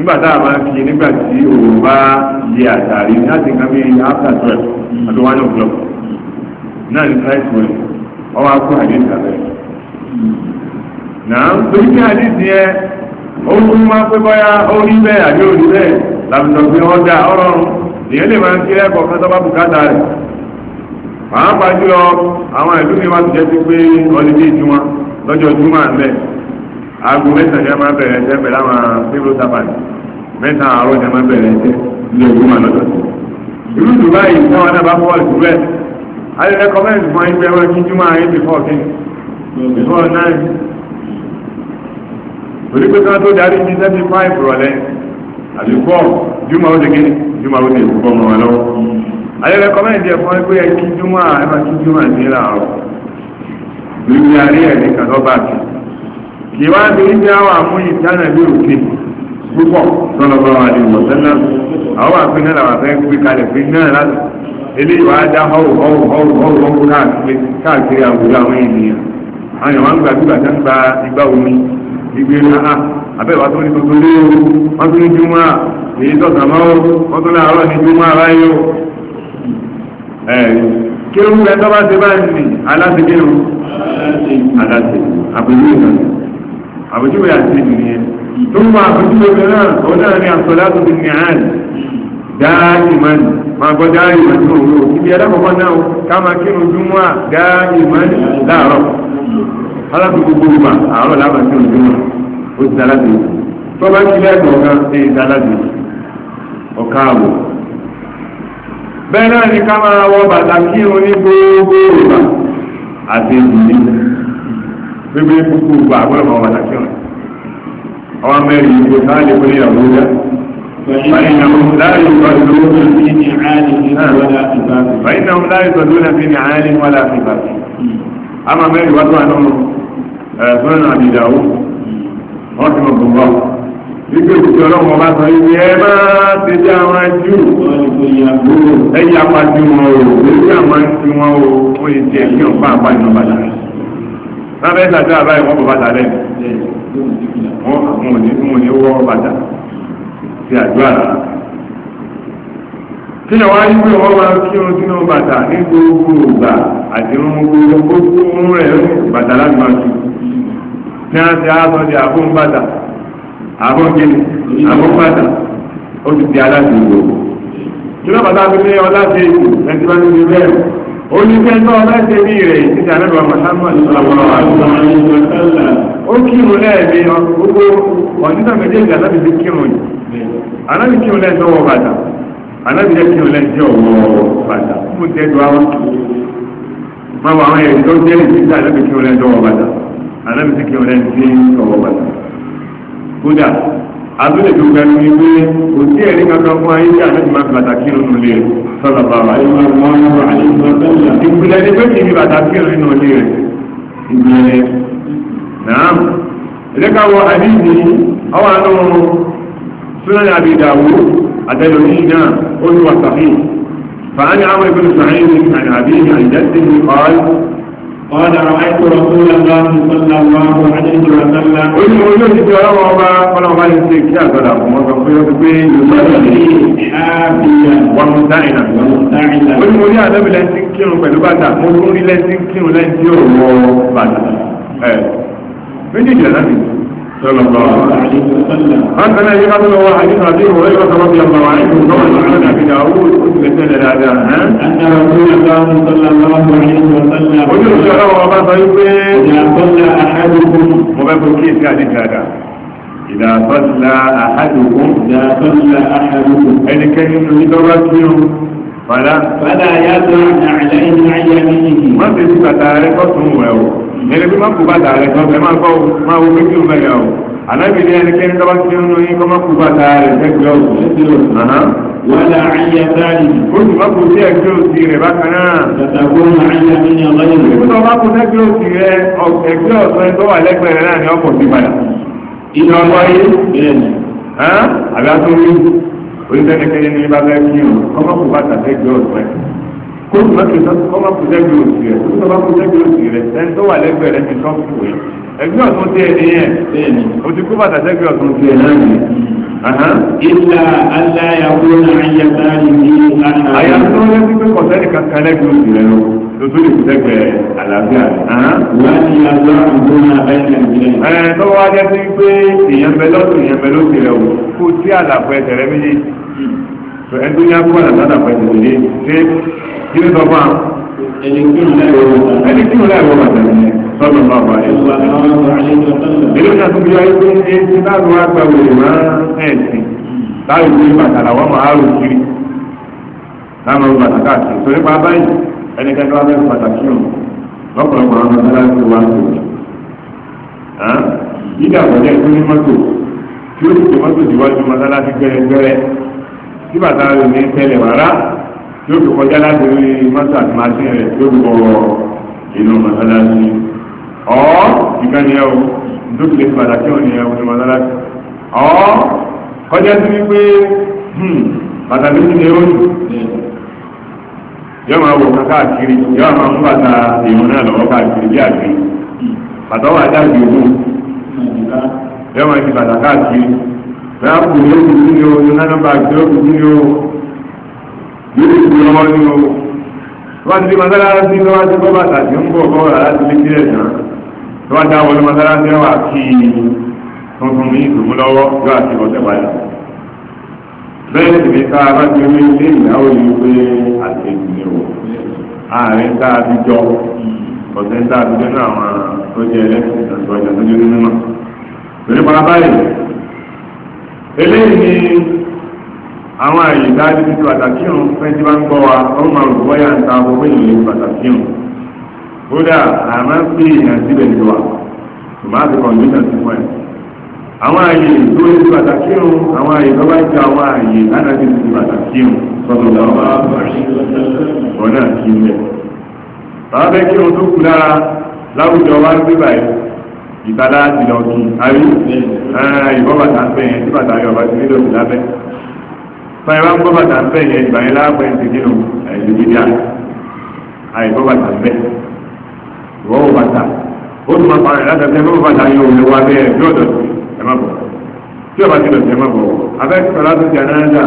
Speaker 1: nígbà tá a máa fi nígbà tí òun bá yẹ àtàrí láti nǹkan bíi after twelve àti one o'clock náà ní price well ọwọ́ akó àdéhùn abẹ́. náà torí pé àdéhùn yẹn ó tún máa pé bọ́yá ó rí bẹ́ẹ̀ àbí ó bẹ́ẹ̀ làbùsọ̀ pé wọ́n dá lè máa ń kí ẹ̀kọ́ kan bùkátà rẹ̀. pàápàá jùlọ àwọn ìlú aago mẹ́sàn-án ni a máa bẹ̀rẹ̀ ẹsẹ̀ pẹ̀lú àwọn civil servant mẹ́ta àárọ̀ ni a máa bẹ̀rẹ̀ ẹsẹ̀ ní ojú mà lọ́dọ̀ irú dùbà yìí fún wọn náà bá fọwọ́ bẹ́ẹ̀ a lè rẹ́kọ́mẹ́ǹtì fún ẹgbẹ́ wọn kí júmọ́ ayé ti fọ́ kí before nine torí pé kan tó darí ní seventy five rọ̀lẹ́ àbí four júmọ́ ó lè gé ó lè fọ́ mọ́ lọ́wọ́ a lè rẹ́kọ́mẹ́ǹtì fún ẹgbẹ́ kí ìwádìí ibi àwọn àmúyí tánà bí òkè púpọ̀ sọ́lọ́bọ̀ àdìgbò sẹ́nà àwọn àfin náà làwọn afẹ́ gbé kalẹ̀ fi náà láti ilé ìwà dá họ́wù họ́wù họ́wù họ́wù họ́wù káàkiri àwùjọ àwọn ènìyàn àwọn èèyàn wọn gba bí bàtà ń gba igbá omi igbe náà tó ní tuntun lé o wọ́n tún ní júmọ́ à èyí o wọ́n tún láàárọ̀ ní júmọ́ o kí ló ń tọ́ bá ti bá ń sìn aláṣẹ kí ló aláṣẹ àbójúwe àti ènìyàn tó ń bá àbójúwe náà ó náà ní àsọlá tó ti ní àárín dáàdì mani máa gbọ́ dáàdì mani òru ibi alákọ̀ọ́kọ́ náà ká máa kírun júmọ́ à dáàdì mani láàárọ̀ alákùn gbogbo ìgbà àárọ̀ láàbà kírun júmọ́ ó ti dáláde tó bá kí lẹ́gbọ̀n kan ṣe dáláde ọ̀ka àwọ̀ bẹ́ẹ̀ náà ni ká máa wọ bàtà kírun ní gbogbo ìgbà àti ìdílé gbégbé gbogbo ògbà àgbọ̀dọ̀ máa wà láti ọ̀rẹ́ ọwọ́ mẹ́rin ìgbò sáà lè pẹ́lú ìyàwó yá فإنهم لا يصلون في نعال ولا خفاف فإنهم لا يصلون في نعال ولا خفاف أما ما يوضع لهم سنن أبي داود رحمه الله Ibi òkùtù ọlọ́run sọ ibi ẹ máa ti jẹ́ àwọn ajú. Ẹ̀yà pàjú wọn o, lórí àwọn wọn o, ó lè jẹ́ kí ọ̀pá àpá ìjọba lára rábẹ́ tàbí àbáyé wọ́n bọ̀ bàtà lẹ́nu wọ́n àwọn òní fún òní wọ́ bàtà ti àjọ àrà kí ni wọ́n á yí pé wọ́n máa kí irun sínú bàtà ní gbogbo ìgbà àti irun gbogbo gbogbo rẹ̀ bàtà láti máa kí tí wọ́n ti á sọ di àbọ̀ bàtà àbọ̀ gẹ́lì àbọ̀ bàtà ó ti di aláṣẹ ìgbòho kí ló bàtà fi ní ọlá ṣe ètò ẹni tí wọ́n ti fi bẹ́ẹ̀ oníṣẹ́ tó ọlá ṣe ní rẹ̀ títà lẹ́bàá Muhammad sọ̀rọ̀ àìsàn ó kírun lẹ́ẹ̀mí gbogbo ọ̀nítà méjèèjì alábi fi kírun yìí alábi kírun lẹ́ẹ̀ tọwọ́ bàtà alábi jẹ́ kírun lẹ́ẹ̀ jẹ́ ọ̀wọ́ bàtà mú jẹ́ dùn àwọn máa wà abúlé tó gbẹnu ni pé kò sí ẹ̀rí kankan fún ayé tí àná ti máa fi bàtà kírun nù lé sọlọ bàbá ìpìlẹ̀ ni pé kì í fi bàtà kírun nù lé rẹ̀ ìpìlẹ̀ náà ẹ̀dẹ́ka wọ àdìsí ọwọ́ àánú súnáyà àbí ìdàwó àtẹlóyìn náà ó ní wàsàfì fàánì àwọn ìpínlẹ̀ sàáyé ní àdàbí àìjẹ́sìn ní ọ̀rọ̀ قال رأيت رسول الله صلى الله عليه وسلم olóòjì ti ọlọ́wọ́ ọba ọlọ́wọ́ yìí ti kí àgbàdà fún ọgbà pé ó ti pé yorùbá olóòjì àdẹ́bì lẹ́sìn kírun pẹ̀lú bàtà mo tún rí lẹ́sìn kírun lẹ́sìn òwò bàtà ẹ̀ méjì jẹ̀ láti صلى الله عليه وسلم هذا الذي قبله حديث ابي هريره رضي الله عنه كما اعلن ابي داوود مثل هذا ان رسول الله صلى الله عليه وسلم قل له وما طيب اذا صلى احدكم وما كيف كان هذا إذا صلى أحدكم إذا صلى أحدكم أين كان يدركهم Fàlá. Fàlá yàtọ̀ àlẹ́ ìlú ayé méjì. Wọ́n ti fi bàtà rẹ kọ́ tún wẹ̀ o. Mẹ́lẹ́ bí wọ́n kú bàtà rẹ kọ́ fẹ́ máa kọ́ máa wo méjì ń bẹ̀rẹ̀ o. Àlábì ní ẹnikẹ́ni tó bá ti ń lóyún kọ́ máa kú bàtà rẹ fẹ́gbẹ́ o. Wàlá ayé báyìí. Ó sì máa kú sí ẹgbẹ́ òsì rẹ̀ bákan náà. Tàtàkùn ayé mi ni onídẹ́nikẹ́ni ní bá bẹ́ẹ̀ kí o kọ́mọ́ kó bàtà lẹ́gbẹ̀ẹ́ ọ̀dọ́ ẹ̀ kó o má kìí sọ́tún kọ́mọ́ kó lẹ́gbẹ̀ẹ́ òsì rẹ̀ kó o má kó lẹ́gbẹ̀ẹ́ òsì rẹ̀ ẹni tó wà lẹ́gbẹ̀ẹ́ rẹ̀ ti sọ́ fún wẹ̀ ẹgbẹ́ ọ̀tún tí ẹni yẹn o ti kó bàtà lẹ́gbẹ̀ẹ́ ọ̀tún tí ẹni yẹn. ilà aláyàwó àyàtà yìí àná. àyàtọ̀ lẹ́sí pé kọ̀sẹ́nì kankan lẹ́gbẹ̀ẹ́ òsì rẹ̀ lọ lótú sí àlàfo ẹsẹ̀ rẹ méjèèjì tó ẹni tó ní akọ́nà sádà pẹ̀lú ilé ṣé kí ló sọ fún àwọn ẹni kí ló láìwọ́ bàtà ní sọ́dọ̀ náà bá yẹ. ilé ìjà tó bí wáyé pé ṣe ti láàrú wá gba òwe máa ẹ̀sìn láàrú pé bàtà làwọn máa rò kiri láàrú bàtà káàkiri tó nípa báyìí ẹnikẹ́ni wá bẹ́ẹ̀ pàtàkì òun lọ́pọ̀lọpọ̀ àwọn ọmọdé láti wá sóòjì yídà wọlé tó ní mọ́tò tí ó sì tó mọ́tò síwájú mọ́sálásí gbẹrẹgbẹrẹ tí bàtà rẹ̀ ní tẹ́lẹ̀ rárá yóò fi kọjá láti rí mọ́tò àti màsí rẹ̀ tó ń bọ̀ inú mọ́sálásí ọ́ ìkànnì ẹ̀ o dókítà pàtàkì òní ẹ̀ òní mọ́sálásí ọ́ kọjá sí wípé hmm, bàtà méjì ni ó ní yọ máa wò ká káàkiri yọ máa mú bàtà èèyàn náà lọ́wọ́ káàkiri bí àgbè bàtà wà dá ìgbè mú máa fi bàtà káàkiri ráàpù ní oṣù tí ní oṣù nánàbà tí oṣù tí ní oṣù yóò ṣe lọ́wọ́ ní o wọ́n ti mọ́sálásí tó wá sí bọ́ bàtà tí ń bọ̀ bọ́ rà láti lé sílẹ̀ náà tó wá dáwọ́ ní mọ́sálásí wà kí tuntun ní ìdùnnú lọ́wọ́ yóò àti ọ̀sẹ̀ wáyà bẹ́ẹ̀ sì ni ká bá ti rí ilé ìyàwó yìí pé àtẹ̀jù ni o àárín tá a ti jọ ọ̀sẹ̀ tá a ti jọ náà àwọn tó jẹ ẹlẹ́sìn àti ọjà tó jẹ nínú náà eléyìí ni àwọn àyè dájú títí pàtàkì hàn fẹ́ bá ń gbọ́ wa ó máa rò wọ́yà ń ta owó ìlú pàtàkì hàn kódà àmọ́ sí ìyàn síbẹ̀ ní wa ṣùgbọ́n àti kọ̀ǹdíṣàn ti fún ẹ̀. àwọn àyè tó ti pàtàkì hàn àwọn àyè tó bá ti àwọn àyè lánàá ti pàtàkì hàn sọ̀tọ̀ lọ́wọ́ ọ̀nà wa ń ìbálá ti lọ kí ayé ìbọ́ bàtà ń bẹ̀ yẹn tí bàtà yọ bá ti nílò sí lábẹ́ fẹ́ẹ́ bá ń bọ́ bàtà ń bẹ̀ yẹn ìgbà yẹn láàpẹ́ ti nínú ẹ̀yìn gíga àìbọ́ bàtà ń bẹ̀ ìwọ́wọ́ bàtà ó tún máa parẹ́ láti ẹgbẹ́ bọ́ bàtà yọ òun wá bẹ́ẹ̀ bí ọ̀dọ̀ sí ẹ má bọ̀ tí ọba ti lọ sí ẹ má bọ̀ abẹ́ sọ̀rọ̀ láti jẹ́ náírà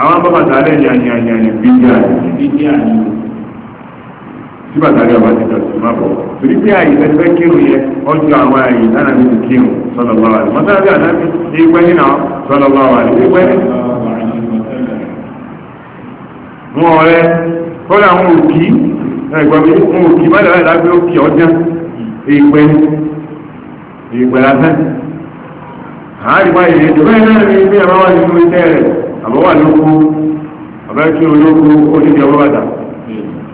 Speaker 1: àwọn bọ́ lẹ́yìn àyìn àyìn àyìn bíi tí bàtàrí ọba ti dọ̀tí má bọ̀ torí pé àyè tẹ́tí fẹ́ kírun yẹ ọjọ́ àwọn àyè lánà mi ti kírun sọlọ bá wà ní mọ́tàlá bí ànábi ìgbẹ́ nínà sọlọ bá wà ní ìgbẹ́ ní. wọn ọ̀rẹ́ kọ́lá àwọn òkì ẹ̀gbọ́n mi wọn òkì má dàbí àdágbé òkì ọjà ìgbẹ́ ìgbẹ́ lásán. àárín báyìí ètò bẹ́ẹ̀ náà ni bí àbáwá nínú iṣẹ́ rẹ̀ àbáwá lóko àbẹ́kí olóko ó ti di ọgbọ́ bàtà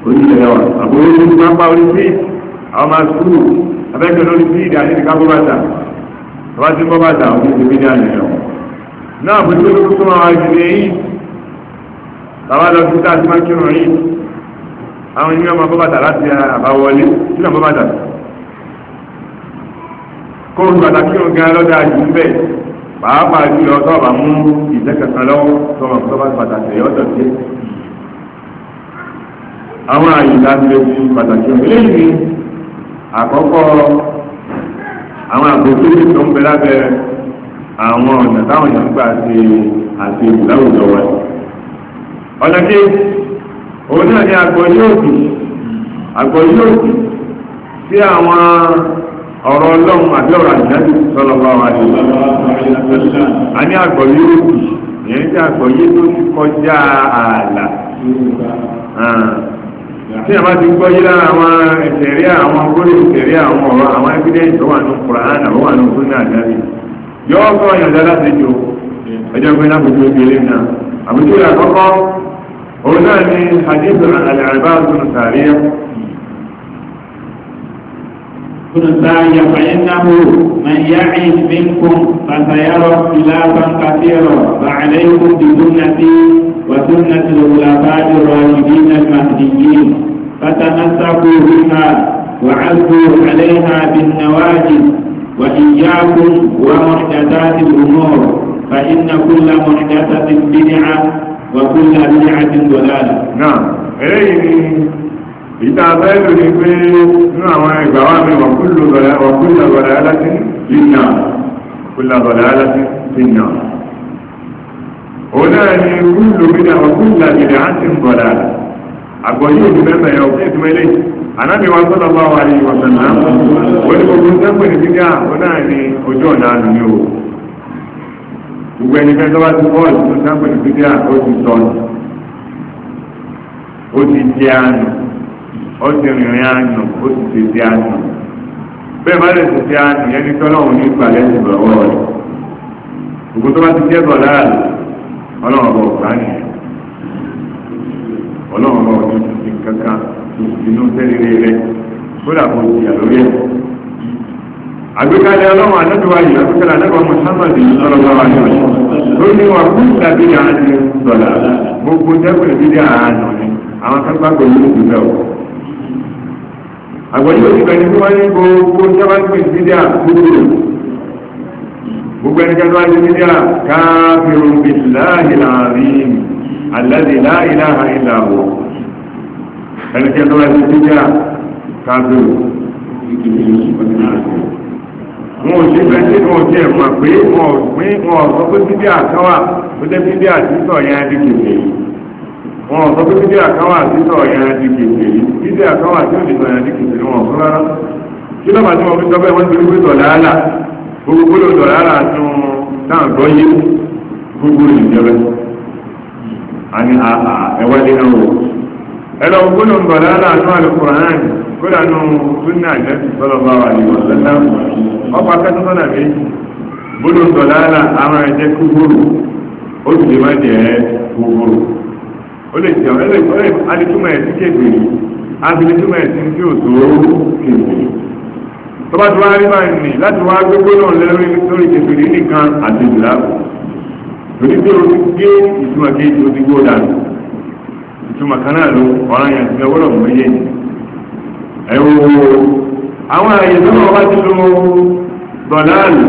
Speaker 1: oníṣẹ́ ẹ̀wà àbúrò ní pápá orí fíìd àwọn máa sùúrù abẹ́kẹ̀ lórí fíìd àti ìdíkà bó bàtà bàbá tí bó bàtà òun ti bídí àyẹ̀yọ̀ náà bó tó lókùn súnmọ́ àwọn ìdílé yìí bàbá lọ sí tá a ti máa kírun yìí àwọn ìní ọmọ bó bàtà láti àbáwọlé kí náà bó bàtà kó o bàtà kírun gan lọ́dọ̀ àjù ń bẹ̀ pàápàá jùlọ tọ́ọ̀bà mú ìtẹ́kẹ̀kan lọ́wọ́ tọ́ọ̀bà bàtà tẹ̀yọ́ tọ̀ àwọn àyè láti lè fi pàtàkì ọ̀rẹ́ ní àkọ́kọ́ àwọn àbòsílẹ̀ tó ń bẹ lábẹ́ àwọn ọ̀nà táwọn èèyàn gbà ṣe àti ìláwùjọ wa ọ̀nà kí òun náà ní àgbọ̀ yóò sì àgbọ̀ yóò sì sí àwọn ọ̀rọ̀ ọlọ́run àti ọ̀rọ̀ bá a ní àgbọ̀ tí a bá ti gbọ́ yí lára àwọn ìtẹ̀rí àwọn gbórí ìtẹ̀rí àwọn ọ̀rọ̀ àwọn evidence tó wà ní Kùránì àwọn wà ní sunna àjáde yọ ọkọ̀ yọ̀dá láti jò ẹjọ́ pé láti ju ebi eléyìí náà àbújú rẹ̀ àkọ́kọ́ òun náà ni hadith alàrẹ̀bá ọdún sàárẹ̀ كنتايا فإنه من يعيش منكم فسيرى اختلافا كثيرا فعليكم بسنتي وسنة الخلفاء الراشدين المهديين فتمسكوا بها وعزوا عليها بالنواجذ وإياكم ومحدثات الأمور فإن كل محدثة بدعة وكل بدعة ضلالة. نعم. إيه إذا ni pé nínú àwọn وكل ضلالة ní ضلالة bọ̀lá aláti nínú wàkúlù náà ni kúlù bídà ọkùnlà ìdá àti ńgọ̀dà àgbọ̀yí òbí mẹ́fẹ̀ yọ fún ìtumẹ́lẹ̀ anábì wa sọ́dọ̀ bá wà ní ìwọ̀sánná ó ní gbogbo sẹ́pẹ̀ ní bídà ó náà ni ojú ọ̀nà àlù ní o gbogbo ẹni fẹ́ tó bá ti bọ́ ìlú sẹ́pẹ̀ gbogbo tó bá ti jẹ́ bọ̀ láàrín ọlọ́run bọ̀ ọ̀gbá ni ọlọ́run bọ̀ ọ̀tún ti kankan inú tẹ́lẹ̀ rẹ̀ kódà kò sí àlórí ẹ̀. àgbékalẹ̀ ọlọ́run anábíwá yìí àgbékalẹ̀ anábíwá Muhammad sọ̀rọ̀ bá wà ní ọ̀ṣun tó ní wà fún ìtàbí àti sọ̀là gbogbo tẹ́kùn ìdílé àánú ni àwọn kan gbàgbọ́ yóò ti bẹ̀ ọ́ àgbọ̀yé òṣìbẹ̀ ni wọ́n ní gbogbo tẹ́kùn ìdílé àkúrò gbogbo ẹnikẹ́ni wá ní mídíà káfíìrún billahi al-azim alladhi la ilaha illa huwa ẹnikẹ́ni wá ní mídíà káfíìrún wọn ò ṣe fẹ́ sí wọn jẹ́ mọ̀ pé wọn kí lọ́ba tí wọ́n fi sọ bẹ́ẹ̀ wọ́n ti rí pé tọ̀ gbogbo gbọ́dọ̀ ara tó náà gbọ́ yé gbogbo ìjọba àní ẹ̀wọ́dé náà wò ẹlọ gbọ́dọ̀ sọ̀rọ̀ ara tó Al-Qur'an kódà nù súnà àjẹsí sọ̀rọ̀ bá wà ní ọ̀sánná ọ̀pá kẹ́tọ́ mi ara tọ́ba tí wọ́n á rí máa ń nì láti wá gbogbo náà lẹ́rú lórí kẹfìrí nìkan àti ìlàbù lórí pé o ti gé ìtumọ̀ kejì o ti gbó dànù ìtumọ̀ kan náà ló ọ̀ràn yẹn ti ọwọ́lọ̀ mú yé ẹ wo àwọn àyè tó wọ́n bá ti lo dọ̀láàlù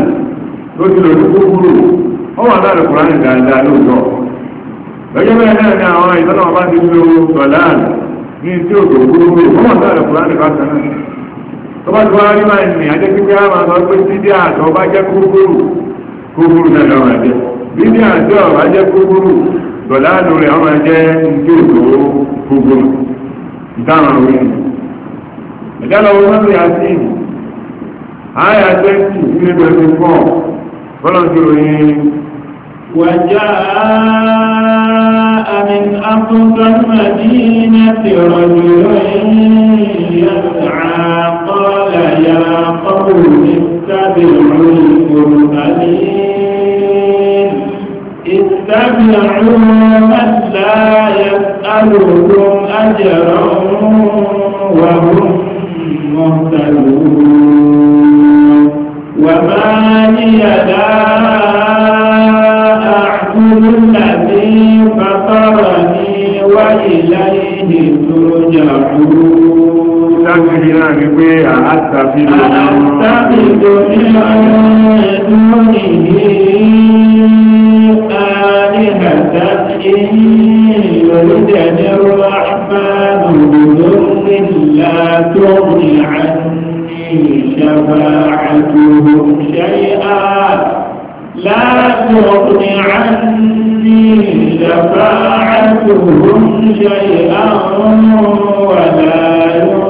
Speaker 1: tó ti lò ní kúkúrú ó wà láàrín kùránì dáadáa lóòótọ́ lọ́jọ́ bẹ́ẹ̀ náà ni àwọn àyè tó wọ́n bá ti lo dọ̀láàlù ní tí ò tó kúkúrú ó wà láàrín kùránì bá kan tọ́ba tó wá rí máa nì ajẹ́ pípẹ́ á máa sọ pé bídí àtọ́ bá jẹ́ kúkúrú kúkúrú náà lọ́wọ́ ẹ̀jẹ̀ bídí àtọ́ bá jẹ́ kúkúrú dọ̀láàdù rẹ̀ ọmọ ẹ̀jẹ̀ ń tó tó kúkúrú ìtàwọn òwe nì. ẹ̀jẹ̀ lọ́wọ́ wọn lè àti ìlú àyà tẹ́ǹtì sílé pẹ̀lú pọ̀ bọ́lá tó ròyìn. وجاء من أقصى المدينة رجل يسعى قال يا قوم اتبعوا المرسلين اتبعوا من لا يسألكم أجرا وهم مهتدون وما لي لا أعبد الذي فطرني وإليه ترجعون sáàkiri náà ní شفاعتهم شيئا لا تغني عني شفاعتهم شيئا ولا يغني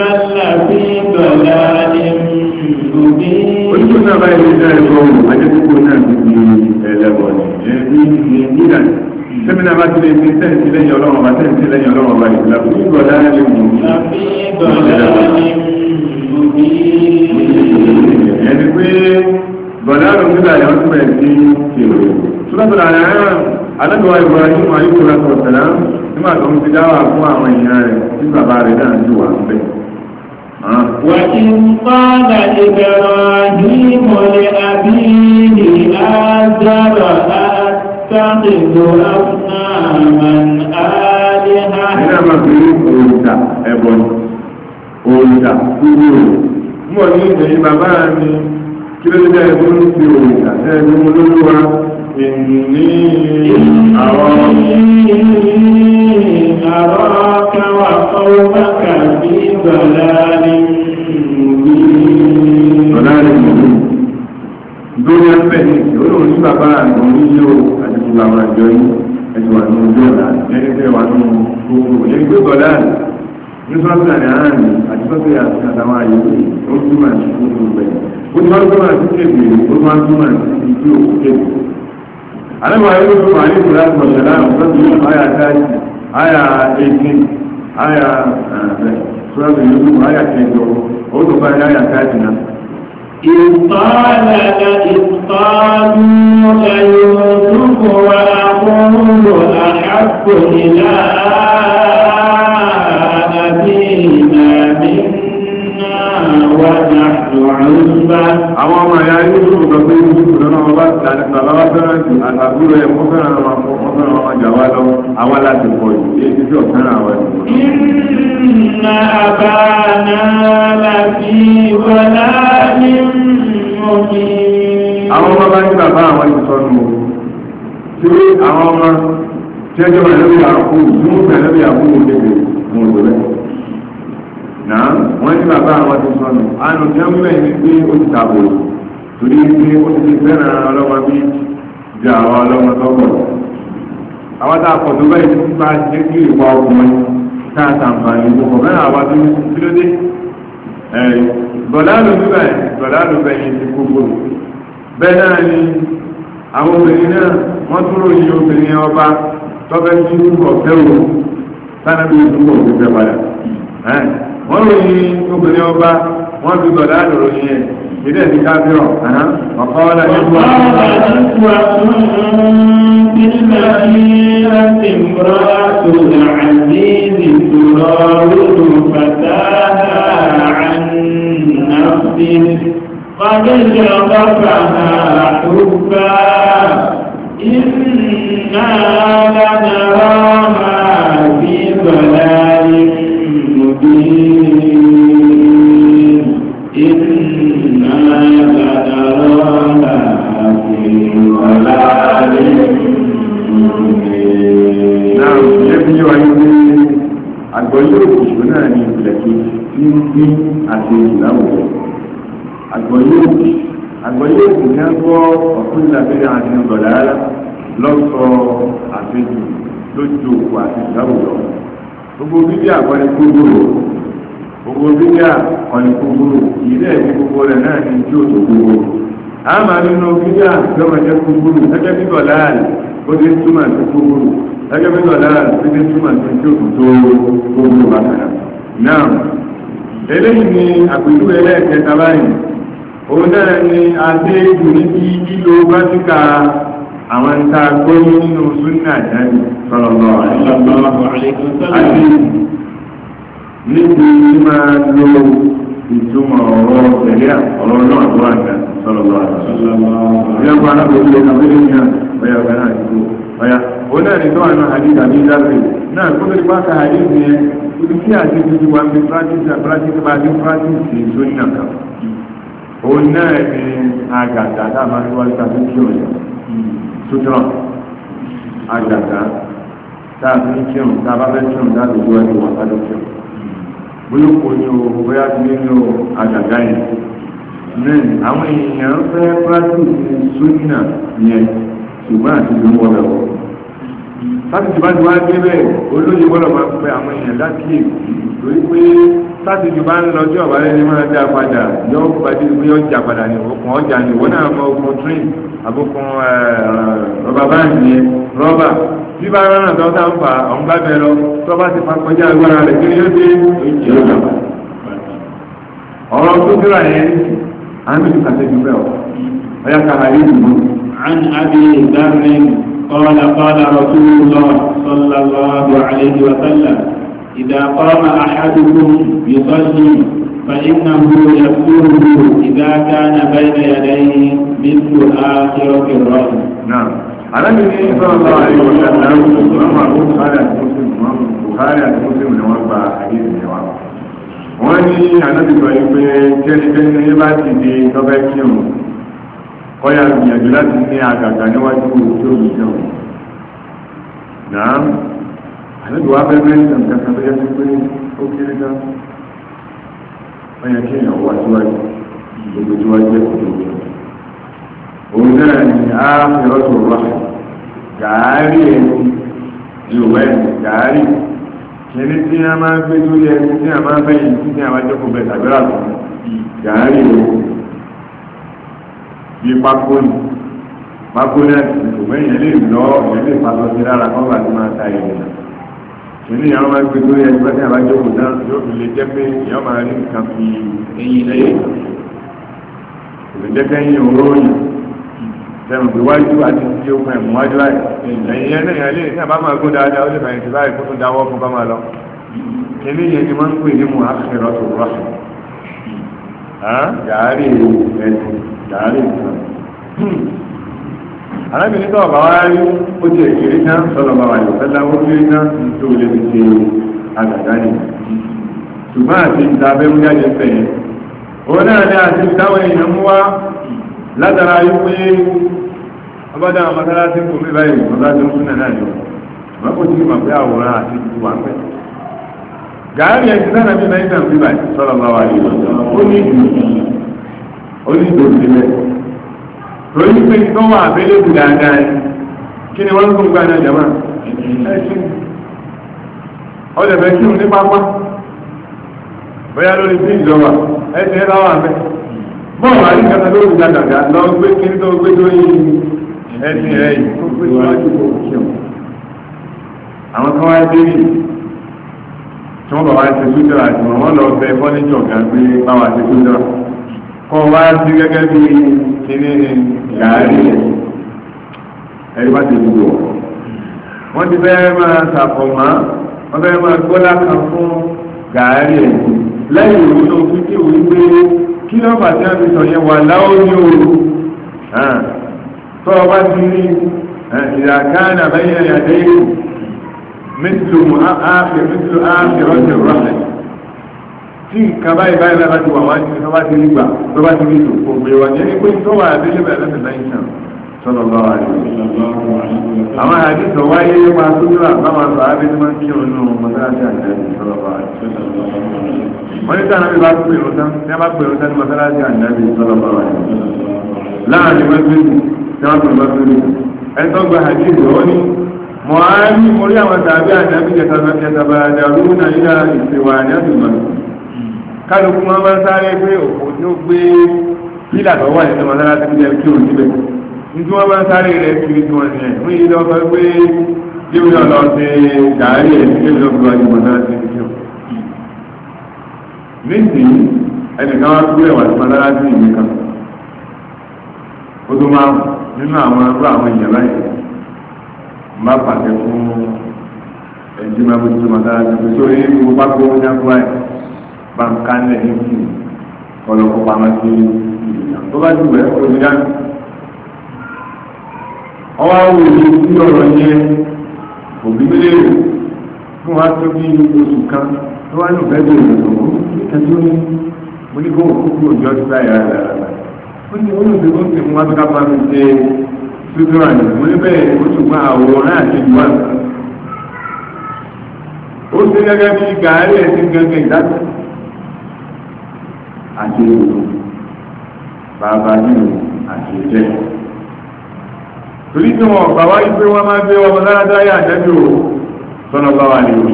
Speaker 1: لفي ضلال مبين Onígbóná báyìí ní sáré fọ́ọ̀mù, ajẹ́kókò náà ti di ẹlẹ́wọ̀n ní ìlànà. Sẹ́mínà bá ti lè fi sẹ́ǹtì lẹ́yìn ọlọ́run bá sẹ́ǹtì lẹ́yìn ọlọ́run bá ìgbà fún ìgbọ̀ láàrin mú. Ẹni pé bọ̀dáàrùn nígbà yọ̀ tún bẹ̀ sí kèrò. Súlọ́tọ̀lá àárín alágbèwà ìwà yìí wọ́n ayé kó lọ́tọ̀ sẹ̀lá nígbà tó ń ti dáwà fún àwọn èèyàn rẹ̀ tí bàbá rẹ̀ náà jù wà ń bẹ̀. وإن قال إبراهيم لأبيه آزر أتخذ أصناما آلهة إنما في أولتا أبن أولتا كبير mo ní ìdẹ̀yìn bàbá mi kí ló dé ẹ̀dùn sí òòjà ẹ̀dùn olóluwa إني أراك وقومك في ضلال مبين lórí ẹgbẹ́ ní olóòrùn ní bàbá àgbọ̀n ní ilé o àti gbogbo àwọn àjọ yìí ẹ̀sùn wà ní ojú ọ̀la lẹ́yìn tẹ́ wà ní gbogbo lẹ́yìn pé bọ̀dá ní sọ́ọ̀tà ní àárín àti sọ́ọ̀tà àti àtàwọn àyè ó túmọ̀ sí gbogbo ẹ̀ ó túmọ̀ sí kéèké ó túmọ̀ sí ìdí òkú kéèké alábàá yóò tó máa ní ìlú àti ọ̀ṣẹ̀lá ọ̀ṣẹ̀lá àyà táàkì àyà 18 àyà ṣọ́ọ̀bù yóò tó àyà kẹjọ ó tó bá àyà táàkì náà إِطَالَ لَإِطَالُ لَيُوسُفُ وَأَقُولُ àwọn ọmọ ẹ̀yà ilé tó gbogbo pé ibi tó lọ́nà ọba tàbábá fẹ́ràn sí àtàbúrò ẹ̀ wọ́n fẹ́ràn ọmọ wọn fẹ́ràn ọmọ jà wá lọ àwọn láti pọ̀ jù ní ibi tí ó fẹ́ràn àwọn ẹ̀sìn. Àwọn ọmọ bá ní bàbá àwọn ti sọ nù. Ṣé àwọn ọmọ tí ẹjọ́ rẹ̀ àkókò tí wọ́n fẹ́ lórí àkókò na wọ́n ní bàbá àwọn ti sọnù àánú tí wọ́n mẹ́rin ní pé ó ti tàbò torí pé ó ti ti fẹ́ràn ara ọlọ́mọ bí ju àwọn ọlọ́mọ tọ́pọ̀ àwọn tá a pọ̀ tó báyìí tó bá jẹ́ kí ìwà ọkùnrin tá a tàǹfààní àwọn tó ń ló ti ọba tọ́fẹ́ fẹ́ wọ́n ròyìn obìnrin ọba wọ́n fi bọ̀dá àdòròyìn ẹ̀ ilé ẹ̀dí káfíọ̀ àná ọ̀pọ̀ ọ̀la ní ìwà قد شغفها حبا إنا لنراها في بلاد àgbọ́yé òṣìṣẹ́ náà ní ìpìlẹ̀kì tí ń bí àti ìlàwọ̀ àgbọ́yé òṣìṣẹ́ àgbọ́yé òṣìṣẹ́ náà gbọ́ ọ̀tún ìlàbẹ̀rẹ̀ àti ìgbọ̀lára lọ́sọ àfẹ́jù lójú òkú àti ìdáwòlọ́ gbogbo bíbíà kọ́ni gbogbo gbogbo bíbíà kọ́ni gbogbo ìdílé ẹ̀mí gbogbo rẹ̀ náà ní ojú òtò gbogbo àmà nínú bíbíà gbọ́mọdé gbogbo gẹ́gẹ́ bíbọ̀ láàrín ó dé gbogbo gẹ́gẹ́ bí lọ́la títí túmọ̀ sí tí òkú tó gbogbo bàtàrà náà eléyìí ni àpèjú ẹlẹ́ẹ̀kẹta báyìí òun náà ni adéèkù níbi lílo bátíkà àwọn ń ta gbóyún nínú súnà ìdájú sọ̀rọ̀lọ̀ àti níbi máa lo ìtumọ̀ ọ̀rọ̀ tẹ̀lé ọ̀rọ̀ náà tó àgbà sọ̀rọ̀lọ̀ àti sọ̀rọ̀lọ̀ àti sọ̀rọ̀lọ̀ àti sọ̀rọ̀lọ̀ àti sọ̀rọ̀lọ̀ àti sọ̀rọ̀lọ̀ àti sọ̀rọ̀lọ̀ àti sọ̀rọ̀lọ̀ àti sọ̀rọ̀lọ̀ ọ̀yà òun náà ní tó wà ní hadith àbí ìdáfẹ́ náà kó lórí pàṣẹ hadith yẹn ibi tí àti títí wa fi practice and practice bá ti practice ní tó ní àkà òun náà ní àgàtà tá a máa ń wá tàbí kí òun sutura àgàtà tá a fi ń tá a fẹ́ kírun tá a lè wá ní wàhálà kírun bóyá kò ní o bóyá ti nínú àgàtà yẹn náà àwọn èèyàn fẹ́ practice ní sunna yẹn. ṣùgbọ́n àti ìlú mọ́lẹ̀ ọ̀ láti jù bá ti wá dé bẹ́ẹ̀ olóyè gbọ́dọ̀ máa pẹ àwọn èèyàn láti èkì torí pé láti jù bá ń lọ sí ọ̀bá lẹ́ni máa dá padà yọ gbadé pé ọjà padà ní ọjà ní ìwọ náà mọ trin rọba báńkì yẹn rọba bí bá rárá tó tá ń bá bẹ lọ bá ti agbára rẹ̀ kí yóò dé ọjà ọ̀rọ̀ tó dúrà yẹn àmì bẹ́ẹ̀ عن أبي ذر قال قال رسول الله صلى الله عليه وسلم إذا قام أحدكم يصلي فإنه يذكره إذا كان بين يديه مثل آخرة الرجل نعم على النبي صلى الله عليه وسلم أما أقول قال مسلم قال مسلم نوبة حديث نوبة wọ́n ní ànábìbọ̀ yìí pé kí ẹnikẹ́ni bá ti di tọ́bẹ́ kírun kọ́yà gbìyànjú láti ní àgàgà níwájú òjò òjò náà àlejò wa bẹ́ẹ̀ bẹ́ẹ̀ sàn kankan tó
Speaker 2: yẹ kí pé ó kéré ká
Speaker 1: wọ́n yẹ kí èèyàn wá síwájú gbogbo tí wọ́n jẹ́ òjò òjò òun náà ni a fi rọ́tò rọ́ gàárì ẹni yorùbá ẹni gàárì kìíní tí a máa gbé lórí ẹni tí a máa bẹ́yìn tí a máa jẹ́ kó tàbí rà gàárì ẹni bí pákó ni pákó náà ti kò mẹ́yìn lè lọ ìyẹn lè pa lọ sí lára kọ́ bá ti máa ta ìrìnà ìní àwọn máa ń gbé tó yẹ ẹgbẹ́ tí a bá jókòó náà yóò fi lè jẹ́ pé èèyàn máa rí nǹkan fi eyín lẹ́yìn kò lè jẹ́ kẹ́yìn òróyìn tẹ̀mù pé wájú àti tí ó fẹ́ mú wájú láì ẹ̀yìn ẹ̀rẹ́ ìyẹn lè ní àbá máa dáadáa ó lè fẹ̀yìntì báyìí kó tún dáwọ́ fún bá lọ láàrin kan arábìnrin tó ọ̀bá wá rí ó ti èkèrè náà sọ̀rọ̀ bàbá yóò fẹ́ láwọ́ kéré náà tó lè fi ṣe àgàgá ni ṣùgbọ́n àti ìta abẹ́mú jáde fẹ́ yẹn òun náà ní àti ìtawọn èèyàn mú wá látara yóò pé ọbádá àmàtàlá tí kò mí báyìí ọ̀dájọ́ súnà náà yọ mọ́kò tí ma pé àwòrán àti ìlú wà pẹ́ gàárì ẹ̀sìn náà bí náà ìdàn bí báyìí sọ́lọ́ bá wà yìí ó ní ìlú oníṣòwò mẹ́ lórí pé tó wà abẹ́lẹ́bù dáadáa ni kí ni wọ́n ń gbọ́ngbà náà jama ẹ̀ṣin ọ̀dẹ̀bẹ̀ kí ní pápá bóyá lórí sí ìjọba ẹ̀ṣin ẹ̀rọ wà mẹ́ bọ́ọ̀ wà ní kẹta lórí dàdàdà lọ gbé kí ní tó gbé lórí ẹ̀ṣin rẹ̀ yìí àwọn kan wá dé rí tí wọ́n bá kọ́ wá sí gẹ́gẹ́ bí kíní gàárì ẹ̀rí bá ti gbogbo wọ́n ti fẹ́ máa ṣàfọ̀mọ́ wọ́n fẹ́ máa gbọ́lá kan fún gàárì ẹ̀ lẹ́yìn òun ló fi kí òun gbé kí lọ́ba tí wọ́n fi sọ yẹn wà láwọn ní òru tọ́ ọba ti rí ìdàkánà bẹ́yẹn yàtẹ́yìn mẹ́tìlú áfẹ́ mẹ́tìlú áfẹ́ rọ́ṣẹ̀ rọ́ṣẹ̀ tí nǹkan báyìí báyìí bá ti wà wájú tó bá ti rí gbà tó bá ti rí tò kò gbé wa jẹ́ ní pé tó wà abẹ́lé bẹ̀rẹ̀ lọ́sẹ̀ láì sàn sọ̀rọ̀ lọ àjò.
Speaker 2: àwọn àdìsọ wáyé nípa sójú
Speaker 1: àbámọ̀ sọ abẹ́lé máa ń kí òun nù mọ́sálásí àjẹ́sì sọ̀rọ̀ lọ àjò. wọ́n ní sáà bá pè ọ́ tán ní a bá pè ọ́ tán ní mọ́sálásí àjẹ́sì sọ̀rọ̀ lọ àjò. láàrin mẹ́sẹ̀lì tí wọ́n pè mẹ́sẹ̀lì ẹ̀ tó gba ní mọ̀ á ní mo rí àwọn tàbí àjẹ́sì yẹtàbàdàrú náà ilé ìsèwà àjẹ́sì mọ́sálásí kálukú máa máa sáré pé òkú tí ó gbé pílà tó wà nínú mọ́tàlá tó jẹ́ kí òun síbẹ̀ nítorí wọ́n máa sáré rẹ̀ kiri tí wọ́n ní ẹ̀ fún ìdílé ọkọ̀ pé débìlì ọ̀nà ọ̀sẹ̀ dàárí ẹ̀ débìlì ọkọ̀ ọ̀sẹ̀ mọ́tàlá tó jẹ́ nísìnyí ẹnìkan wá kúrẹ̀ wà sí mọ́tàlá tó jẹ́ kan ó tó máa nínú àwọn ẹgbẹ́ àwọn èèyàn báyìí má pàṣẹ fún ẹ̀jí máa bójú mọ́tàlá tó jẹ́ sórí gbogbo pápá bàǹkà ń lẹ̀ ní kí ọlọ́kọ̀ pamọ́ sí ìrìnà tó bá ti wẹ̀ omi dání. ọwọ́ àwọn òbí sí ọ̀rọ̀ yẹn òbí mílíọ̀nù fún wa tó bí oṣù kan tó wá nù bẹ́ẹ̀ bẹ́ẹ̀ lọ́wọ́ kẹjú ní mo ní kó òkú kúrò jọ sí àyà rẹ̀ ó ní olóògbé ó sì mú wá tó ká bá mi ṣe fífúra ní mo ní bẹ́ẹ̀ ó ṣùgbọ́n àwòrán àti ìwà ó sì gẹ́gẹ́ bí gàárì ẹ̀sìn gẹ́gẹ́ ìdásí àti èrò bàbá nínú àti ìjẹ́ torí tí wọn bá wáyé pé wọn máa gbé ọmọ dáradára àjẹjò tọ́nà bá wà ní ìlú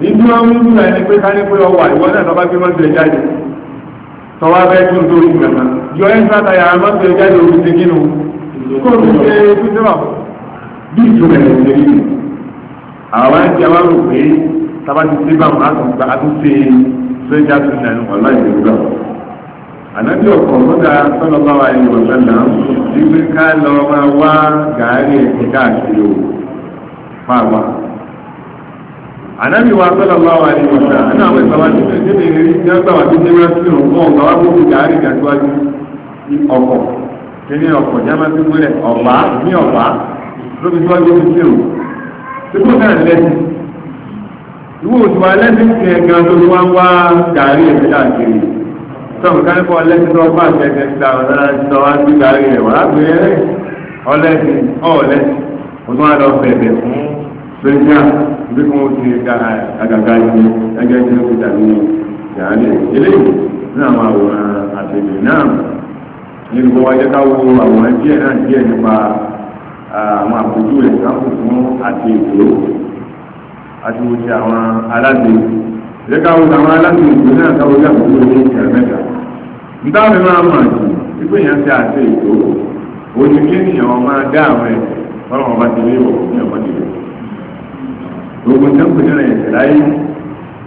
Speaker 1: nínú àwọn ìlú ẹni pé ká ní pé ọwọ́ àìwọ́n náà tọ́ba gbé mọ́tò ẹ̀ jáde tọ́wọ́ abẹ́ tó ń torí gbẹ̀mọ́ yọ ẹ́ sáta yàrá mọ́tò ẹ̀ jáde òun ti kínú kó o ti ṣe fún sẹ́wà bí ìjọba ẹ̀ ṣe rí àwọn ẹ̀jẹ̀ wa rò pé tábà ti ṣe báwọn àtúnṣe tó já sí nàní ọ̀la ìgbà ànábì ọ̀pọ̀ mọ́ta sọ́lọ́báwá ẹni wọ̀sánná wípé ká lọ máa wá gàárì ẹ̀kẹ́ káàkiri o fáwa ànábì wa sọ́lọ́báwá ẹni wọ̀sánná àná àwọn ìsọ̀wá tí ó ti rí ní ọgbà wà tí ó wá sí òun fún ọ̀gá wá gbogbo gàárì kàtíwájú ní ọkọ̀ kí ọkọ̀ jámá sí múlẹ̀ ọ̀pá ní ọ̀pá lóbi tí wọ́n gbé ìwò òtùwà lẹ́sìn ti ẹ̀gàn tó wá ń wá gàrí ẹ̀mí láàkiri tọ́m kánípọ̀ lẹ́sìn tó bá tẹ̀sẹ̀ ta ọ̀dára sọ wá sí gàrí ẹ̀wà lágbèrè rẹ̀ ọlẹ́sìn ọ̀ọ̀lẹ́sìn òtún àlọ́ bẹ̀bẹ̀ fún sójà bí kò ti àgàgà yìí ẹgbẹ́ tí ó ti dàbí gàrí eléyìí ní àwọn àwòrán àtẹ̀lẹ̀ náà nínú kó wáyé ká wo àwòrán díẹ̀ náà díẹ̀ nípa àwọn àpòjú ẹ̀ká fún àti ìgbòho àti òjì àwọn alágbèrè lẹ́ka wo àwọn alágbèrè náà káwọ́ yà kó lórí ìṣẹ̀lẹ̀ mẹ́ta nígbà mi máa mọ̀ jù wípé èèyàn ti àṣẹ ètò òní kí ènìyàn máa dá àwọn ẹ̀sẹ̀ fọlọ́n ọba ti lé wọ̀ ní ọmọdé rẹ̀ gbogbo tó ń pè nílẹ̀ ẹ̀sẹ̀ láyé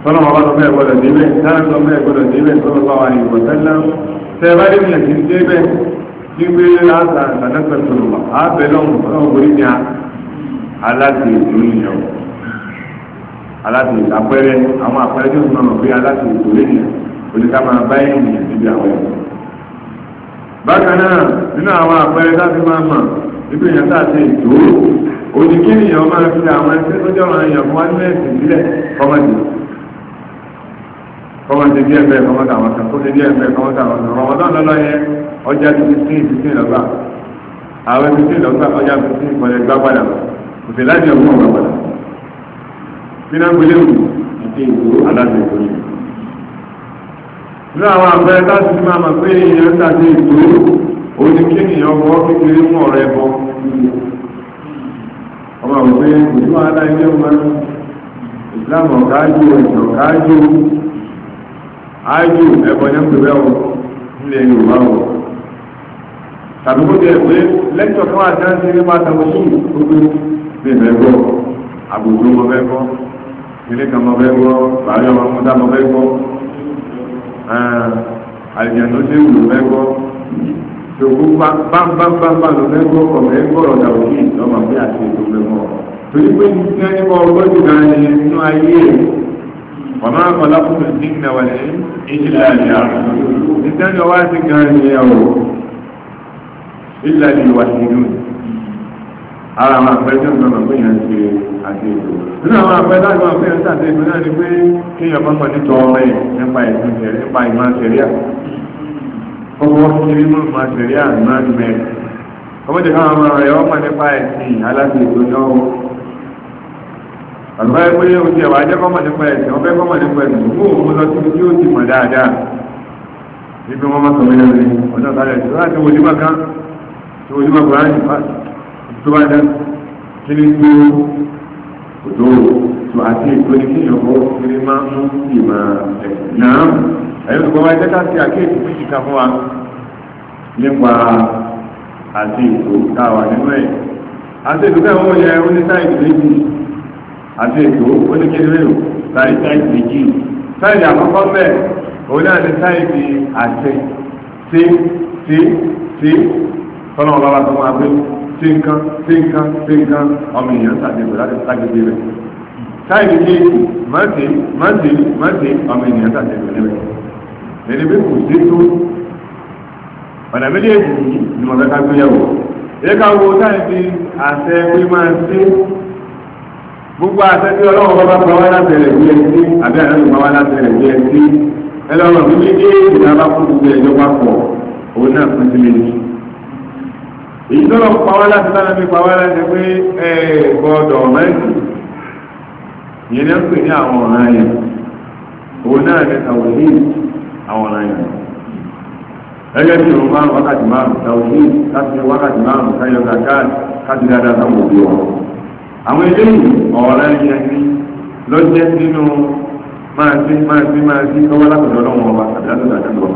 Speaker 1: fọlọ́n ọba tó fẹ́ gbọ́dọ̀ débẹ̀ sáà tó fẹ́ gbọ́dọ̀ débẹ̀ fọlọ́n ọba wà ní ìwọ̀sẹ́lá aláti àpẹẹrẹ àwọn àpẹẹrẹ tó sọmọ pé aláti ètò lẹ́yìn oníkà máa bá ènìyàn níbi àwọn ẹ̀kọ́. bákan náà nínú àwọn àpẹẹrẹ láti máa mọ̀ níbi èèyàn tá a ti ètò òdìkí ènìyàn máa fi àwọn ẹgbẹ́ tó jọ àwọn èèyàn fún wájú ẹ̀sìn sílẹ̀ kọ́mọ̀dé kọ́mọ̀dé díẹ̀ bẹ́ẹ̀ kọ́mọ̀dé àwọn kan kọ́mọ̀dé díẹ̀ bẹ́ẹ̀ kọ́mọ̀dé àwọn kan rọmọdán lọ́lọ́ yẹn ọjà ti fi sí ìfisí ìlọ́gbà àwọn ìfisí ìlọ́gbà ọjà fi sí láti ọgbọ́n nínú agbélébù àti ìlú aláṣẹ ìlú yìí nínú àwọn àpẹẹrẹ láti fi máa mọ̀ pé èèyàn tàbí ìlú òní kéèyàn ọwọ́ kékeré mú ọ̀rẹ́ bọ ọmọ àwọn pé kò sí ilé ọmọ ìsìlámù ọ̀gáájú ẹ̀sìn ọ̀gáájú ájú ẹ̀bọ̀ ní pẹ̀lú nílẹ̀ Yorùbá tàbí kó pé lẹ́tọ̀ fún nípa tàbí bẹ́ẹ̀ bẹ́ẹ̀ ilé kan mọ̀ fẹ́ gbọ́ bàálẹ̀ ọmọ múta mọ̀ fẹ́ gbọ́ àìjàn tó gbọ́ ṣòkú bámbámbámbá ló gbọ́ ọ̀mọ̀ gbọ́rọ̀ dàrú ìjọba àti ètò fẹ́ mọ̀ torí ara àwọn àpẹ tí wọn máa gbìyàn ṣe àti ètò nínú àwọn àpẹ láti máa gbìyàn ṣe àti ètò náà ni pé kí èèyàn bá pàdé tọ ọ̀rẹ́ nípa ìsìn ṣẹlẹ̀ nípa ìmọ̀ ṣẹlẹ̀ kókó kiri mú ìmọ̀ ṣẹlẹ̀ àmọ́ ìmọ̀ ọmọdé káwọn ọmọ rẹ ọmọ nípa ẹ̀sìn aláṣẹ ètò náà àlùfáà ẹgbẹ́ yẹn ojú ẹ̀wà ajẹ́ kọ́mọ̀ nípa ẹ̀sìn ọ̀fẹ́ kọ́mọ̀ nípa ẹ̀sìn mú òun lọ síbi tó bá dá kí ni tó òdò tó àti ètò ní kí ìyànbọ kí ni máa mú ìmọ̀ ẹ̀ náà ẹ̀yọ́ tó bá jẹ́ ká sí àkéèkì méjì ká fún wa nípa àti ètò táwa nínú ẹ̀ àti ètò káwọn ọmọ yẹn ó ní sáìdì méjì àti ètò ó ní kékeré o sáìdì méjì sáìdì àkọ́kọ́ bẹ́ẹ̀ òun náà ní sáìdì àṣẹ tí tí tí tọ́lọ́mọba bá tó máa gbé ṣe nǹkan ṣe nǹkan ṣe nǹkan ọmọ èèyàn tàbí ìgbà láti ságbègbè rẹ̀ táìlì ní mọ́tì mọ́tì mọ́tì ọmọ ènìyàn tàbí ìgbà rẹ̀ lẹ́nu bí kò sí tó ọ̀nà méjèèjì ni mo fẹ́ ká gbéyàwó ilé ká wo táìlì àṣẹ pé máa ṣe gbogbo àṣẹ tí ọlọ́run bá bá pa wá láti rẹ̀ bí ẹtí àbí àná ìgbà wá láti rẹ̀ bí ẹtí ẹlọ́run bí méjèèjì náà bá kó gbogbo ẹjọ́ papọ̀ òun náà fún sí méjì èyí tó lọ pàwọ́ láti lára mi pàwọ́ láti pé ẹ gbọ́dọ̀ mẹ́sì yẹn ní pè ní àwọn ọ̀ràn yẹn òun náà ní tàwọ̀lì àwọn ọ̀ràn yẹn ẹgbẹ́ tí òun márùn wákàtí márùn tàwọ̀lì láti fi wákàtí márùn káyọ̀ zakat káti dáadáa sáwọn òbí wọn àwọn eléyìí ọ̀ràn yẹn ní lọ́jẹ́ nínú máa sí máa sí máa sí kọ́wọ́ látọ̀dọ̀ ọlọ́run ọba àti látọ̀dọ̀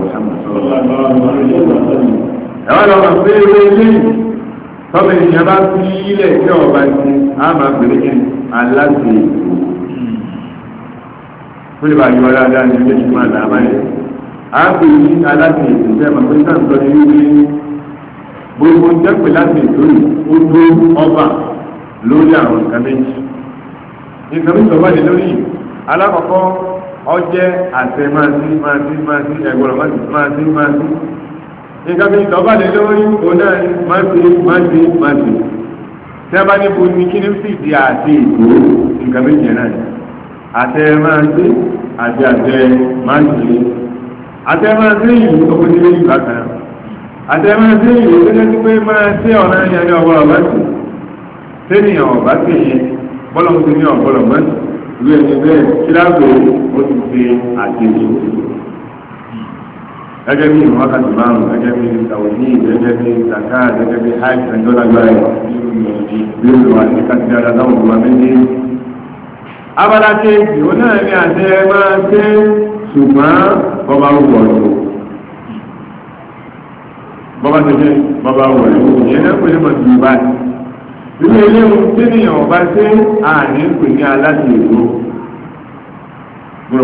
Speaker 1: àjọ ẹ̀wọ́n lọ́mọ pé ewé lẹ́yìn tọ́bẹ̀ ìyẹn bá fi ilẹ̀ tí ọba ti á máa pèrè kí aláṣẹ ètò ó lè bá yọ dáadáa ní ilé ìṣúná àdáàmá yẹn á pè ní aláṣẹ ètò tẹ́ ẹ̀ máa pé sáà ń tọ́jú ní ilé gbogbo ń jẹ́pẹ̀ láti ètò yìí ó dó ọba lórí àwọn nǹkan méjì nǹkan méjì ọba lè lórí alákọ̀ọ́kọ́ ọjẹ́ àtẹ máa sí máa sí máa sí ẹ̀gbọ́n máa sí máa sí máa sí nǹkan fi ìtọ́bà lé lórí òun náà má ṣe tí a bá ní bo ní kí ní fìdí àti ètò nǹkan méjì náà ni àtẹ máa ṣe àti àtẹ máa ṣe àtẹ máa ṣe yìí owó ní méjì bákan àtẹ máa ṣe yìí ó lẹ́nu pé máa ṣe ọ̀nà yẹn ní ọgbọ́n ọ̀bá sí sẹ́niyàn ọ̀bá sí yẹn bọ́lọ̀ ń ṣe ní ọ̀bọ́lọ̀ mọ́tò ìwé ẹni bẹ́ẹ̀ kíláàbù ó gẹ́gẹ́ bí ìwọ́n wákàtí márùn-ún gẹ́gẹ́ bí tàwùjí gẹ́gẹ́ bí zaka gẹ́gẹ́ bí hajj ẹ̀ńdọ́là gbára bí olùwà ní kàtí ara láwọn olùwà méjì. abala kejì ó náà ní àṣẹ máa ṣe ṣùgbọ́n bọ́bá wù ọ̀dọ́ bọ́bá ti ṣe bọ́bá wù ọ̀dọ́ ìyẹn náà pé mọ̀ sí ibà nínú pè ní aláṣẹ ìlú. mo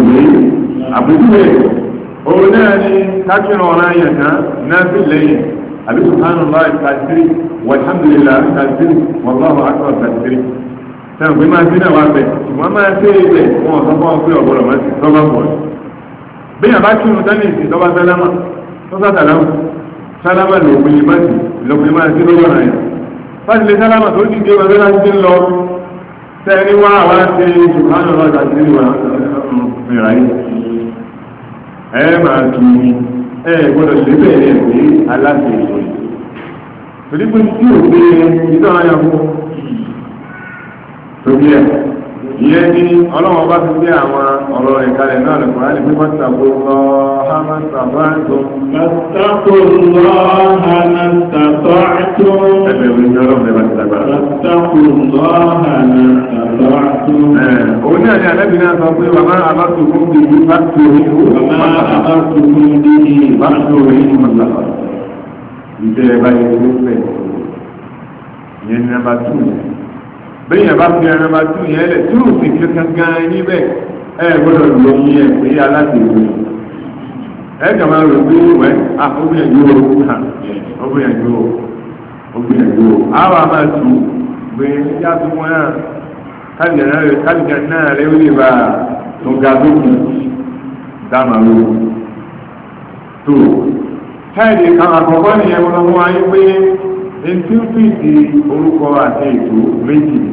Speaker 1: rò pé òun náà ni kákìrìn ọ̀rọ̀ ayẹ̀ náà náà sì lẹ́yìn àbí sùhánù láì kàtírì wàhálùlélà kàtírì wàhálù akọ̀ kàtírì sẹ́wọ̀n pé máa sí náà wá bẹ̀ wọ́n máa ṣe é bẹ̀ wọn ò sọ́kọ́ pé ọ̀gbọ́dọ̀ máa ti tọ́ bá pọ̀ bí yàrá kírun tẹ́nìsì tọ́ bá sálámà tó sátàlámù sálámà lòpin lè má lòpin máa sí lọ́wọ́ náà yẹn fáti lè sálámà tó dìde wọn ẹ máa tu mi ẹ gbọ́dọ̀ lè bẹ̀rẹ̀ pé aláṣẹ ìwé torí pé tí ò gbé ìtàn ayọ̀ fún torí ẹ̀ ìyẹn ni ọlọ́wọ́n bá fi gbé àwọn ọ̀rọ̀ rẹ̀ kalẹ̀ náà lẹ́kọ̀ọ́ láti fi mọ́tà kó lọ hámásàbáàtò. mọ́tàkó lọ hámásàbáàtò. ẹgbẹ́ òní ọlọ́run lè bá ti dàgbà. mọ́tàkó lọ hámásàbáàtò. òun náà ni àlẹ́bí náà sọ pé bàbá àbátò fún mi ní bàtò rí bẹ́yìn bá fi ẹran bá tún yẹn lẹ̀ tún òfin kankan gan níbẹ̀ ẹ gbọ́dọ̀ lọ yí ẹ pé aláṣẹ ìwé ẹ kà máa rò pé wẹ́ ọgbìyànjú o ọgbìyànjú o ọgbìyànjú o àwọn àmà tù pé yá tó wọn náà kálíjà náà rẹ ó lè bá tó ga tó kù dáàmà ló tó táìdì kan àkọ́kọ́ nìyẹn wọn wọ́n wáyé pé ntí ó fi di orúkọ àti ètò méjì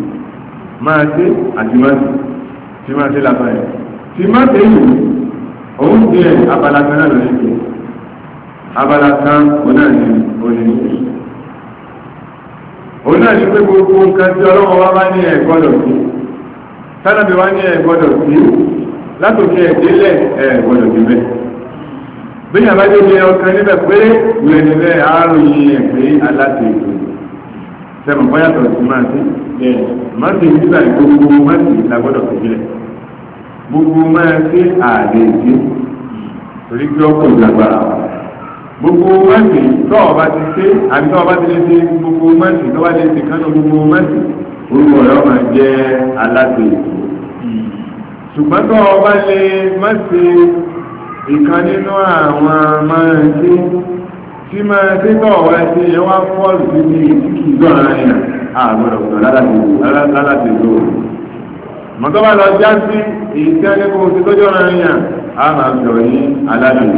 Speaker 1: máa ṣe àti máa ṣe tí máa ṣe lápá ẹ̀ tí máa ṣe yìí òun ti ẹ̀ abala kan náà lórí ìpè abala kan òun náà ní òun ní òun náà ní pé gbogbo nǹkan tí ọlọ́wọ́ wá bá ní ẹ̀ gbọ́dọ̀ sí sálábì wá ní ẹ̀ gbọ́dọ̀ sí látòkè ẹ̀ délẹ̀ ẹ̀ gbọ́dọ̀ sí bẹ́ẹ̀ bí yàrá jẹ́ ọkàn níbẹ̀ pé ìrẹ̀lẹ̀ àárò yìí ẹ̀ pé aláṣẹ ìgbòho sẹ́mi bọ́yá sọ̀rọ̀ sí máa sí máa sí nígbà gbogbo máa sí lágbọ́dọ̀ fìdílẹ̀ gbogbo máa sí ààrẹ sí torí pé ọkọ̀ ìlágbára gbogbo máa sí tọ́ọ̀ bá ti ṣe àbí tọ́ọ̀ bá ti lè ṣe gbogbo máa sí tọ́ọ̀ bá lè ṣe kánú gbogbo máa sí orúkọ rẹ̀ máa jẹ́ aláṣẹ ètò ṣùgbọ́n tọ́ọ̀ bá lè má ṣe ìkan nínú àwọn máa ń tí ma ṣe bọ̀ wá ṣe yẹn wá fọ́ọ̀lù sí ní ìsìkì gbọ́nà yẹn àgbọ̀dọ̀ gbọ́dọ̀ lálàdì ìlú mọ̀tọ́ bá lọ já sí èyí tí wọ́n kẹ́kọ̀ọ́ sí tọ́jọ́ ọ̀rọ̀ yẹn a máa sọ ní aládùn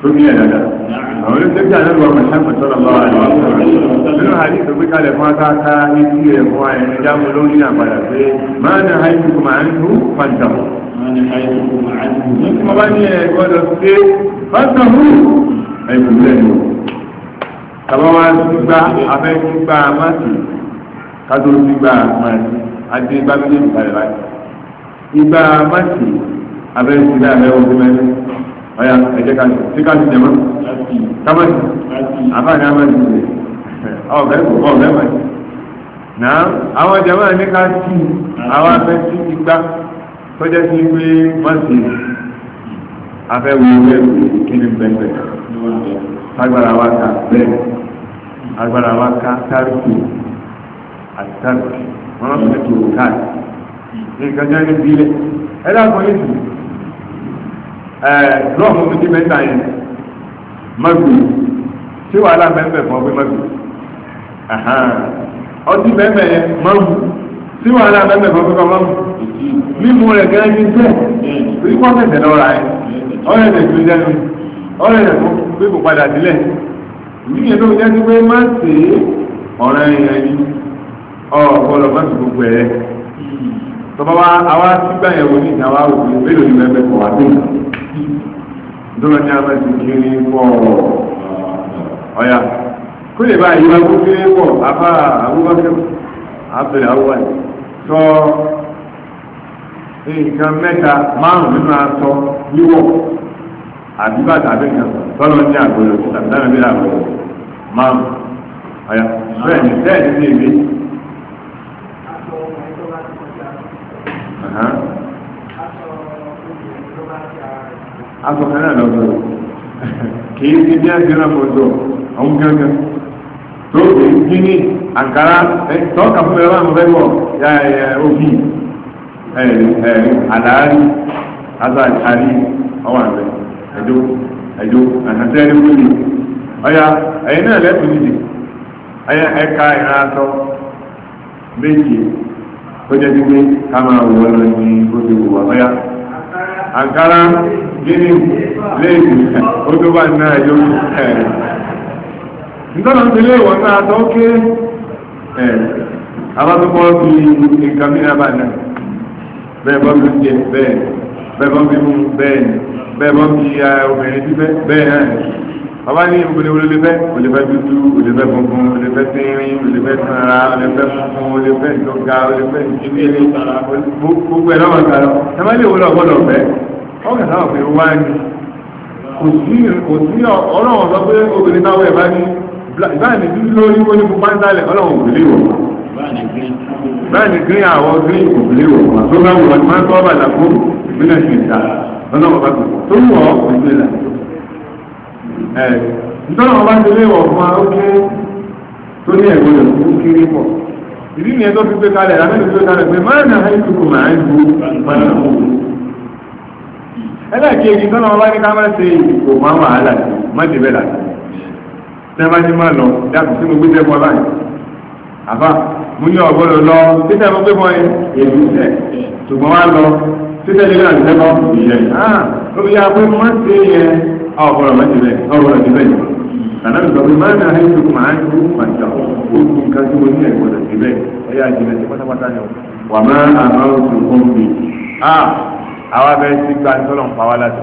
Speaker 2: tó ní ẹ̀dàdà àwọn olùsẹ́kì àdúgbò mọ̀ṣẹ́mọ̀ sọ́dọ̀ bá
Speaker 1: lọ́wọ́ nínú Nígbà bá ní ẹ̀gbọ́dọ̀ ṣe fásitì ẹ̀kùn lẹ́nu. Tàbá wá sí gbá abẹ́ sí gbá máàtì, kátó sí gbá máàtì, adé bá bí lẹ́nu kalẹ̀ láti. Ìgbà máàtì abẹ́ sí gbá abẹ́ wọ́n sí mẹ́rin. Ọ̀yà ẹ̀jẹ̀ ká sí ká sí jẹ̀mọ́. Kámẹ́sì, àbáyé àmẹ́sì rẹ̀. Ọ̀bẹ́ kò ọ̀bẹ́ máàtì. Náà àwọn jẹ̀mọ́ ní ká sí àwọn abẹ́ sí gbá tó jẹ́ sí pé mọ́sí afẹ́wò ẹgbẹ́ kí ni bẹ̀rẹ̀ agbára wa ká bẹ́ẹ̀ agbára wa ká tárìkì àti tárìkì wọ́n lọ́sọ̀ ní kí o káì ní nǹkan jẹ́ ní bílẹ̀ ẹ dákun yìí sì ẹ̀ lọ́ọ̀mù mi ti mẹ́ta yẹn mọ́gbì tí wàhálà mẹ́fẹ̀ẹ́ fún ọgbẹ́ mọ́gbì ọtí mẹ́fẹ̀ẹ́ yẹn mọ́gbì. tí wàá náà bẹ́ẹ̀ mẹ́fọ́ fẹ́ kọ́mọ́ mímú rẹ̀ gẹ́gẹ́ bí wọ́n fẹ̀sẹ̀ lọ ẹ̀ ọ̀rẹ́ rẹ̀ tó jẹ́nu ọ̀rẹ́ rẹ̀ tó gbé kò padà sílẹ̀ tó jẹ́ pé má ọ̀rẹ́ ọ̀gbọ́dọ̀ má gbogbo ẹ̀ tọ́ba wa àwa ní ìjà wa pé kọ̀ wá tó ní abẹ́ ti kiri pọ̀ ọ̀yà kó lè bá ìyá kiri pọ̀ sọ nǹkan mẹ́ta márùn nínú aṣọ wíwọ̀ àbí bàtà abẹ́kan tọ́lọ́ ní àgbèrè tàbí dáná bí àgbèrè márùn ọ̀yà bẹ́ẹ̀ ni bẹ́ẹ̀ ni ní èmi. aṣọ kan náà lọ sọ̀rọ̀ kì í ti bí ẹ̀sìn náà fọ́jọ́ ọ̀hún gángan lóògbé gíní àǹkárá tọ́ka fún ẹ̀rọ àwọn ọ̀fẹ́ wọ̀ òbí àdáárí àtàrí ọwọ́ àgbẹ̀ ẹ̀jọ́ ẹ̀jọ́ àtàtẹ́ ẹni wọ́n ní ọya ẹ̀yìn náà lẹ́tọ̀ọ́ nídìí ẹ̀yà ẹ̀ka ìran aṣọ méje tó jẹ́ pípé ká máa wọ̀ lọ ní oṣù wọ̀ ọya àǹkárá gíní léèdì ó tó bá ní náà ẹ̀jọ́ ẹ̀rẹ̀ ìtọ́nà ti lé ìwọ̀n náà tó ké ẹ̀ alábẹ́kọ́ fi nǹkan mìíràn bá náà bẹ́ẹ̀ bá fi jẹ bẹ́ẹ̀ bẹ́ẹ̀ bá fi mú bẹ́ẹ̀ bẹ́ẹ̀ bá fi obìnrin sí bẹ́ẹ̀ náà bàbá ní obìnrin olè fẹ́ olè fẹ́ dúdú olè fẹ́ funfun olè fẹ́ tínrín olè fẹ́ sanra olè fẹ́ funfun olè fẹ́ ìjọga olè fẹ́ ìjírí gbogbo ẹ̀ lọ́wọ́ sára ẹ má lè wọlé ọgbọ́dọ̀ fẹ́ ọkàn sáwọn fi wá ní kò sí ọlọ́wọ́ sọ pé obìnrin táwọn ẹ̀ bá ní báyìí dúdú lórí ó ní pupa ń sálẹ̀ ọlọ́run kò lè wọ̀
Speaker 2: báyìí green àwọ̀
Speaker 1: green kò lè wọ̀ tó bá wù ọtí máa ń tọ́ bàtà fún ìpínlẹ̀ ṣèta ọlọ́run bá tó tó wù ọ́ kò lè là ẹ̀ nítorí ọba ti lè wọ̀ fún ọ kí tó ní ẹ̀gbọ́n rẹ̀ fún kiri pọ̀ ìdí nìyẹn tó fi gbé kalẹ̀ lábẹ́ni gbé kalẹ̀ pé máa nà áyé tukù máa ń bu ẹlẹ́ẹ̀kejì tọ́nà ọba ní ká má ṣe ìdìbò máa wà á láti má ti bẹ́ẹ̀ láti tẹ́bá ní máa lọ dákùn sí mo gbé tẹ́bọ́ láyé àbá mo ní ọ̀gbọ́dọ̀ lọ títẹ́ mo gbé bọ́ ẹ èlú tẹ̀ ṣùgbọ́n wá lọ títẹ́ lílé àti tẹ́bọ́ ìyẹn ah lórí ya pé má ṣe yẹ ọ̀gbọ́dọ̀ má ti bẹ̀ ọ̀gbọ́dọ̀ ti bẹ̀ nàná mi sọ pé má nà ẹ́ tó máa ń tó máa jà ó kú nǹkan tí mo ní ẹ̀gbọ́dọ̀ ti bẹ̀ ẹ̀yà ìjìnlẹ̀ ti pátápátá ni wà má àmà òṣù fún mi ah àwa bẹ́ẹ̀ ti gba ìtọ́lọ̀ ń pa wá láti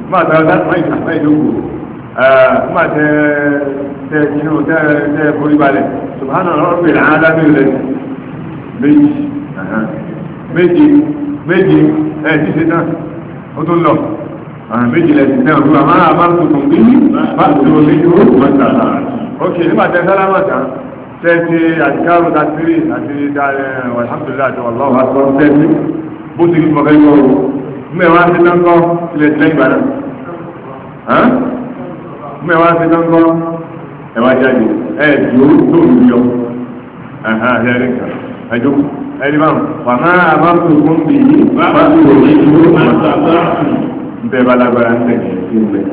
Speaker 1: máa tẹ ọdá máa ìjà máa ìdókò máa tẹ tẹ kínú tẹ tẹ forí balẹ̀ subhanahu wa rabbil alamin lẹ méjì méjì méjì ẹ ti ṣe tán ó tó lọ méjì lẹ ti tẹ ọdún àmọ́ àmọ́ tuntun bí bá tó méjì ó tó máa tà ok nígbà tẹ sálámà tán tẹ́tí àdìkárò mẹ́wàá sí lọ́nkọ́ ilẹ̀ ìtìlẹ́yìn ìbàdàn mẹ́wàá sí lọ́nkọ́ ẹ̀wà jáde ẹ̀ẹ́dì ó tó ń yọ ẹ̀jọ́ ẹ̀dìbọn fàmà àbáfòkún bí i báfòkún ní ìlú màtàbá bẹ́ẹ̀ bá lágbára ń tẹ̀lé sí ilẹ̀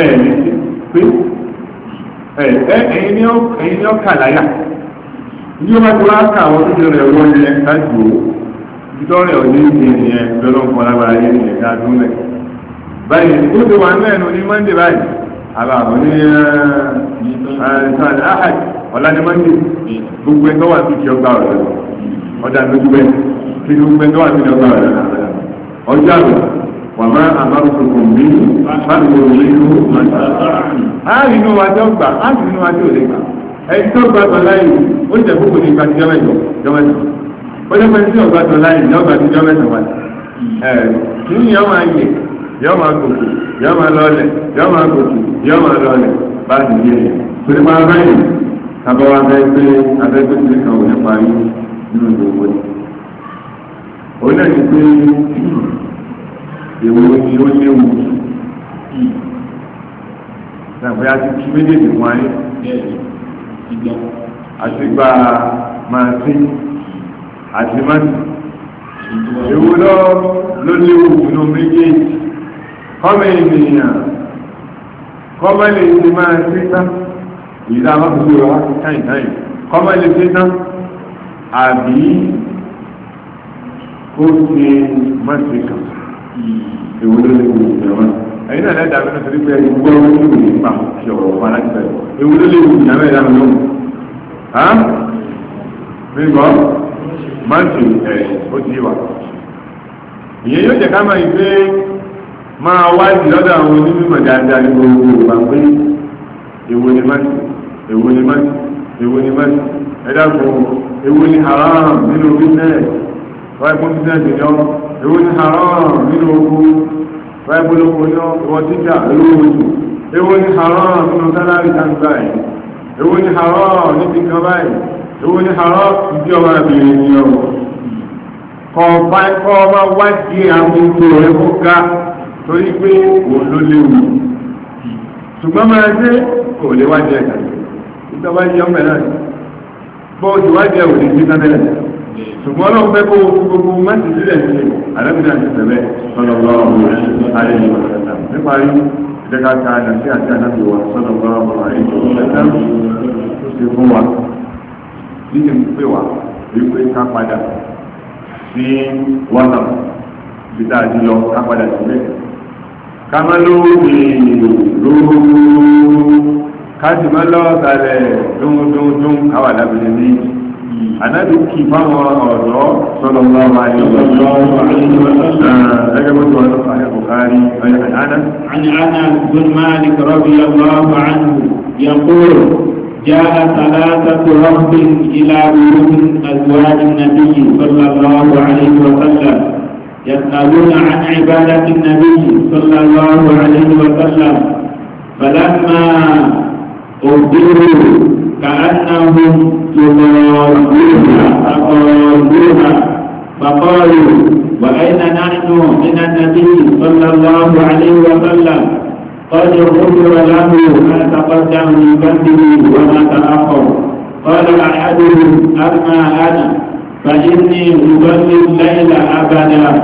Speaker 1: ẹ̀ẹ́dì pé ẹ̀yìn ni ó kà láyà ní ó bá ti wá kà àwọn tó ti rẹ̀ wọ́n ìtọ́rẹ̀ òní ìrìn ẹ̀ lọ́lọ́pọ̀ lágbàá yìí ní ẹ̀dá dúnlẹ̀ báyìí ó ti wà náà ní mọ́ndé báyìí àbàbọ̀ ní ẹ̀ẹ́sàn áhàd ọ̀la ní mọ́ndé gbogbo ẹ̀ tọ́wà sí kí ọgbà ọ̀rọ̀ ọjà lójú bẹ́ẹ̀ kí gbogbo ẹ̀ tọ́wà sí kí ọgbà ọ̀rọ̀ ọjà rẹ̀ wà má àmárùkùnkùn bí fáwọn olùlẹ́yìn ó máa ń sá àárín inú wa tí ó gbà àárín inú wa tí ò pẹ́lẹ́pẹ́ tí ọgbà tó láyé ní ọgbà tó jọ mẹ́sàn-án wà ní yọ máa yẹ yọ máa gòkè yọ máa lọlẹ̀ yọ máa gòkè yọ máa lọlẹ̀ bá ti yé ẹ̀ torí máa báyìí tàbá wa fẹ́ pé abẹ́gbẹ́ tí ni méjèèjì wáyé àti gba sí àti mọ́tì ewu lọ ló léwu nínú méjèèjì kọ́mọ ènìyàn kọ́mọ lè ti máa ṣe tán ìdá amákòókò rẹ̀ wá sí táyì táyì kọ́mọ lè ṣe tán àbí ó ṣe mọ́tì kan ewu ló léwu ìjọba ẹ̀yin náà lẹ́dàá mi nítorí pé ẹni gbọ́ owó lóòrùn nípa ṣe ọ̀rọ̀ ọ̀pá máǹtì ẹ̀ ó ti wà ìyẹn yóò jẹ́ ká máa ìgbé máa wá ìlọ́dọ̀ àwọn onímọ̀ dáadáa ní gbogbo ìgbà pé èwo ni máǹtì èwo ni máǹtì èwo ni máǹtì ẹ̀dá kò èwo ni haram nínú bísẹ̀ẹ̀ wáyé fún bísẹ̀ẹ̀ ni ọ́ èwo ni haram nínú oko wáyé fún oko ni ọ́ ìwọ títà èwo oṣù èwo ni haram nínú sálárì kan báyìí èwo ni haram níbi kan báyìí ìwò ní haram ìdí ọmọ àbìrì ní ọwọ́ kọ ọmọ wájí àwọn ìgbò rẹ̀ kó ga torí pé òun ló léwu ṣùgbọ́n máa ṣe kò lè wájí ẹ̀ka ìjọba yí ọmọ ẹ̀rọ bọ́ oṣù wájí ẹ̀wò ní títà tẹ́lẹ̀ ṣùgbọ́n àti àdàsí àti àdàbí wa sọ́dọ̀gbọ́ ọ̀rọ̀ àlejò ìṣẹ̀lẹ̀ tó ṣe fún wa níbi ń pè wá wípé ká padà sí wọ́nà títà àjílọ ká padà sílẹ̀ ká má lóòrè lóòrò ká sì má lọ sàlẹ̀ dúndúndún káwà lábìlẹ̀ ní ànábì kì fáwọn ọ̀dọ́ sọ́dọ̀ bá wà ní ọ̀dọ́ ẹgbẹ́ bó ti wà lọ́pàá ní bukari ọ̀yẹ̀ àná. عن أنس بن مالك رضي الله عنه يقول جاء ثلاثة رهب إلى بيوت أزواج النبي صلى الله عليه وسلم يسألون عن عبادة النبي صلى الله عليه وسلم فلما أخبروا كأنهم يضاربونها فقالوها فقالوا وأين نحن من النبي صلى الله عليه وسلم قد غفر له ما تقدم من ذنبه وما تأخر قال أحدهم أما أنا فإني أصلي الليل أبدا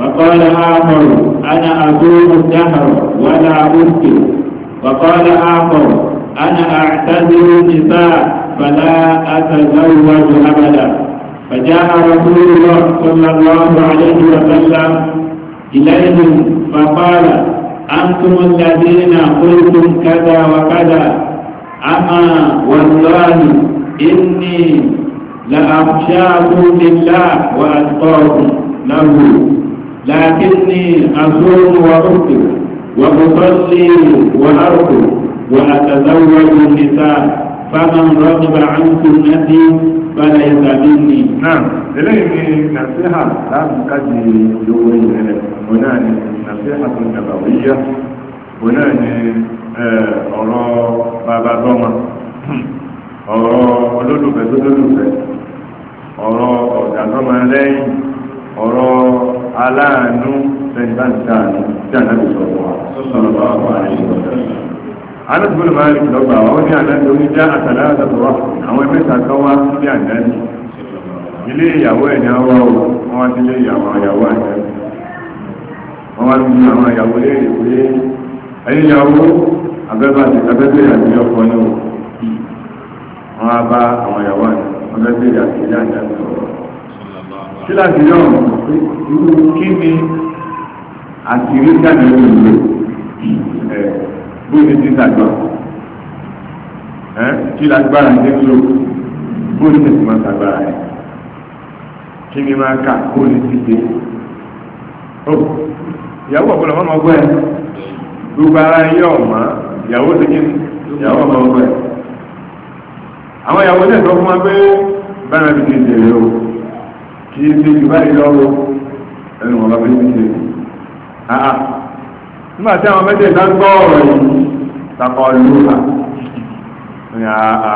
Speaker 1: وقال آخر أنا أصوم الدهر ولا أفطر وقال آخر أنا أعتذر النساء فلا أتزوج أبدا فجاء رسول الله صلى الله عليه وسلم إليهم فقال أنتم الذين قلتم كذا وكذا أما والله إني لأخشاكم لله وأتقاكم له لكني أصوم وأفطر وأصلي وأرقد وأتزوج النساء فمن رغب عن سنتي فليس مني نعم eléyìí ni nàṣíhà láti kájí ìlówó ìrẹ̀lẹ̀ ọ̀nà ni nàṣíhà tó nàbàwíyá ọ̀nà ni ọ̀rọ̀ bàbá lọ́mà ọ̀rọ̀ olólùfẹ́ tó lólùfẹ́ ọ̀rọ̀ ọ̀gá lọ́mà lẹ́yìn ọ̀rọ̀ aláàánú tẹ̀síbáǹtàánú tí ànábì sọ̀rọ̀ wa sọ̀rọ̀ bá wà ní ìgbọ̀nsẹ̀. anábì gbọ́dọ̀ máa ń ilé ìyàwó ẹ̀ ní ọwọ́ wọn wá sílé ìyàwó ìyàwó àjẹ́ wọ́n wá sí àwọn ìyàwó lé ìwé ẹ̀yìn ìyàwó abẹ́bà ti abẹ́bẹ̀ àti ọkọ ní o wọ́n á bá àwọn ìyàwó àjẹ́ abẹ́bẹ̀ àti ìyá àjẹ́ sọ̀rọ̀ kí láti yọ̀ irú kí ni àti ìrí jáde ní ìlú ẹ̀ bóyá ti dàgbà ẹ̀ kí lágbára ń dé lò bóyá ti máa dàgbára ẹ̀ kí mi máa kà kó lè ti dé ó ìyàwó ọ̀pọ̀lọ̀ mọ́mọ́ gbọ́ ẹ gbogbo ara yẹ ọ̀mọ́ ìyàwó ti kí ìyàwó ọmọ gbọ́ ẹ àwọn ìyàwó náà sọ fún wa pé bára mi ti dèrè o kì í ṣe jù báyìí lọ́wọ́ ẹnu ọ̀rọ̀ mi ti ṣe àà nígbà tí àwọn mẹ́tẹ̀ẹ̀ta ń gbọ́ ọ̀rọ̀ yìí takọ̀ lù wá àà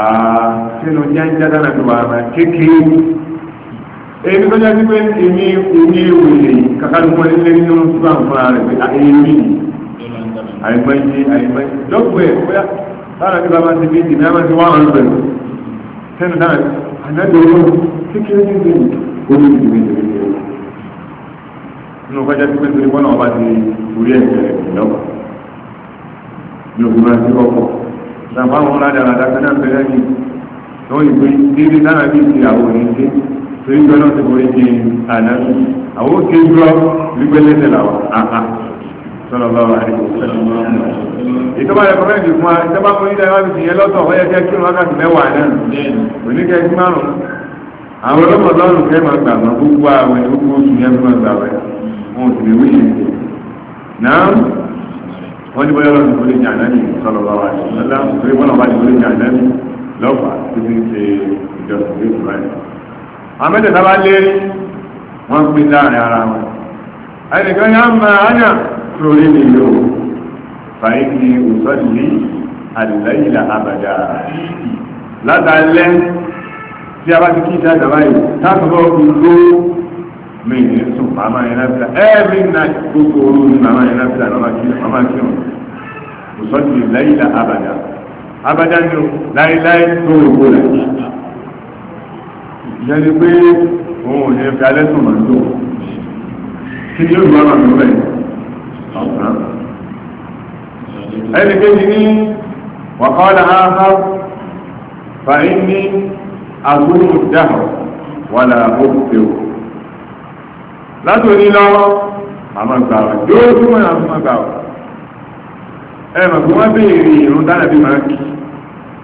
Speaker 1: sínú jẹ́ ń jẹ́ dáná tó wà kékeré èyí tó jẹ́ pípé èmi èmi wèrè kàkà ló wọlé lé nínú síbà fúnra rẹ̀ pé àyèmí àyèmọ́yé àyèmọ́yé lọ́gbọ̀ ẹ̀ bóyá lára nípa máa ti bí ìdí náà máa ti wá ọ̀rọ̀ rẹ̀ sẹ́nu náà ànágbé owó kékeré ní ìlú orí ìdí méjì méjì rẹ̀ nínú kọjá pípé torí bọ́nà ọba ti orí ẹ̀ lọ́wọ́ ní òbí máa ti kọ́kọ́ làbáwọn ládàá ládàá kan náà fẹ́rẹ́ yìí lọ́wọ́ ìgbé déédéé náà bí ìyàwó ní torí gbọ́n náà ti borí di ànábì àwọn òkè gbọ́ wípé lẹ́sẹ̀ làwọn àhà sọlọ bá wà nínú ìtọ́ba rẹ̀ kọ́mẹ́ ti fún wa ìtọ́ba fún yíyá wá fi yẹn lọ́tọ̀ ọ̀yẹ́ kẹ́ kí wọ́n kàtí mẹ́wàá náà oníkẹ́ kí márùn àwọn ọlọ́mọ lọ́rùn kẹ́ máa gbà máa gbogbo àwọn ìgbókò oṣù yẹn fún ọgbà rẹ̀ wọn ò sì lè wí yẹn náà wọ́n ní bọ́yọ́ lọ́rùn ìgbókò ìjà náà ní sọlọ bá wà nínú ìgbókò ìjà náà lọ́fà tó ti ń ṣe ìjọsìn àmẹ́tẹ̀ sábà lé wọ́n pè láàrin ara wọn ẹnìkan ní a máa áyà lórí mi yóò fàyí ní òsọ́lì àdìlẹ́yìnlá àbàdà látàlẹ́ tí a bá ti kí ìta ìjọba yìí táàkùnbọ̀ gbogbo mi ní sùn màmá yẹn lábìlá ẹ́ẹ̀mí na gbogbo orú ní màmá yẹn lábìlá màmá kí wọn òsọ́lì lẹ́yìnlá àbàdà àbàdà ni ó láéláé tó ògbó rẹ̀ ìyẹn ni pé òun ò ní fi alẹ́ sùn máa ń lò kí ni yóò máa lò rẹ̀ ọ̀sán ẹni kéjì ní wàkọ́lá áhá fàáyí ní agbóhùn dáhọ̀ wà láàbò pé o látò ní lọ àmàgbàwà yóò túnmọ̀ àmàgbàwà ẹ̀mọ̀ tí wọ́n béèrè ìrún dára bí máa kìí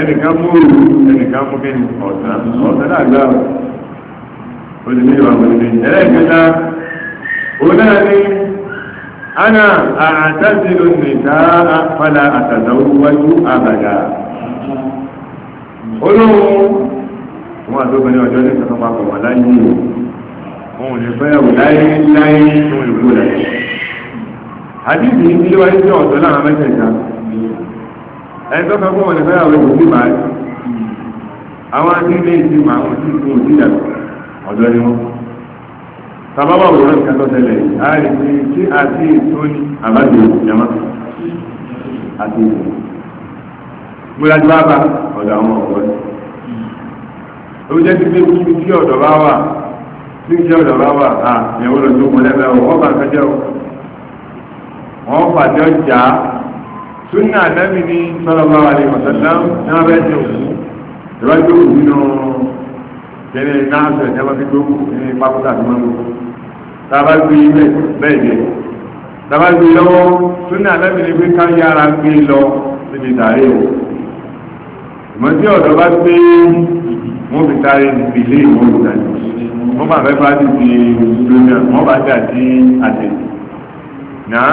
Speaker 1: ẹnìkan mú òru ẹnìkan mú kí ni ọ̀sán ọ̀sán náà gbà ó ti ní ìwà pẹ̀lú ẹlẹ́ẹ̀kẹta òun náà ní ana àtàzìlò nìta padà àtàzàwọ́wájú àbàdà olóhun wọn àtọ́bìnrin ọjọ́ ní ìsọ́kọ́ papọ̀ wà láyé wọn ní wáyé ẹni tó fẹ́ fún wọn lè fẹ́ àwọn èèyàn ní màá àwọn àti ilé ìdí màá wọn tí ìfún òsì dàgbà ọ̀dọ́ ni wọn. sábàbà wò lọ́nà kan tó tẹ̀lé a lè fi kí àti ètò ní àbájọ ìjàmá àti ètò. múra ju bàbá ọ̀dọ̀ àwọn ọ̀pọ̀ ni. ó jẹ́ ti pé kí kí ọ̀dọ̀ bá wà kí kí ọ̀dọ̀ bá wà à ìyàwó lọ tó mọ́ lẹ́gbẹ̀ẹ́ wọ́n bá fẹ́ jẹ́ wọ́n fàjọ́ jà á súnà ànábì ní sọ́lọ́mọ́ àlè mọ̀sánná ní wọ́n bẹ́ẹ̀ tẹ òkú ìwájú òkú nínú jẹ́rẹ̀ náà sọ̀rọ̀ ní wọ́n fi gbé òkú ní pápútà tó máa ń gbó tàbá gbé ilẹ̀ bẹ́ẹ̀ jẹ́ tàbá gbé lọ́wọ́ súnà ànábì ní pé ká yára gbé lọ síbi tààrí o ìmọ̀ tí ọ̀dọ́ bá gbé wọ́n fi tààrí ìdílé ìwọ̀n ìdájọ́ wọ́n bá fẹ́ bá ti di lónìí wọ́n bá dà sí àtẹ̀yìn náà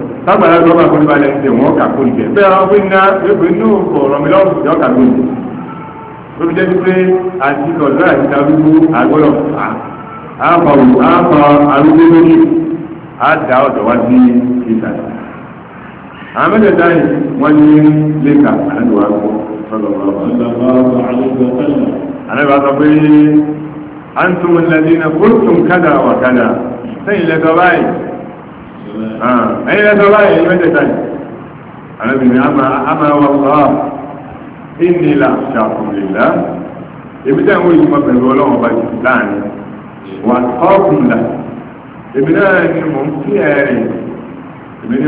Speaker 1: tágbàrá tó bá kóní balẹ̀ ṣe wọ́n kà kó jẹ bẹ́ẹ̀ àwọn pín náà pépè inú ọ̀rọ̀ mi lọ́wọ́ yọ kà kó jẹ tó fi jẹ́ pé àti kọ̀ọ̀dọ́ àti darúgbó àgbọ̀yọ̀ àpọ̀ àpọ̀ arúgbó lórí àdá ọ̀dọ̀ wá sí ìtàjà àwọn mẹ́tẹ̀ẹ̀ta yìí wọ́n ní lẹ́ka àdúrà kọ́ sọ́dọ̀ ọ̀rọ̀ àdúrà sọ pé Ah, ẹ̀yìn lẹ́sọ báyìí ẹ̀yìn mẹ́tẹ̀ẹ̀ta yìí arábìnrin àmà wà sọ́ọ̀ ìnìlà ṣàkùnlélá èmi tẹ́ àwọn ìjùmọ̀ pẹ̀lú ọlọ́wọ́n bá jù láàrin wà sọ́ọ̀kùnlá èmi náà ni mò ń kí ẹ̀rìn èmi ni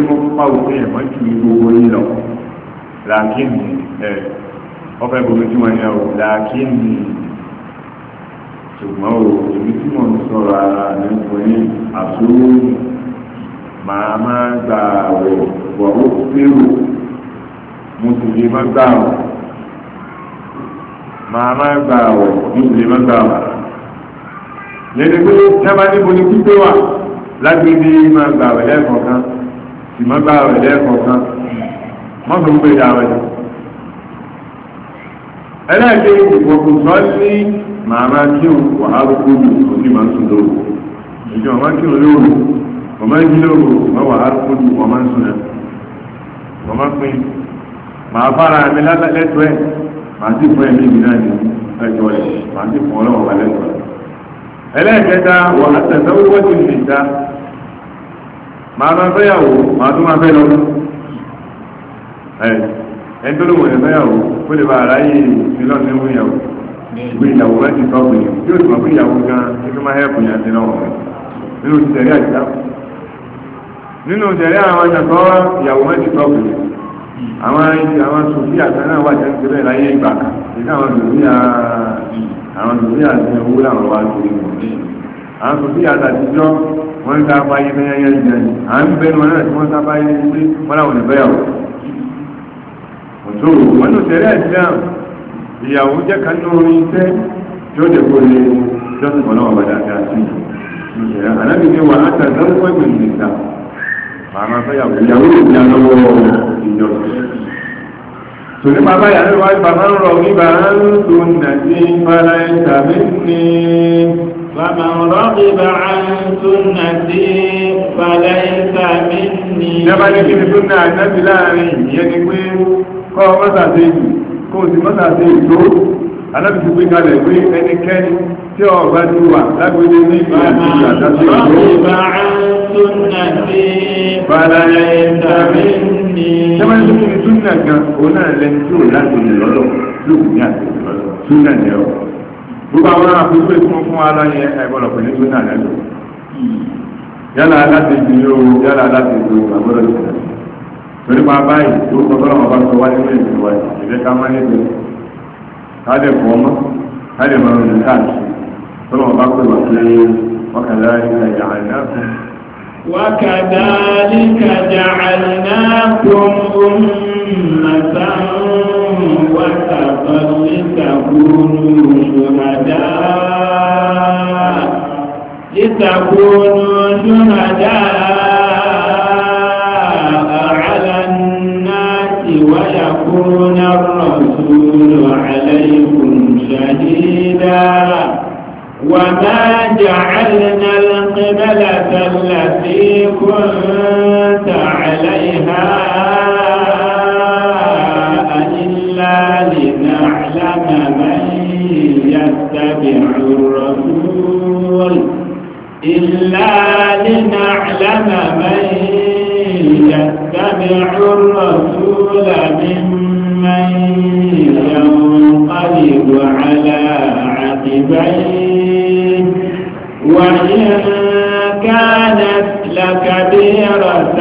Speaker 1: màá máa ń gba àwẹ̀ wọ̀rọ̀ fẹ́rù mo sì lè má gbà wọ̀ màá máa gba àwẹ̀ mo sì lè má gbà wọ̀ lẹ́nu pé sábà níbo ni pípé wà lágbègbè máa gba àwẹ̀ lẹ́ẹ̀kọ̀ọ̀kan sì má gba àwẹ̀ lẹ́ẹ̀kọ̀ọ̀kan má fi ń gbé ìdá àwẹ̀ ẹlẹ́ẹ̀kẹ́ ìwọ̀kùn sọ́ọ́lì màá máa kírun wàhálà kúrò òní máa ń sùn lóru ìjọba máa kírun lóru. ọmọ ìjìlógo ọwà arúgbójú ọmọ ìsúná ọmọ ma fara mi lẹ́tọ́ ẹ̀ màá ma ndị ẹ̀mí mi náà ní ẹjọ́ ẹ̀ ma ndị fún ọlọ́wọ́ wa lẹ́tọ́ ẹ̀. ẹlẹ́ẹ̀kẹta wà á tẹ̀sẹ̀ wíwọ́ ma lè dá màá ara ma nínú ìṣẹ̀lẹ̀ àwọn ìṣàkọ́ ìyàwó mẹ́jì tọ́pù àwọn àwọn sòfí àtàná wà jẹ́ ìṣẹ̀lẹ̀ láyé ìgbà kan ìdí àwọn sòfí àwọn sòfí àti owó làwọn wá sí ìmọ̀ àwọn sòfí àtàtijọ́ wọ́n ń ta apáyé mẹ́yẹ́yẹ́ jẹ́ à ń bẹ́nu wọn náà tí wọ́n sábà yé pé wọ́n làwọn ìbẹ́yàwó òtò wọn ní ìṣẹ̀lẹ̀ ìṣẹ̀lẹ̀ ìyàwó jẹ́ kan ní orin iṣẹ́ tí ó dẹ̀kọ́ lé jọ́sìn ọlọ́wọ́ bàdà àti àti ìṣẹ̀lẹ̀ màmá fẹ́yàwó ìyàwó ìyá lọ́wọ́ ìjọ tòní bàbá yà ló wáyé bàbá ń rọ mí bá ń tó nàdí fara ìtàbí ní. bàbá ń rọ mí bá ń tó nàdí fara ìtàbí ní. dábàá ní kí ni tó náà nábì láàrin ìyẹn ni pé kọ́ mọ́sàtẹ́yì kó o sì mọ́sàtẹ́yì tó alábìsí pé kalẹ̀ pé ẹnikẹ́ni tí ọ bá ti wà lágbègbè ní ìgbìyànjú àtàtì ìgbò Bàdàlẹ̀ ìtàrí ní. Ṣẹ́bàá ní kí ni Súnà gan, òun náà lẹni tí ò láti lè lọ́lọ́, lóògùn ní àti ìlọ́lọ́. Súnà ni ọ. Gbogbo àwọn àpèjúwe tí wọ́n fún wa láyé ẹ̀gbọ́dọ̀ pẹ̀lú Súnà lẹ́nu. Yálà láti ìdí o, yálà láti ìdí o, àgbọ̀dọ̀ ti sẹ̀. Torí máa báyìí, orúkọ tọ́lọ̀ wọn bá sọ wáyé ní ìlú wa, ìfẹ́ ká má ní ìlú. Ká dẹ̀ fọ́ ọmọ, ká dẹ̀ máa rìn káàkiri. ọlọ́run bá pè wá وكذلك جعلناكم وكذلك جعلناكم أمة وسطا لتكونوا شهداء لتكونوا شهداء على الناس ويكون الرسول عليكم شهيدا وما جعلنا القبلة التي كنت عليها إلا لنعلم من يتبع الرسول إلا لنعلم من يتبع الرسول ممن ينقلب على عقبيه وإن كانت لكبيرة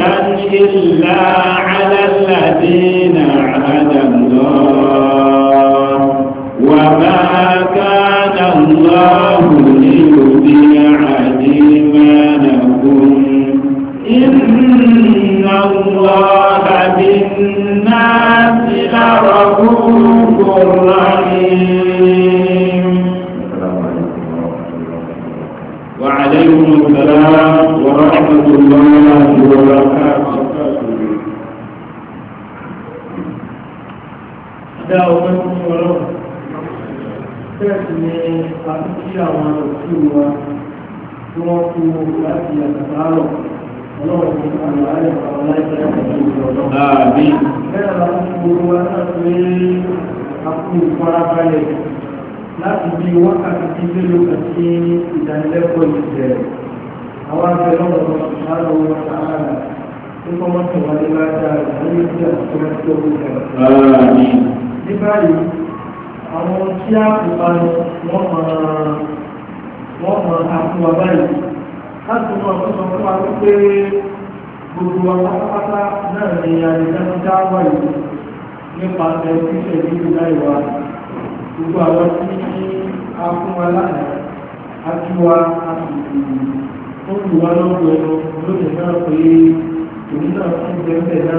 Speaker 1: إلا على الذين عهد الله وما كان الله ليبيع إيمانكم إن
Speaker 3: الله بالناس
Speaker 1: لرؤوف رحيم السلام ورحمة الله وبركاته
Speaker 2: Adáwọ̀ ní ọlọ́run, bẹ́ẹ̀ ni àtúkí àwọn òkú wa tí wọ́n kú láti àtàrọ̀ ọlọ́run ní àwọn àárẹ̀ àwọn aláìsẹ̀ ọlọ́run. Ààbí. Bẹ́ẹ̀ la ń gbogbo wa náà pé a kú ìfarabalẹ̀ bí wákàtí bí mélòó kan sí ìdánilẹ́kọ̀ọ́ ìṣẹ̀lẹ̀ àwọn abẹ́rẹ́ ọ̀rọ̀ ṣáàlù wọn sàárà nípa wọn tó wà ní láta lórí tí a kò fẹ́ tó kú jẹ. ní báyìí àwọn tí a kò bá wọn máa
Speaker 1: wọn máa àfúwà báyìí láti mọ àwọn sọ fún wa pé gbogbo wa pátápátá náà ni àdìsẹ́nu dá wà yìí nípa
Speaker 2: tẹ̀síṣẹ̀ nínú láì wa gbogbo àwọn tí a fún wa lánàá a kí wa ó lù wá lọ́wọ́ ẹ̀rọ lóde náà pé òun náà fún bẹ́ẹ̀ náà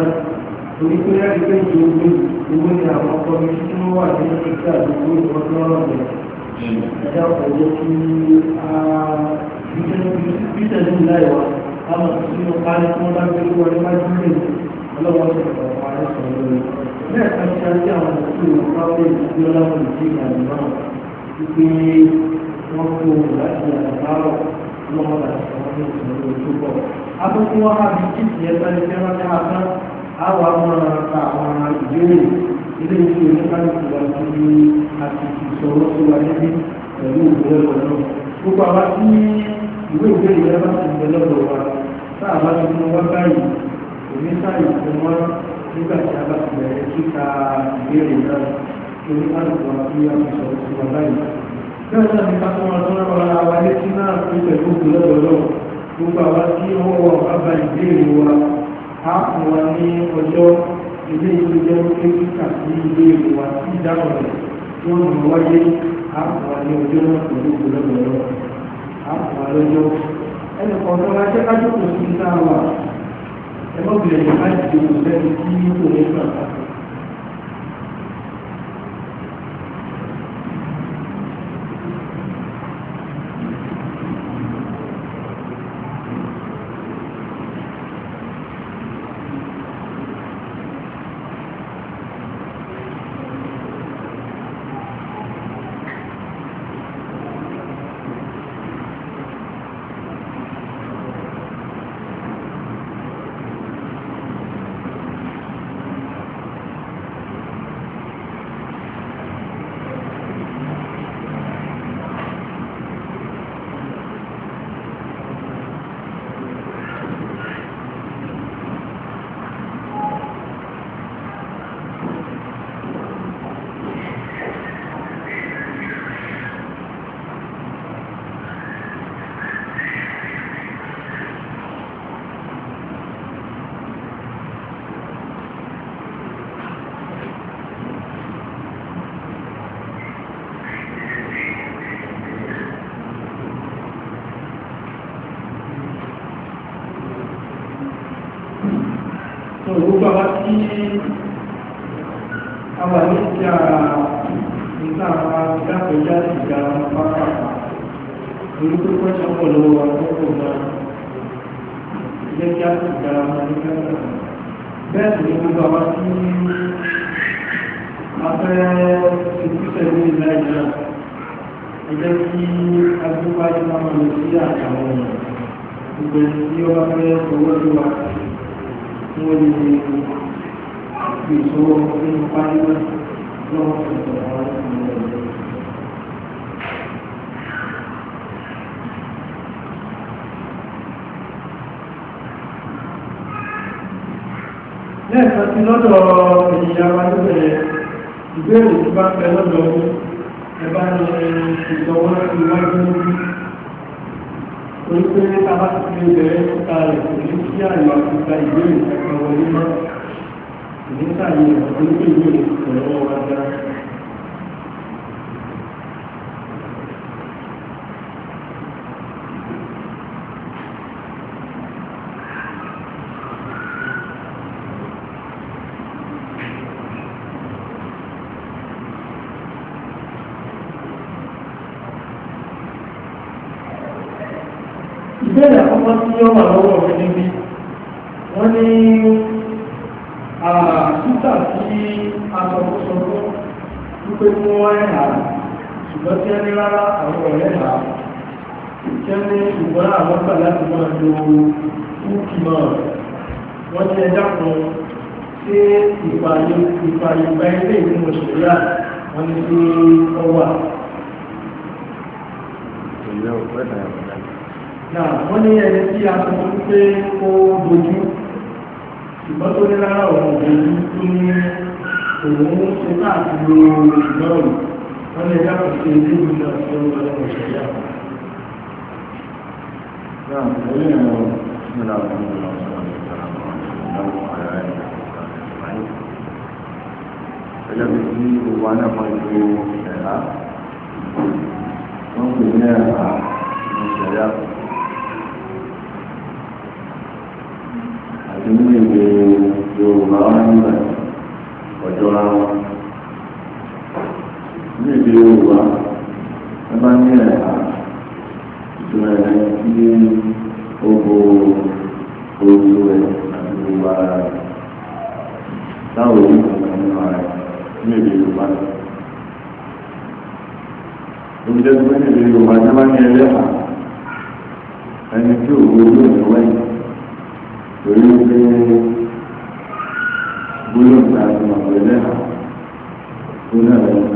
Speaker 2: torí pé láti pé ju owó owó ni àwọn ọkọ mi lọ́wọ́ láti sọ̀rọ̀ ní ìṣòro ojú bọ̀. Akókó wọn á bí kíkì ẹ sáré fẹ́ràn ní àtọ́ àwọn àwọn ọ̀rọ̀ àwọn ìbéèrè ilé iṣẹ́ oníkálukú wa ìwé ọ̀rọ̀ Gbogbo àwa tí ìwé ìbéèrè yẹn bá ti bẹ̀ lọ́dọ̀ wa sáà bá ti mú wá báyìí òní sáà ìfún wọn nígbà tí a bá ti bẹ̀rẹ̀ kíka
Speaker 1: ìbéèrè náà oníkálukú wa ti yá ìṣòro tó wà báyìí bẹ́ẹ̀ náà ní kápọ́ wọn tún rọra àwa létí náà fún pẹ̀lú òkúlọ́dọ̀ọ́lọ́ gbogbo àwa tí ó wọ bàbá ìbéèrè wa á fún wa ní ọjọ́ ilé ìlú jẹ́ pé kíkà sí
Speaker 2: ìbéèrè wa sí ìdáhùn rẹ̀ tí wọ́n mọ̀ wáyé á fún wa ní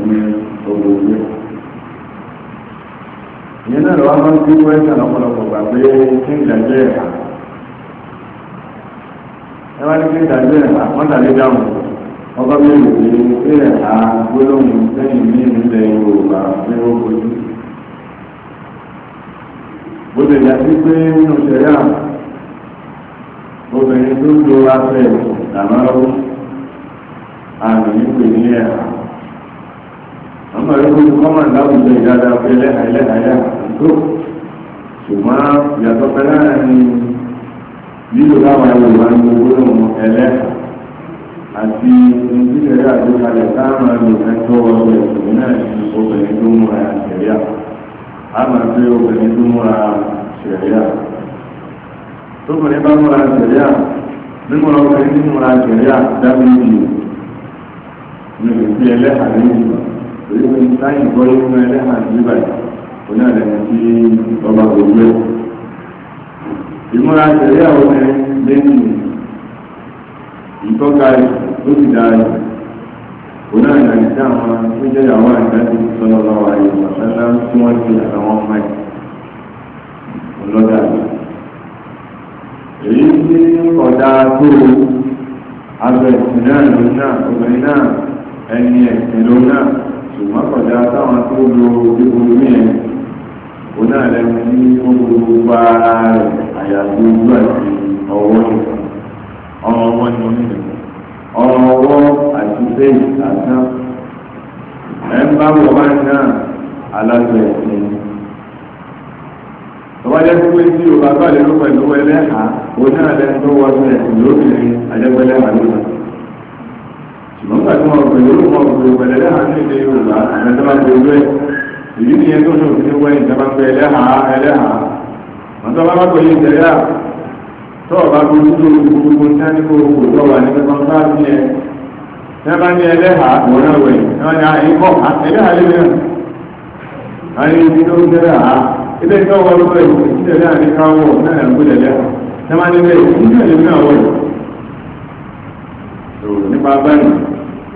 Speaker 1: ní gbogbo ilé ìyẹn náà lọ́wọ́ máa ń bí wọ́n ṣàn ọ̀pọ̀lọpọ̀ gbà pé kí n ìdájọ́ ẹ̀ hà ẹ wá ní kí n ìdájọ́ ẹ̀ hà wọ́n tàbí dáhùn ọkọ bí èlò pé ẹ̀ gbólóhùn lẹ́yìn ní ìpínlẹ̀ Yorùbá pé ó kojú bó lè yà sí pé nínú ìṣẹ̀yà obìnrin tó lo afẹ́ ìlànà ọ̀hún àmì ìpè ní ẹ̀ àmọ́ ẹgbẹ́ tó kọ́mọ̀ láwùjọ ìdáadáa pé ẹlẹ́hà ẹlẹ́hà ẹlẹ́hà tó ṣùgbọ́n ìyàtọ̀ pẹ́ láàrin lílo láwọn Yorùbá ní gbogbo ohun ẹlẹ́hà àti ìdílẹ̀rẹ́ àgbékalẹ̀ táwọn ẹlòmíràn tó wọlé ẹ̀sìn náà ní obìnrin tó múra ṣẹ̀ríà a máa fi obìnrin tó múra ṣẹ̀ríà tóbìnrin bá múra ṣẹ̀ríà mímúra obìnrin múra ṣẹ̀ríà dábìlì ní ìrètí ẹlẹ́hà ní ìgbà èyí ni táyì gbọ́ yóò máa lẹ́hà nígbà oní àlẹ́mú tí ọba gbogbo ẹ̀. ìmúra tẹ̀lé àwọn ọmọ lẹ́yìn ìtọ́ka ló ti dáa rẹ̀ oní àlẹ́mú tí àwọn tó jẹ́ àwọn àjáde sọ́nà lọ́wọ́ ayé wàsánlá tí wọ́n ti àwọn ọmọ ẹ̀ ọlọ́dà èyí tí ọ̀dà tó abẹ ìsìn náà lòun náà obìnrin náà ẹni ẹ̀sìn lòun náà ṣùgbọ́n kọjá táwọn tó lo ìgbòho yẹn kò náà lẹ́nu tí ó gbogbo gba ara rẹ̀ àyàgbó ojú àti ọwọ́ nìkan ọmọ ọwọ́ ni wọ́n nílò ọmọ ọwọ́ àti bẹ́ẹ̀ àtàn ẹ̀ ń bá wọ̀ wá náà alájọ ẹ̀sìn tọ́wájẹ́ tó pé tí o bá bá lè ló pẹ̀lú ẹlẹ́hàá oní àlẹ́ tó wọ́n ẹ̀sìn lóbìnrin àjẹgbẹ́lẹ́ àlùfáà ṣùgbọ́n pàtó wọn pẹ̀lú olùkọ́ òkúrò pẹ̀lú ẹlẹ́hàá ní ilẹ̀ Yorùbá àwọn tó máa ń dojú ẹ̀ èyí ni ẹni tó ṣe òfin wẹ́ ìjọba ń pẹ ẹlẹ́hàá ẹlẹ́hàá wọn tó bá bá pẹ̀lú ìtẹ̀lẹ́hà tó ọba gbogbo gbogbo ní àdìgbò òkú tó wà ní pẹpẹ ọba sí ẹ ní ní ẹlẹ́hàá wọn wẹ̀ wọn ní ẹ̀ ń gbé ẹlẹ́hàá ní abá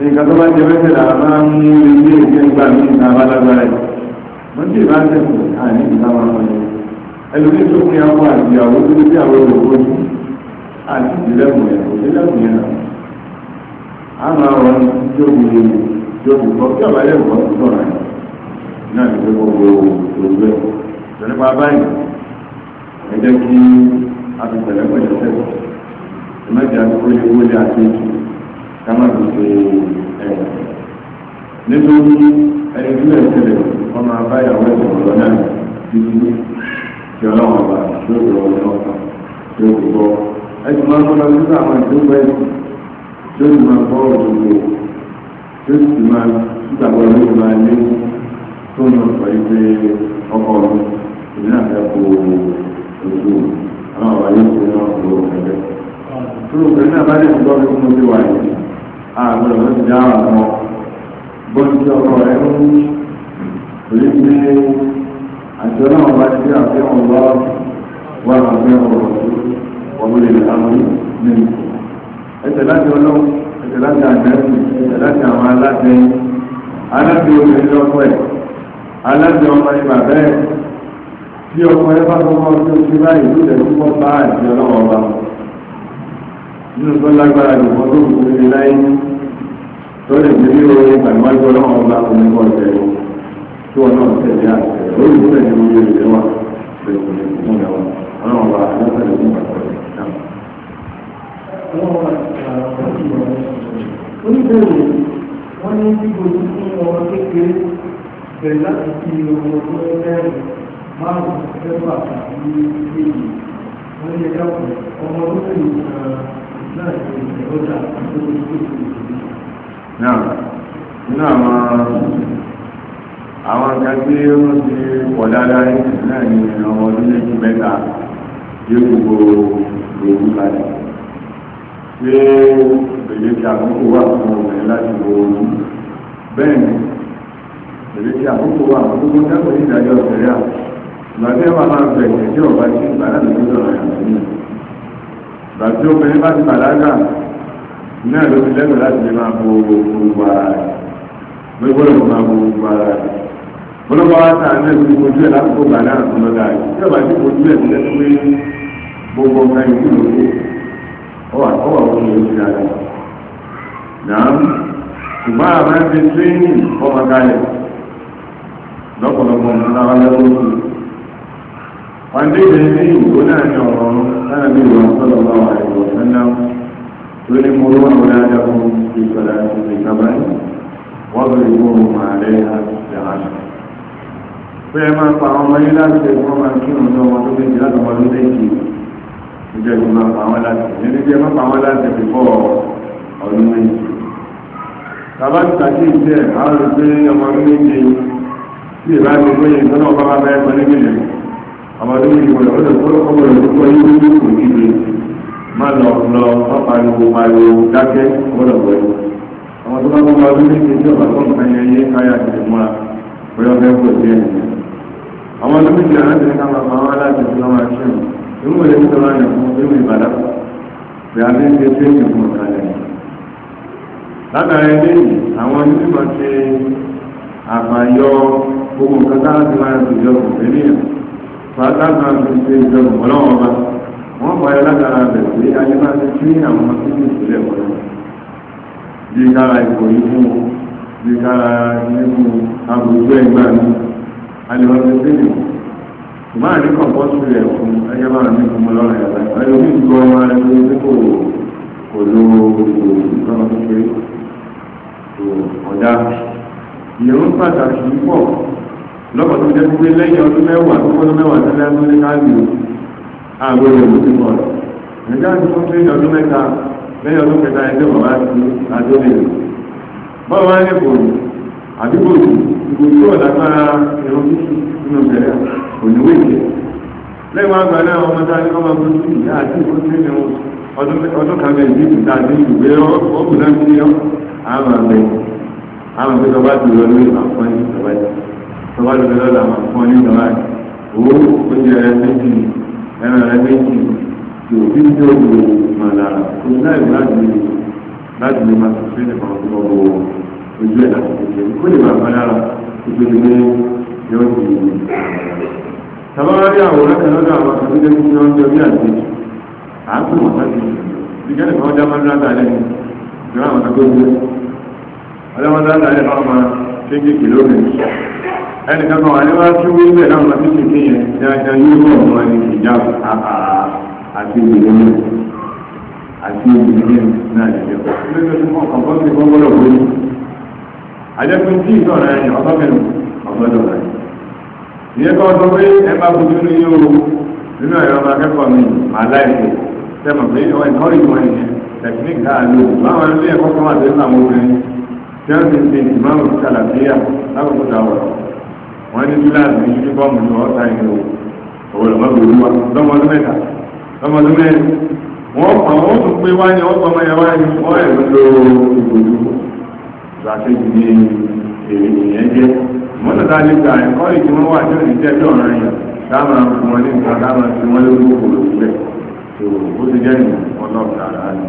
Speaker 1: nǹkan tó bá jẹ mẹ́tẹ̀ là máa ń mú ilé ìgbẹ́ ìgbà mí ìta abálágbára yìí wọ́n ti bá tẹ̀sán àní ìta máa wọ́n yẹn ẹlòmí tó fi akọ àti àwọn tó fi àwọn olùkọ́ ní àti ìdílẹ́kùn yẹn ìdílẹ́kùn yẹn náà a máa wọn jókòó lé mi jókòó kọ́ kí ọ̀bá yẹ̀ wọ́n tó sọ̀rọ̀ yẹn náà ní pé gbogbo òṣèlú ẹ̀ pa báyìí ẹ jẹ́ kí a fi tẹ̀lé pẹ̀lú kama gbogbo ẹ nítorí ẹni tí lè tẹ́lẹ̀ ọmọ abáyàwó ẹsẹ ọ̀rọ̀ náà ti di ti Ọlọ́run ọba tí ó gbọ́ ọ̀rọ̀ náà tí ó gbọ́ ẹsẹ máa ń gbọ́dọ̀ nínú àwọn ìdókòwò ẹsẹ tí ó sì máa gbọ́ òdòdó tí ó sì máa gbàgbọ́ ló máa lé tó ń sọ ìgbé ọkọ mi ìdí náà fẹ́ kó ojú àwọn àwáyé ìgbé náà tó ẹgbẹ́ tó ń gbé náà bá lè gbọ́ bí mo ti wà yìí àgbọ̀dọ̀ ló ti dára mọ́ bọ́sí ọkọ rẹ̀ ń wí torí pé àjọ náà bá ti àfẹ́ wọn lọ wà àfẹ́ ọ̀rọ̀ ọ̀rọ̀ àwọn ọmọ ẹ̀ bàbá tí ọkọ ẹ bá kọ́kọ́ tó ṣe báyìí ló lè kúkọ́ bá àti ọlọ́run ọba nínú tó lágbára jù fún tó kù ní láyé tó lè fi ríro ìgbàgbọ́jú ọlọ́run ọba onígbọ́ ọ̀tẹ̀ tí wọn náà tẹ̀lé àtẹ̀ lórí ìgbẹ́ ní orí ìgbẹ́ wa lè kù ní fún ìyàwó
Speaker 2: ọlọ́run ọba alẹ́sẹ̀ lè fún ìgbàgbọ́ rẹ̀ náà. oníbẹ̀rẹ̀ wọ́n ní bíbo tí fún ọmọ kékeré bẹ̀rẹ̀ láti fi ohun ọdún mẹ́rin márùn-ún fẹ́fà tàbí méjì wọ́n ní ẹ̀dá ọmọ ọdún mẹ́rin náà
Speaker 1: nínú àwọn àwọn akẹ́gbẹ́ wọ́n ti pọ̀ dáadáa ní náà ní ọmọ ọdún méjì mẹ́ta yóò gbogbo gbogbo kalẹ̀ ṣé gbèdéke àkókò wà fún obìnrin láti gbogbo bẹ́ẹ̀ ni gbèdéke àkókò wà fún gbogbo dákòó ìdájọ́ ìfẹ́rẹ́ àwọn ìgbà tí wọ́n máa bẹ̀rẹ̀ tí ọba sí ìgbà láti gbogbo bàtí obìnrin bá ti bàlágà náà ló fi lẹ́nu láti lè máa bo gbogbo ara rẹ̀ gbogbo rẹ̀ gbogbo ara rẹ̀ bọ́lọ́pàá wá sáà náà ndị kojú ẹ̀ láti na àná àti lọ́dà yìí ọmọ lọ́wọ́ dé ní ní ọ̀rọ̀ sára bí wọn sọ́dọ̀ bá wà ní ọ̀sán náà ló ní mo rọ́n wọn dáadáa fún ìṣọ̀lá ìṣẹ̀lẹ̀ kábàáyé wọ́n bẹ̀rẹ̀ ìwọ̀n ọmọ ààrẹ àti ìṣẹ̀lẹ̀ pé ẹ máa pa ọmọ yín láti ṣe wọ́n máa kí ọ̀dọ́ ọmọ tó méjì láti ọmọ ló déjì ìjẹ́ ìlú máa pa wọn láti nínú jẹ́ máa pa wọn láti fi bọ́ ọdún méjì. bàbá ti tàkì ìjẹ́ àwọn olùgbé ọmọ ló méjì tí ìbá ti gbé ìtọ́nà ọba bá bẹ́ẹ̀ pẹ́ nígbìyànjú ọmọdé yìí wọlé ọdọ kọlọ kọlọ yìí wọlé yìí wọlé kò ní lè má lọ lọ ọpariwo pariwo dákẹ́ ọgbọdọ wọlé ọmọ tó bá kọ wá lórí kejì ọba tó nǹkan yẹn yé káyà tètè múra bóyá ọbẹ kò sí ẹ nìyẹn ọmọ tó bìtì aláǹtẹ ní káma pa wọn aláǹtẹ ní káma ṣe mọ ìmú wọlé tó lọ àyàn fún ìmú ìbàdà bí a fi ń ṣe ṣe ìmú ìkàlẹ látàrí lẹ́yìn àwọn onímọ̀ ṣe àbáyọ gbogbo nǹkan tá a ti máa ń ṣèjọ kò fàtàkà fi ṣe ìjọba ọlọ́wọ́ bá wọ́n pààyọ látara rẹ̀ pé ayé bá ti tún àwọn ọmọdé ìpínlẹ̀ wọn bí kára ìkò yìí fún wọn bí kára nínú àbùjọ ẹgbà mi alẹ́wọ́n ti dé ṣùgbọ́n àní kọ̀ọ̀kan sí rẹ̀ fún ẹgbẹ́ bá mi fún ọlọ́run ẹ̀rọ ẹ̀rọ mi gbọ́ ọmọ rẹ̀ pé pé kò kò lo ìtọ́nà kékeré ọ̀dà ìyẹ̀wò pàtàkì pọ̀ lọ́pọ̀ tó jẹ́ pé lẹ́yìn ọdún mẹ́wàá tó kọ́dún mẹ́wàá tó lẹ́yìn ọdún káàdì àgbo rẹ̀ ló ti pọ̀ nígbà tí wọ́n fi ọdún mẹ́ta lẹ́yìn ọdún kẹta ẹgbẹ́ bàbá ti adó lè rè bọ́ọ̀ wá ní kò àdúgbò ìgbò tí wọ́n lágbára ẹ̀rọ títí nínú bẹ̀rẹ̀ kò ní wéjì lẹ́yìn wá gba náà ọmọ tá a ní kọ́ máa gbóṣù ìyá àti ìkó tí ní ọdún kan bẹ̀rẹ̀ ní ìta àti ìgbé ọkùnrin náà ti ní ọ tọ́wájú lọ́dọ̀ làwọn fún ọ ní ìjọba owó ó jẹ ẹrẹ méjì ẹrẹ ẹrẹ méjì tí òbí ń tó wò màlà tó láì láti láti lè máa tẹ̀sí nípa ọ̀pọ̀ ojú ẹ̀ láti tẹ̀sí kó lè máa bára ìpele ní yóò di ìwé. tàbára rí àwòrán kan lọ́dọ̀ àwọn kan tó jẹ́ kí wọ́n jọ bí àgbèjì à ń pè wọ́n láti ìjọba ìjọba ìjọba ìjọba ìjọba ìjọba ìjọba ìjọba ìjọba ìjọba ìjọba kéékèèké lónìí ẹnì kan wà níwá tí wọ́n bẹ̀ náà láti ṣe kéèyàn dáadáa yóò rọ̀ mọ́ ẹni ìjà àti ìgbìmọ̀ àti ìgbìmọ̀ náà lẹ́yìn lẹ́yìn tó mọ̀ kàn fọ́n ti fọ́n gbọ́dọ̀ wọlé àjẹpẹ́ tí ìtọ́ rẹ̀ ẹ̀yìn ọ̀tọ́ mẹ́rin ọ̀gbọ́dọ̀ rẹ̀ ìyẹn kọ́ sọ pé ẹ bá fojú ní yóò nínú ẹ̀rọ ọmọ akẹ́kọ̀ọ́ mi màá láìpẹ́ tẹ́mọ̀ pé ọ̀ ẹ̀kọ́ ìwọ̀n ìyẹn tẹ̀kíníkì jẹ́rìí ṣe ìmáàmù kàlàbíyà lákòókò dáwọ̀ wọ́n ní gíláàsì ní yúnífọ́ọ̀mù ní ọ̀tá ìlú òwò lọ́mọdún wa lọ́mọdún mẹ́ta lọ́mọdún mẹ́rin wọ́n pa wọ́n tún pé wá ní wọ́n pa ọmọye wá ní wọ́n ẹ̀ lọ ìbòjú ìgbàkejì ní èèyàn jẹ́ wọ́n tàbí àlejò àìkọ́ ìdí wọn wà tí ò ní jẹ́ bí ọ̀ràn yẹn dáàmà fún wọn ní nǹkan dáàmà fún wọn lórí òkòlò sílẹ̀ tó ó ti jẹ́ ìwọ̀n ọlọ́ọ̀ta àlàáyé.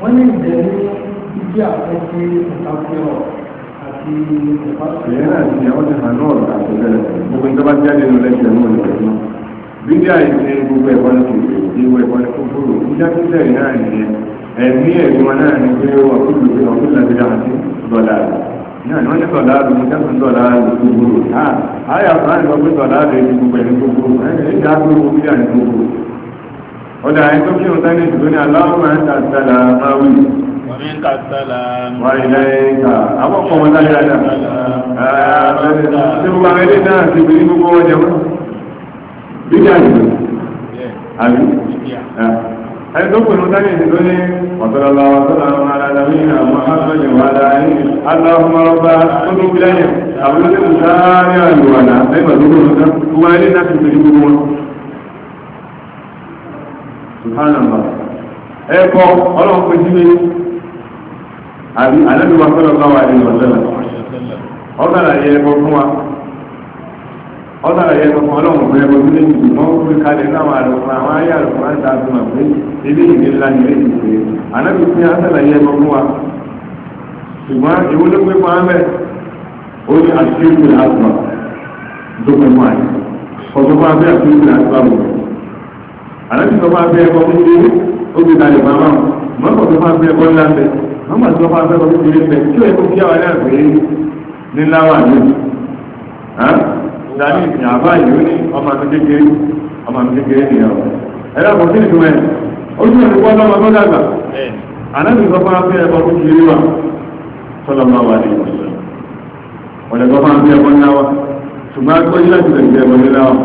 Speaker 2: wọ́n ní ìdẹ̀rí ibi àfẹ́sí ìtàkùrọ̀
Speaker 1: àti ìpàṣẹ. ìyẹn náà ti àwọn ìhàn náà àti ìbẹ̀rẹ̀ gbogbo ìjọba jáde ló lẹ́sẹ̀ náà ní pẹ̀lú bídíà ìṣe gbogbo ẹ̀kọ́ ní kò sí ìwé ẹ̀kọ́ ní kókóró bídíà bídíà yìí náà nìyẹn ẹ̀mí ẹ̀mí wọn náà ní pé wọ́n kú lóde wọn kú lóde àti dọ̀là náà ni wọ́n ní dọ̀là àdùn nígbà tó ń dọ̀là àdùn kókóró náà àyà fún àyè wọn pé dọ̀là àdùn ní gbogbo ẹ̀mí kókóró ẹ̀mí ẹ̀dá ọ̀dà ẹ̀tọ́ kí o tánì tó ní aláwọ̀mọ̀ ẹ̀tàtàlà máwì wà ilẹ̀ ẹ̀ka àwọn ọkọ̀ wọn láyé àdá tí gbogbo àwọn ilé náà ti bìí gbogbo wọn jẹun bíbí àjò àbí ẹ̀tọ́ kí o tánì tó ní ọ̀tọ̀lọ̀lọ̀ ọ̀tọ̀lọ̀lọ̀ alàdàmínà mọ́hàmmadì wà láyé aláwọ̀mọ̀ ọba tó tó bí lẹ́yìn àbúrò tó tó sáré àlùwàlà ẹgbẹ̀rún gbogbo wọn subhanallah ẹ̀kọ́ ọlọ́run pé sílé àbí alẹ́bíwá sọ́dọ̀ báwa ní ọ̀sẹ̀lẹ̀ ọ̀sẹ̀lẹ̀ yẹ ẹ̀kọ́ àlọ́tí tó máa fẹ́ ẹ̀kọ́ fún ilé ó ti kalẹ̀ màmá mọ́kọ̀ tó máa fẹ́ ẹ̀kọ́ ńlá ń bẹ mọ́kọ̀ tó máa fẹ́ ẹ̀kọ́ fún ilé ń bẹ tí ó yẹ kó kí àwọn ẹ̀kọ́ yẹn ní láwà ní. dání ìsìn àbá yìí ó ní ọmọ mi kékeré ọmọ mi kékeré nìyàwó ẹ̀rọ kò sí ìtumẹ̀ ó tún ẹ̀kọ́ kọ́ lọ́mọ tó dàgbà àlọ́tí tó máa fẹ́ ẹ̀kọ́ fún ilé wa sọ́lọ́ máa wà ní ìwòsàn ọ̀dẹ̀kọ́ máa fẹ́ ẹ̀kọ́ ńlá wa ṣùgbọ́n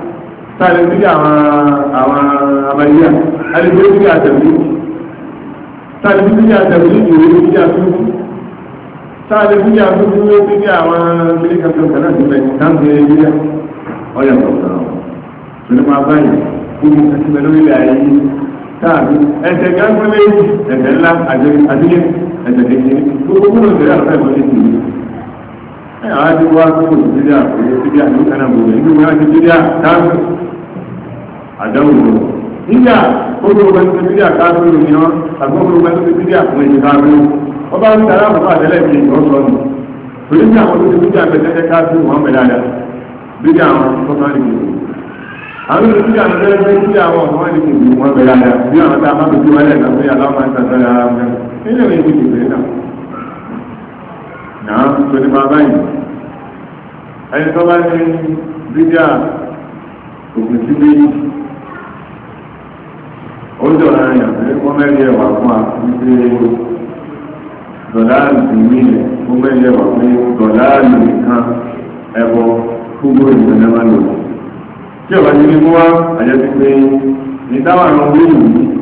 Speaker 1: sáré bí àwọn àwọn abayíyà alìgbé bí àtẹ̀wé sáré bí àtẹ̀wé ìwé bí àtúntò sáré bí àtúntò ìwé bí àwọn ilé kankan kan náà ti bẹ̀ dáńtò ẹ̀yẹ bí ọ̀yà kọ̀ọ̀kan tòlú máa báyìí kúrú ẹ̀sìnbẹ̀ lórí ilẹ̀ ayé káàbí ẹ̀sẹ̀ gángbélé ẹ̀sẹ̀ ńlá àdúyẹ ẹ̀sẹ̀ kékeré gbogbo kúrò ìṣẹ̀lẹ̀ àlọ́ ẹ̀kọ́ ní ìlú ẹ̀ àwọn àti wá kúrò ìṣẹ̀lẹ̀ àkóyè ìṣẹ̀lẹ̀ àlọ́ kan náà gbogbo ìlú wọn ti àdánwò nígbà gbogbo ọgbẹ́ tó ti díà káàkiri ni wọn àgbọ̀gbọ̀ ọgbẹ́ tó ti díà fún ẹ̀yìn káàkiri wọn bá ń tara àbúrò àtẹ́lẹ̀ mi ìtọ́sọ ni torí ní àwọn tó ti díà pẹ̀tẹ́tẹ́ káàkiri wọn bẹ̀ dáadáa dídí àwọn tó máa ń dìbò àwọn tó ti díà pẹ̀tẹ́tẹ́ dídí àwọn tó máa ń dìbò wọn bẹ̀ dáadáa bí àwọn tá a máa tóbi wọlé ẹ̀ka pé ó jọra yàn pé wọ́n mẹ́rin ẹ̀wà fún wa wípé dọ̀láàlì ti mí ẹ̀ wọ́n mẹ́rin ẹ̀wà pé dọ̀láàlì nìkan ẹ̀bọ gbogbo ìgbà náà máa lò tí ọ̀bá ti ní mú wá àjẹ́ ti pé ní táwọn àwọn wíìlì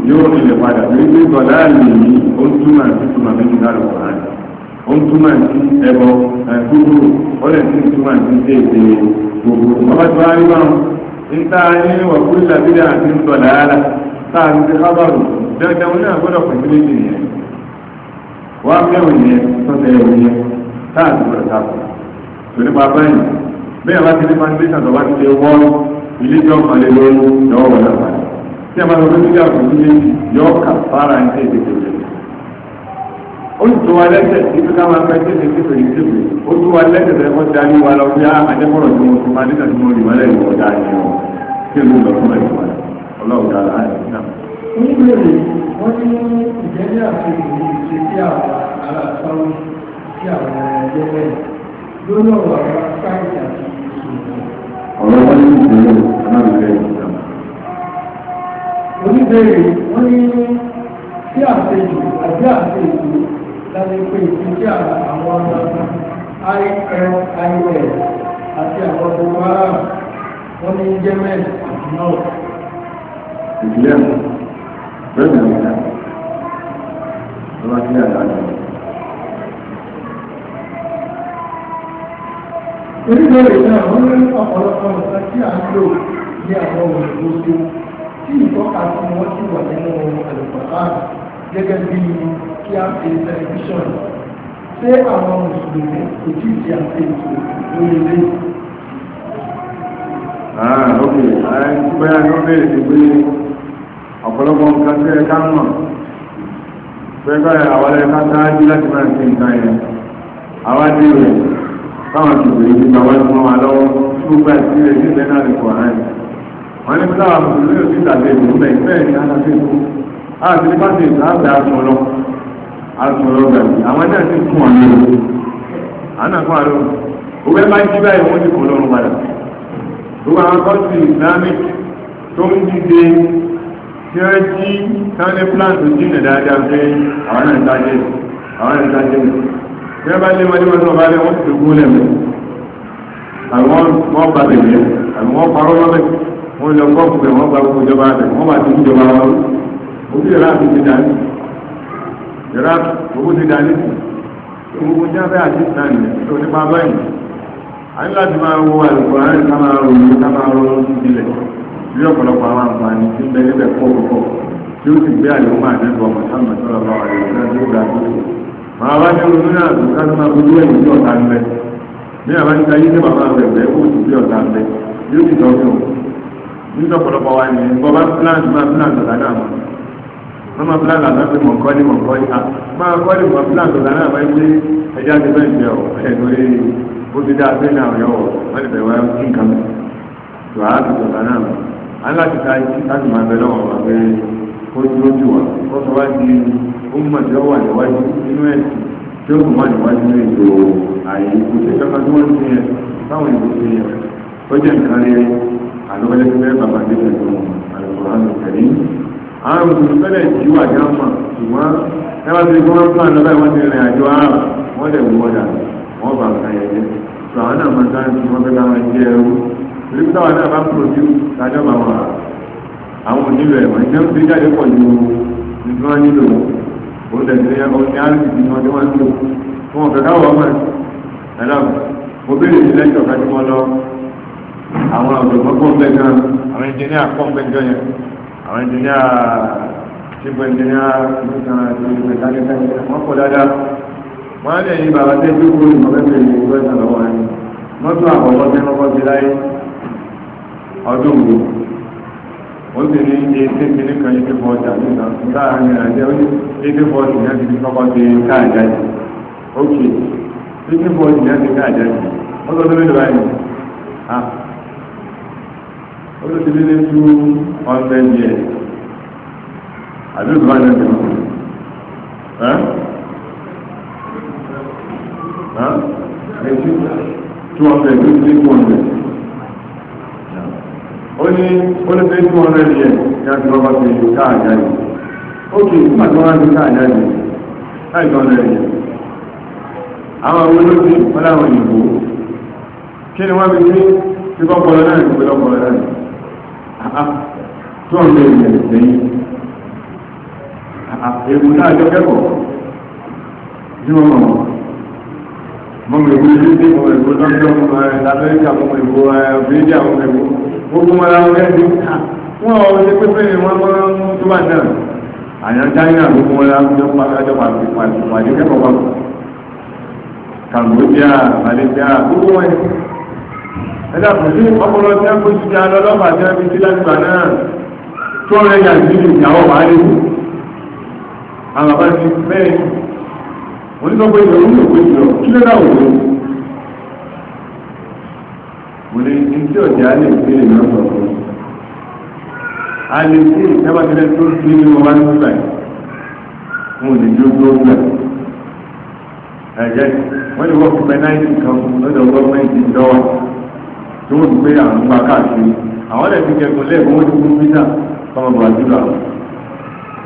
Speaker 1: yóò nílẹ̀ padà pé pé dọ̀láàlì yìí ó ń túmọ̀ sí túmọ̀ méjì láàrú ọ̀hán ó ń túmọ̀ sí ẹ̀bọ gbogbo ó túmọ̀ sí níta ní wàkú ìlàbídà àti ńdọ̀là ara táà ní ti hábàrù dandan náà gbọ́dọ̀ pẹ̀lú méjì nìyẹn wà á fẹ́ràn yẹn tọ́tẹ̀ ẹ̀rù yẹn táà ti gbọ́dọ̀ sáfù tó nípa báyìí bẹ́ẹ̀ bá ti ní foundation tó bá ti ṣe wọ́n ilé jọ kan lé lórí yọ wọ́n lọ́pàá tí a máa lọ sí ìjà òkú ilé yọ kà fara ní ẹ̀ẹ́dẹ̀gbẹ̀rẹ̀ ó ń tún wa lẹ́sẹ̀ níbi ká máa fẹ́ tẹ̀lé tẹ̀lé ìdíbò ó tún wa lẹ́sẹ̀ tẹ̀lé wọ́n darí wa lọ bí ajẹ́kọ̀rọ̀ tí mo tún máa nígbà tí mo rí wọlé ìwọ̀n dá ní wọn kí ló lọ fún ẹ̀kọ́ ọlọ́run dára láì náà. oníbèrè wọ́n ní ìjẹ́jẹ́ àfihàn ìṣe sí àwọn aláàtọ́wọ́ sí àwọn ẹgbẹ́ bẹ́ẹ̀ lórí ọ̀rọ̀ àwọn
Speaker 2: sáyẹ̀sì láti pé ìpínlẹ̀ àwọn ọmọ ILIS
Speaker 1: àti àwọn Boko Haram wọ́n ní Yemen àti North.
Speaker 2: ìpínlẹ̀ bẹ́ẹ̀ ni ìyá lọ́wọ́ sí àdájọ́. oníbẹ̀rẹ̀ náà wọ́n ní ọ̀pọ̀lọpọ̀ nǹkan tí à ń lò ní àwọn òyìnbó tí ìtọ́ka tí wọ́n ti wà nínú àlùfáà gẹ́gẹ́ bí kí a fi tẹlifíṣọ̀n ṣé àwọn mùsùlùmí kò tí ì ṣe àfihàn lórí ilé.
Speaker 1: ok bẹ́ẹ̀ ni wọ́n bèèrè sí pé ọ̀pọ̀lọpọ̀ nǹkan tí ẹ ká mọ̀ pé báyìí àwọn ẹ̀ka sáájú láti máa ṣe nǹkan yẹn àwọn adé rẹ̀ táwọn ti bèrè sí bàbá tí wọ́n wà lọ́wọ́ tí ó gbà sí ẹ̀ sí ìlẹ́nà àlùkò àárín wọn ní pé táwọn mùsùlùmí ò sí ìtàgé ìlú mẹ́ bẹ́ẹ̀ ni a àti nípa ti ìta àgbà àtúnlọ àtúnlọ gbàgbé àwọn náà ti kún ọ̀nà ìlú àná fún àlọ́ òwe máa ń jí báyìí wọ́n ti kún lọ́rùn padà gbogbo àwọn kọ́ńtì islamic tó ń dìde tí ó jí sunday plant jìnnà dáadáa pé àwọn náà ń tajẹ́ àwọn náà ń tajẹ́ tí wọ́n bá lé wọn ní wọn tó bá lé wọn ti kú lẹ́mẹ̀ àwọn wọn bá bẹ̀rẹ̀ àwọn wọn parọ́ lọ́bẹ̀ wọn lọ kọ́ fún wọn gba gbogbo ìjọba rẹ̀ wọn bá ti kú ìjọba wọn ojú iraq ti dání iraq owó ti dání sí gbogbo jábẹ́ àti ìtàn tó nípa báyìí àyè láti máa wo àlùkò àárín ká máa rò ní ká máa rò ní ìbílẹ̀ bí ọ̀pọ̀lọpọ̀ àwọn àǹfààní tí ń bẹ níbẹ̀ pọ̀pọ̀pọ̀ tí ó sì gbé àyẹ̀wò máa dẹ́gbọ̀ mọ̀sánmọ̀ tó lọ́wọ́ àyẹ̀wò náà tó gbà tó máa bá ní olú náà tó ká máa ojú ẹ̀yìn tí ọ̀tá ń bẹ ní àbá ń ta yí bàbá rẹ̀ bẹ́ẹ̀ kó sì bí ọ̀tá ń bẹ yóò sì tọ́jú ní ọ̀pọ̀lọpọ̀ wa ní bọ́bá plant máa plant ọ̀tá náà wọ́n máa plan àná pé mọ̀ kọ́ ní mọ̀ kọ́ ní a máa kọ́ ní mọ̀ plan tó lánàá máa ń gbé ẹja ti bẹ́ẹ̀ jẹ́ ọ̀ ti dá a bẹ́ẹ̀ náà yọ̀ wọ́n ti bẹ̀rẹ̀ wá nǹkan mi tó a ti tó lánàá mi a ń láti ta ikú láti máa bẹ lọ́wọ́ wa pé ó dúró jù wá ó sọ wá di ó mọ̀ tí ó wà níwájú nínú ẹ̀sìn tí ó kò má níwájú ní ètò àyè ikú tí ìjọba tí wọ́n ti yẹ báwọn ìlú ti yẹ ó jẹ́ nǹkan rere àlọ́ àwọn mùsùlùmí fẹ́lẹ̀ jí wà já mọ̀ ṣùgbọ́n ẹwà tí wọ́n ń pàdé lọ́bàá wọ́n ti rìn àjò ààrùn wọ́n lè wọ́n dà wọ́n bá nǹkan yẹn jẹ́ sọ àwọn náà máa dáhùn wọ́n fẹ́ ẹrú torí pé táwọn náà bá bá wà àwọn onílò ń fi jáde pọ̀ ju wọn nílò wọn tí wọ́n ń lò fún àwọn ìjìnlẹ̀ ṣígbọ́ ìjìnlẹ̀ ìjìnlẹ̀ ìjìnlẹ̀ ìjìnlẹ̀ wọ́n kò dáadáa wọ́n lè yí bàbá tẹ́ tí kú ìmọ̀lẹ́fẹ̀ ìlú ẹ̀sán lọ́wọ́ rẹ̀ mọ́tò àkọ́kọ́ tí wọ́n ti láyé ọdún wo ó sì ní iye tí ti ní kan ibi fọ́ ọjà nígbà láàrin àjẹ́ ó ní ibi fọ́ ọjà ìyá ti fi kọ́kọ́ ti káàjá yìí ókè ibi fọ́ ọjà ìyá ti káàjá yìí ó sọ olóṣèlú ní tú ọ̀sẹ̀ díẹ̀ àbí òṣùwà ní ọ̀sẹ̀ mọ̀ ẹ́ ẹ́ tú ọ̀sẹ̀ tó ti kú ọ̀sẹ̀ ó ní olóṣèlú tú ọ̀sẹ̀ díẹ̀ kí a ti rọ́bà fi ìlú káàjá yìí ó kì í fún àtúwọ́n láti káàjá yìí láìsọ ọ̀sẹ̀ díẹ̀ àwọn olóṣèlú wọn láwọn ìbò kí ni wọ́n fi sí tí kọ́kọ́ lọ náà ìpínlẹ̀ ọkọ̀ lọ náà Ah, tó ń lè rìn ẹ̀sìn lẹ́yìn èèmù náà jọ kẹ́kọ̀ọ́ tí wọ́n mọ̀ mọ́ mi ìwé ilé tí mo èbó lọ́jọ́ mọ́ ẹ̀ eh, lamẹ́ríkà mọ́ èbó ẹ̀ bíríjà mọ́ èbó gbogbo wọn làwọn ẹni ah, wọn ò ṣe pépé wọn mọ́ tó bá náà àyàn china gbogbo wọn làwọn ẹni wọn ajọ pàdé pàdé kẹ́kọ̀ọ́ pàdé kàmbódíà malaysia gbogbo wọn ẹ̀dá kò sí ọpọlọ tí a kó sí ya lọ́lọ́pàá tí a fi sí lágbà náà tó rẹ̀ yà sí ìyàwó wà ní ìlú àwọn bá ti bẹ́ẹ̀ wọ́n ní lọ́pọ̀ ìjọ ní òkú ìjọ kí ló dáwọ̀ tó kò lè ní tí ọ̀jẹ̀ á lè gbé lè náà sọ̀rọ̀ a lè gbé ìtẹ́bàtẹ́lẹ́ tó sí ní wọn wá ní ìgbà yìí wọn ò lè jó tó gbà ẹ̀jẹ̀ wọ́n lè wọ́pọ̀ pẹ́ náà ìdí kan lọ́dọ̀ gọ́ọ̀mẹ́ntì dọ́wọ́ tó wọ́n pé àwọn ń káàkiri àwọn ọ̀dẹ̀ ti kẹ́kọ̀ọ́ lẹ́ẹ̀kọ́ wọ́n ti kú pítà ọmọ brazil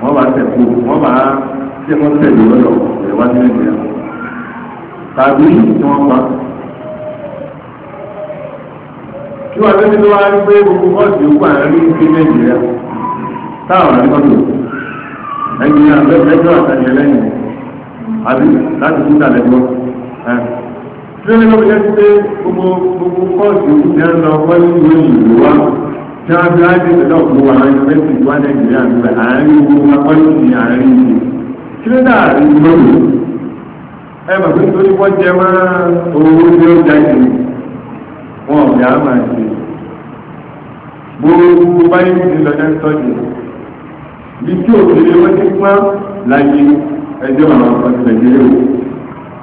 Speaker 1: wọ́n bá tẹ̀kú wọ́n bá tẹ̀ wọ́n tẹ̀lé lọ́dọ̀ ìrẹ̀wá sí nàìjíríà tàbí tí wọ́n pa. kí wọ́n tẹ́tí tó wá ń gbé gbogbo bọ́ọ̀sì òkú àárín ní ìpín nàìjíríà táwọn àríkọ́tò nàìjíríà lẹ́jọ́ àtàlẹ́ lẹ́yìn àbí láti kú tàlẹ́ lórí lọ́wọ́ yẹ́ pé gbogbo gbogbo kọ́ọ̀sì ìjẹ́ ń lọ wọ́n ní ìwé ìlú wa tí wọ́n fi láti ìpínlẹ̀ òkú wa àwọn yunifásitì wa nàìjíríà ń bẹ àárín gbogbo wa kọ́ọ̀sì àárín ìlú kí ló dà àárín ìlú lónìí ẹ mọ̀ pé nítorí wọ́n jẹ mọ́ owó tí ó jáde wọn ò yá máa ṣe gbogbo báyìí ti lọ jẹ́ sọ́ọ̀dì bí tí òkèlè wọ́n ti pọ́n láyé ẹjọ́ àwọn ọ̀sẹ̀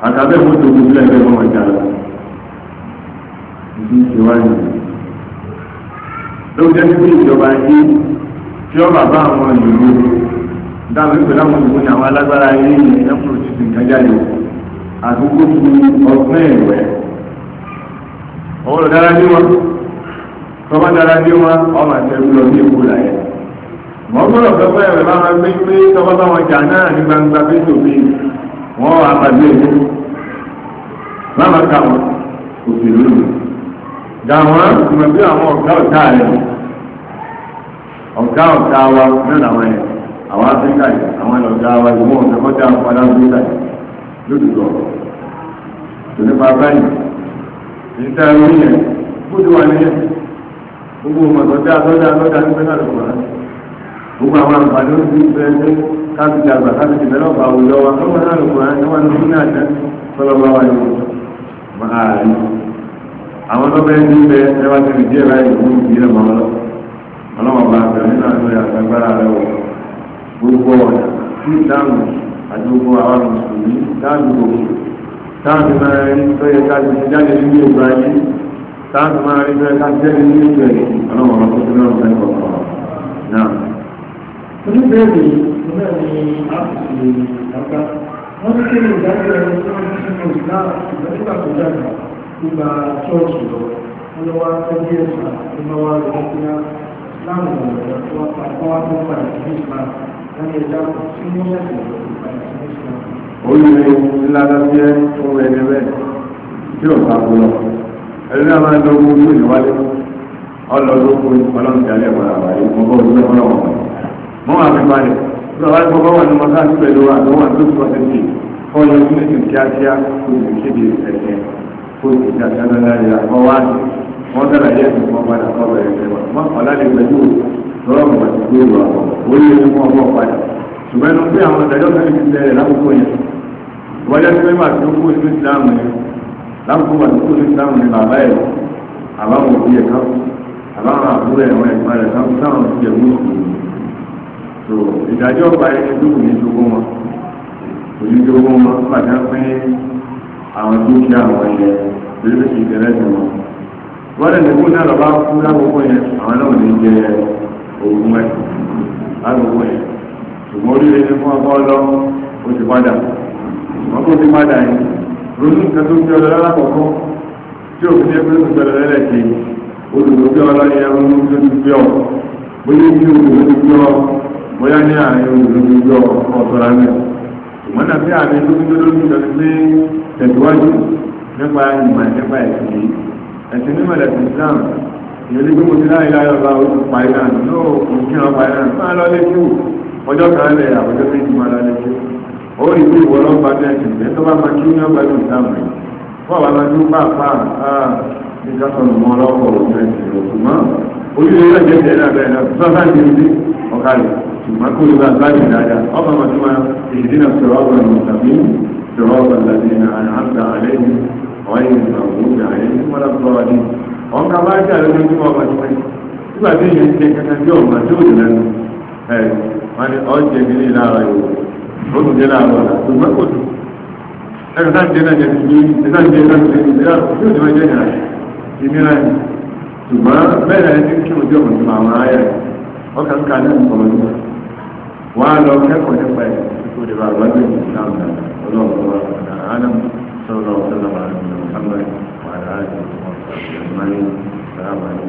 Speaker 1: àtàbẹ́ mú tó gbogbo ẹgbẹ́ wọn jà lọ ìdí ìṣèwádìí ló jẹ́ pé ìjọba ayé tí ó bàbá àwọn ìlú dábí pẹ̀lú àwọn ìlú ní àwọn alágbára ayé ní ẹ̀kúrò títí ìkájáde àdúgbò fún ọgbọ́n ìwẹ̀ ọwọ́ dára ní wọn tọ́ba dára ní wọn ọmọ àtẹ̀wé lọ ní èkó láyé mọ́gbọ́n ọ̀gbọ́n ẹ̀rẹ̀ bá wọn gbé pé tọ́ba bá wọn jà náà ní gbangba bí tòbí wọ́n wà pàdé ìlú lábàkà wọn òṣèlú ìlú dàwọn ìmọ̀ bí àwọn ọ̀gá ọ̀tá rẹ̀ ọ̀gá ọ̀tá wa náà làwọn ẹ̀ àwọn áfíríkà yìí àwọn ọ̀gá wa ìwọ̀n ọ̀tẹ́kọ́tà padà áfíríkà yìí lódùdọ̀ tó nípa báyìí níta ẹ̀rọ yẹn kó tó wà níyẹn gbogbo ọmọ tó dá lọ́dá lọ́dá nígbẹ́ náà lọ́dá gbogbo àwọn àgbàdo ń bí bẹ́ẹ̀ pé káàbì dàgbà káàbì dìbẹ́ náà bá àwùjọ wa tó wọn náà lòkùn àti wọn ní ní àjẹ tọ́lọ́ bá wà yìí máa rí àwọn tó bẹ́ẹ̀ ní bẹ́ẹ̀ ẹ wá ti rí díẹ̀ láì wú ìbílẹ̀ mọ́ lọ ọlọ́wọ́ bá bẹ̀rẹ̀ nínú àjọ àgbàgbára rẹ wọ gbogbo ọ̀dà tí ìdáhùn àti àwọn mùsùlùmí dáhùn gbogbo táàbì máa rí tó yẹ ká ti jáde nínú ìgbà yìí táàbì máa rí tó yẹ ká ti jáde nínú ìgbà yìí ọlọ́wọ́ bá tó tó náà
Speaker 2: oníbẹ̀rẹ̀ ìpínlẹ̀ ni a kò lè dàgbà wọ́n ní kéde ìdájọ́ ẹni tó ń sínú islam ìgbàlúgbà tó dàgbà nígbà ṣọ́ọ̀ṣì lọ wọ́n lọ́wọ́ tẹ́lẹ̀ ẹ̀sà tó máa wá lọ́wọ́ sí islam ọ̀rọ̀ tó wá pa wá tó pa ìsìn islam wọ́n lè dàgbà sí ní ẹ̀sìn lọ́wọ́ pa ìsìn islam.
Speaker 1: olùwé ńlára bí ẹ tí ò bá gbọ́ ẹni náà máa ń lọ gbogbo ìwádìí ọlọ́dún ọlọ́run ti alẹ́ mọ́ra wáyé mọ́ mọ́ wà fi balẹ̀ bí wọ́n bá gbọ́ bá wà ní mọ́tà sí pẹ̀lú àdánwò àdókòwò àdókòwò fọyọ sílẹ̀ ní kíákíá kó sì kéde ẹ̀jẹ̀ kó sì kíákíá lọ́la yà kọ́ wá sí wọ́n dára yẹ kí wọ́n padà kọ́ bẹ̀rẹ̀ fẹ́ wa mọ́ ọ̀la lè pẹ̀lú lọ́rọ̀ mọ̀ àti gbé wa ó yẹ kí wọ́n bọ̀ padà ṣùgbọ́n inú pé àwọn ìdájọ́ kan ti tẹ̀lé lákòókò yẹn wọ́n yẹ kí wọ́n máa tó kó ìlú ìsìlámù yẹn lákòókò wà tó kó ìlú ìsìlámù yẹn bàbá ẹ̀ àbáwọn òbí ẹ̀ káwọn àbáwọn àbúrò ẹ̀ wọn ẹ̀ tó ìdájọ́ ọ̀pá ẹni tó kù ní jogún wọn kò ní jogún wọn pàdé pín àwọn dúkìá àwọn ẹ̀yẹ lórí bí kì í tẹ̀lé ti wọn. wọ́n lè nígbó náà lọ́ba kú lákòókò yẹn àwọn náà ní jẹ òògùn ẹ̀ lákòókò yẹn ṣùgbọ́n oríire ni fún ọgbọ́n lọ ó ti padà wọ́n kò ti padà yìí ronú nǹkan tó fi ọlọ́lá lákòókò tí òfin ní ẹgbẹ́ tó fi ọlọ́lá lẹ́ẹ̀kejì olùdókè ọlọ́yẹ ronú tó ti fi ọ bóyá ibi olùdókè ọ bóyá ní àárín olùdókòjọ ọ̀sọ̀rọ̀ rẹ̀ ṣùgbọ́n náà bí àárín olùdókòjọ ló ń lọ sí tẹ̀síwájú nípa ìmọ̀ nípa ẹ̀sìn yìí ẹ̀sìn mímọ̀ ẹ̀sìn Islam ìrèlé gbogbo ti láì láyọ̀ bá o pa iná yóò kò kí wọn pa iná máa lọ lé kíw ọjọ́ kan lẹ̀ àwùjọ méjì máa lọ lé kíw ó rí bí ìwọ lọ́ọ́ gbadé ẹ̀sìn ìgbẹ́ tó bá máa kí ní ọgbà ní sọ́kànnù mọ́ ọlọ́pọ̀ òṣèlú ìṣòro ṣùgbọ́n orílẹ̀ yóò jẹ́ tẹ̀lé abẹ́ náà sọ́kàn ní ibi ọ̀ka rẹ̀ ṣùgbọ́n kó ló bá gbádùn dáadáa ọkọ̀ máa tún máa èdè náà sọ̀rọ̀ ọ̀gbọ̀n ní tàbí sọ̀rọ̀ ọ̀gbọ̀n tàbí àǹtà alẹ́ ní ọ̀yẹ́ ìgbàgbọ́ alẹ́ ní wọ́n lọ́pọ̀ ọdí wọn ká bá jà lórí tí wọ́n bá ti pẹ́ nígbà tí èèyàn jẹ kankan bí ọ̀gbà tí ó dìlẹ̀ nù ẹ̀ wọ́n ní ọ̀jẹ̀ nílé lára yòó ìmíràn ni ṣùgbọ́n bẹ́ẹ̀ ẹni kí ojú ọ̀hún ti máa máa yẹ ọkàn ká ní ọ̀pọ̀lọ́ ní wọ́n á lọ kẹ́kọ̀ọ́ nípa
Speaker 2: ẹ̀ tó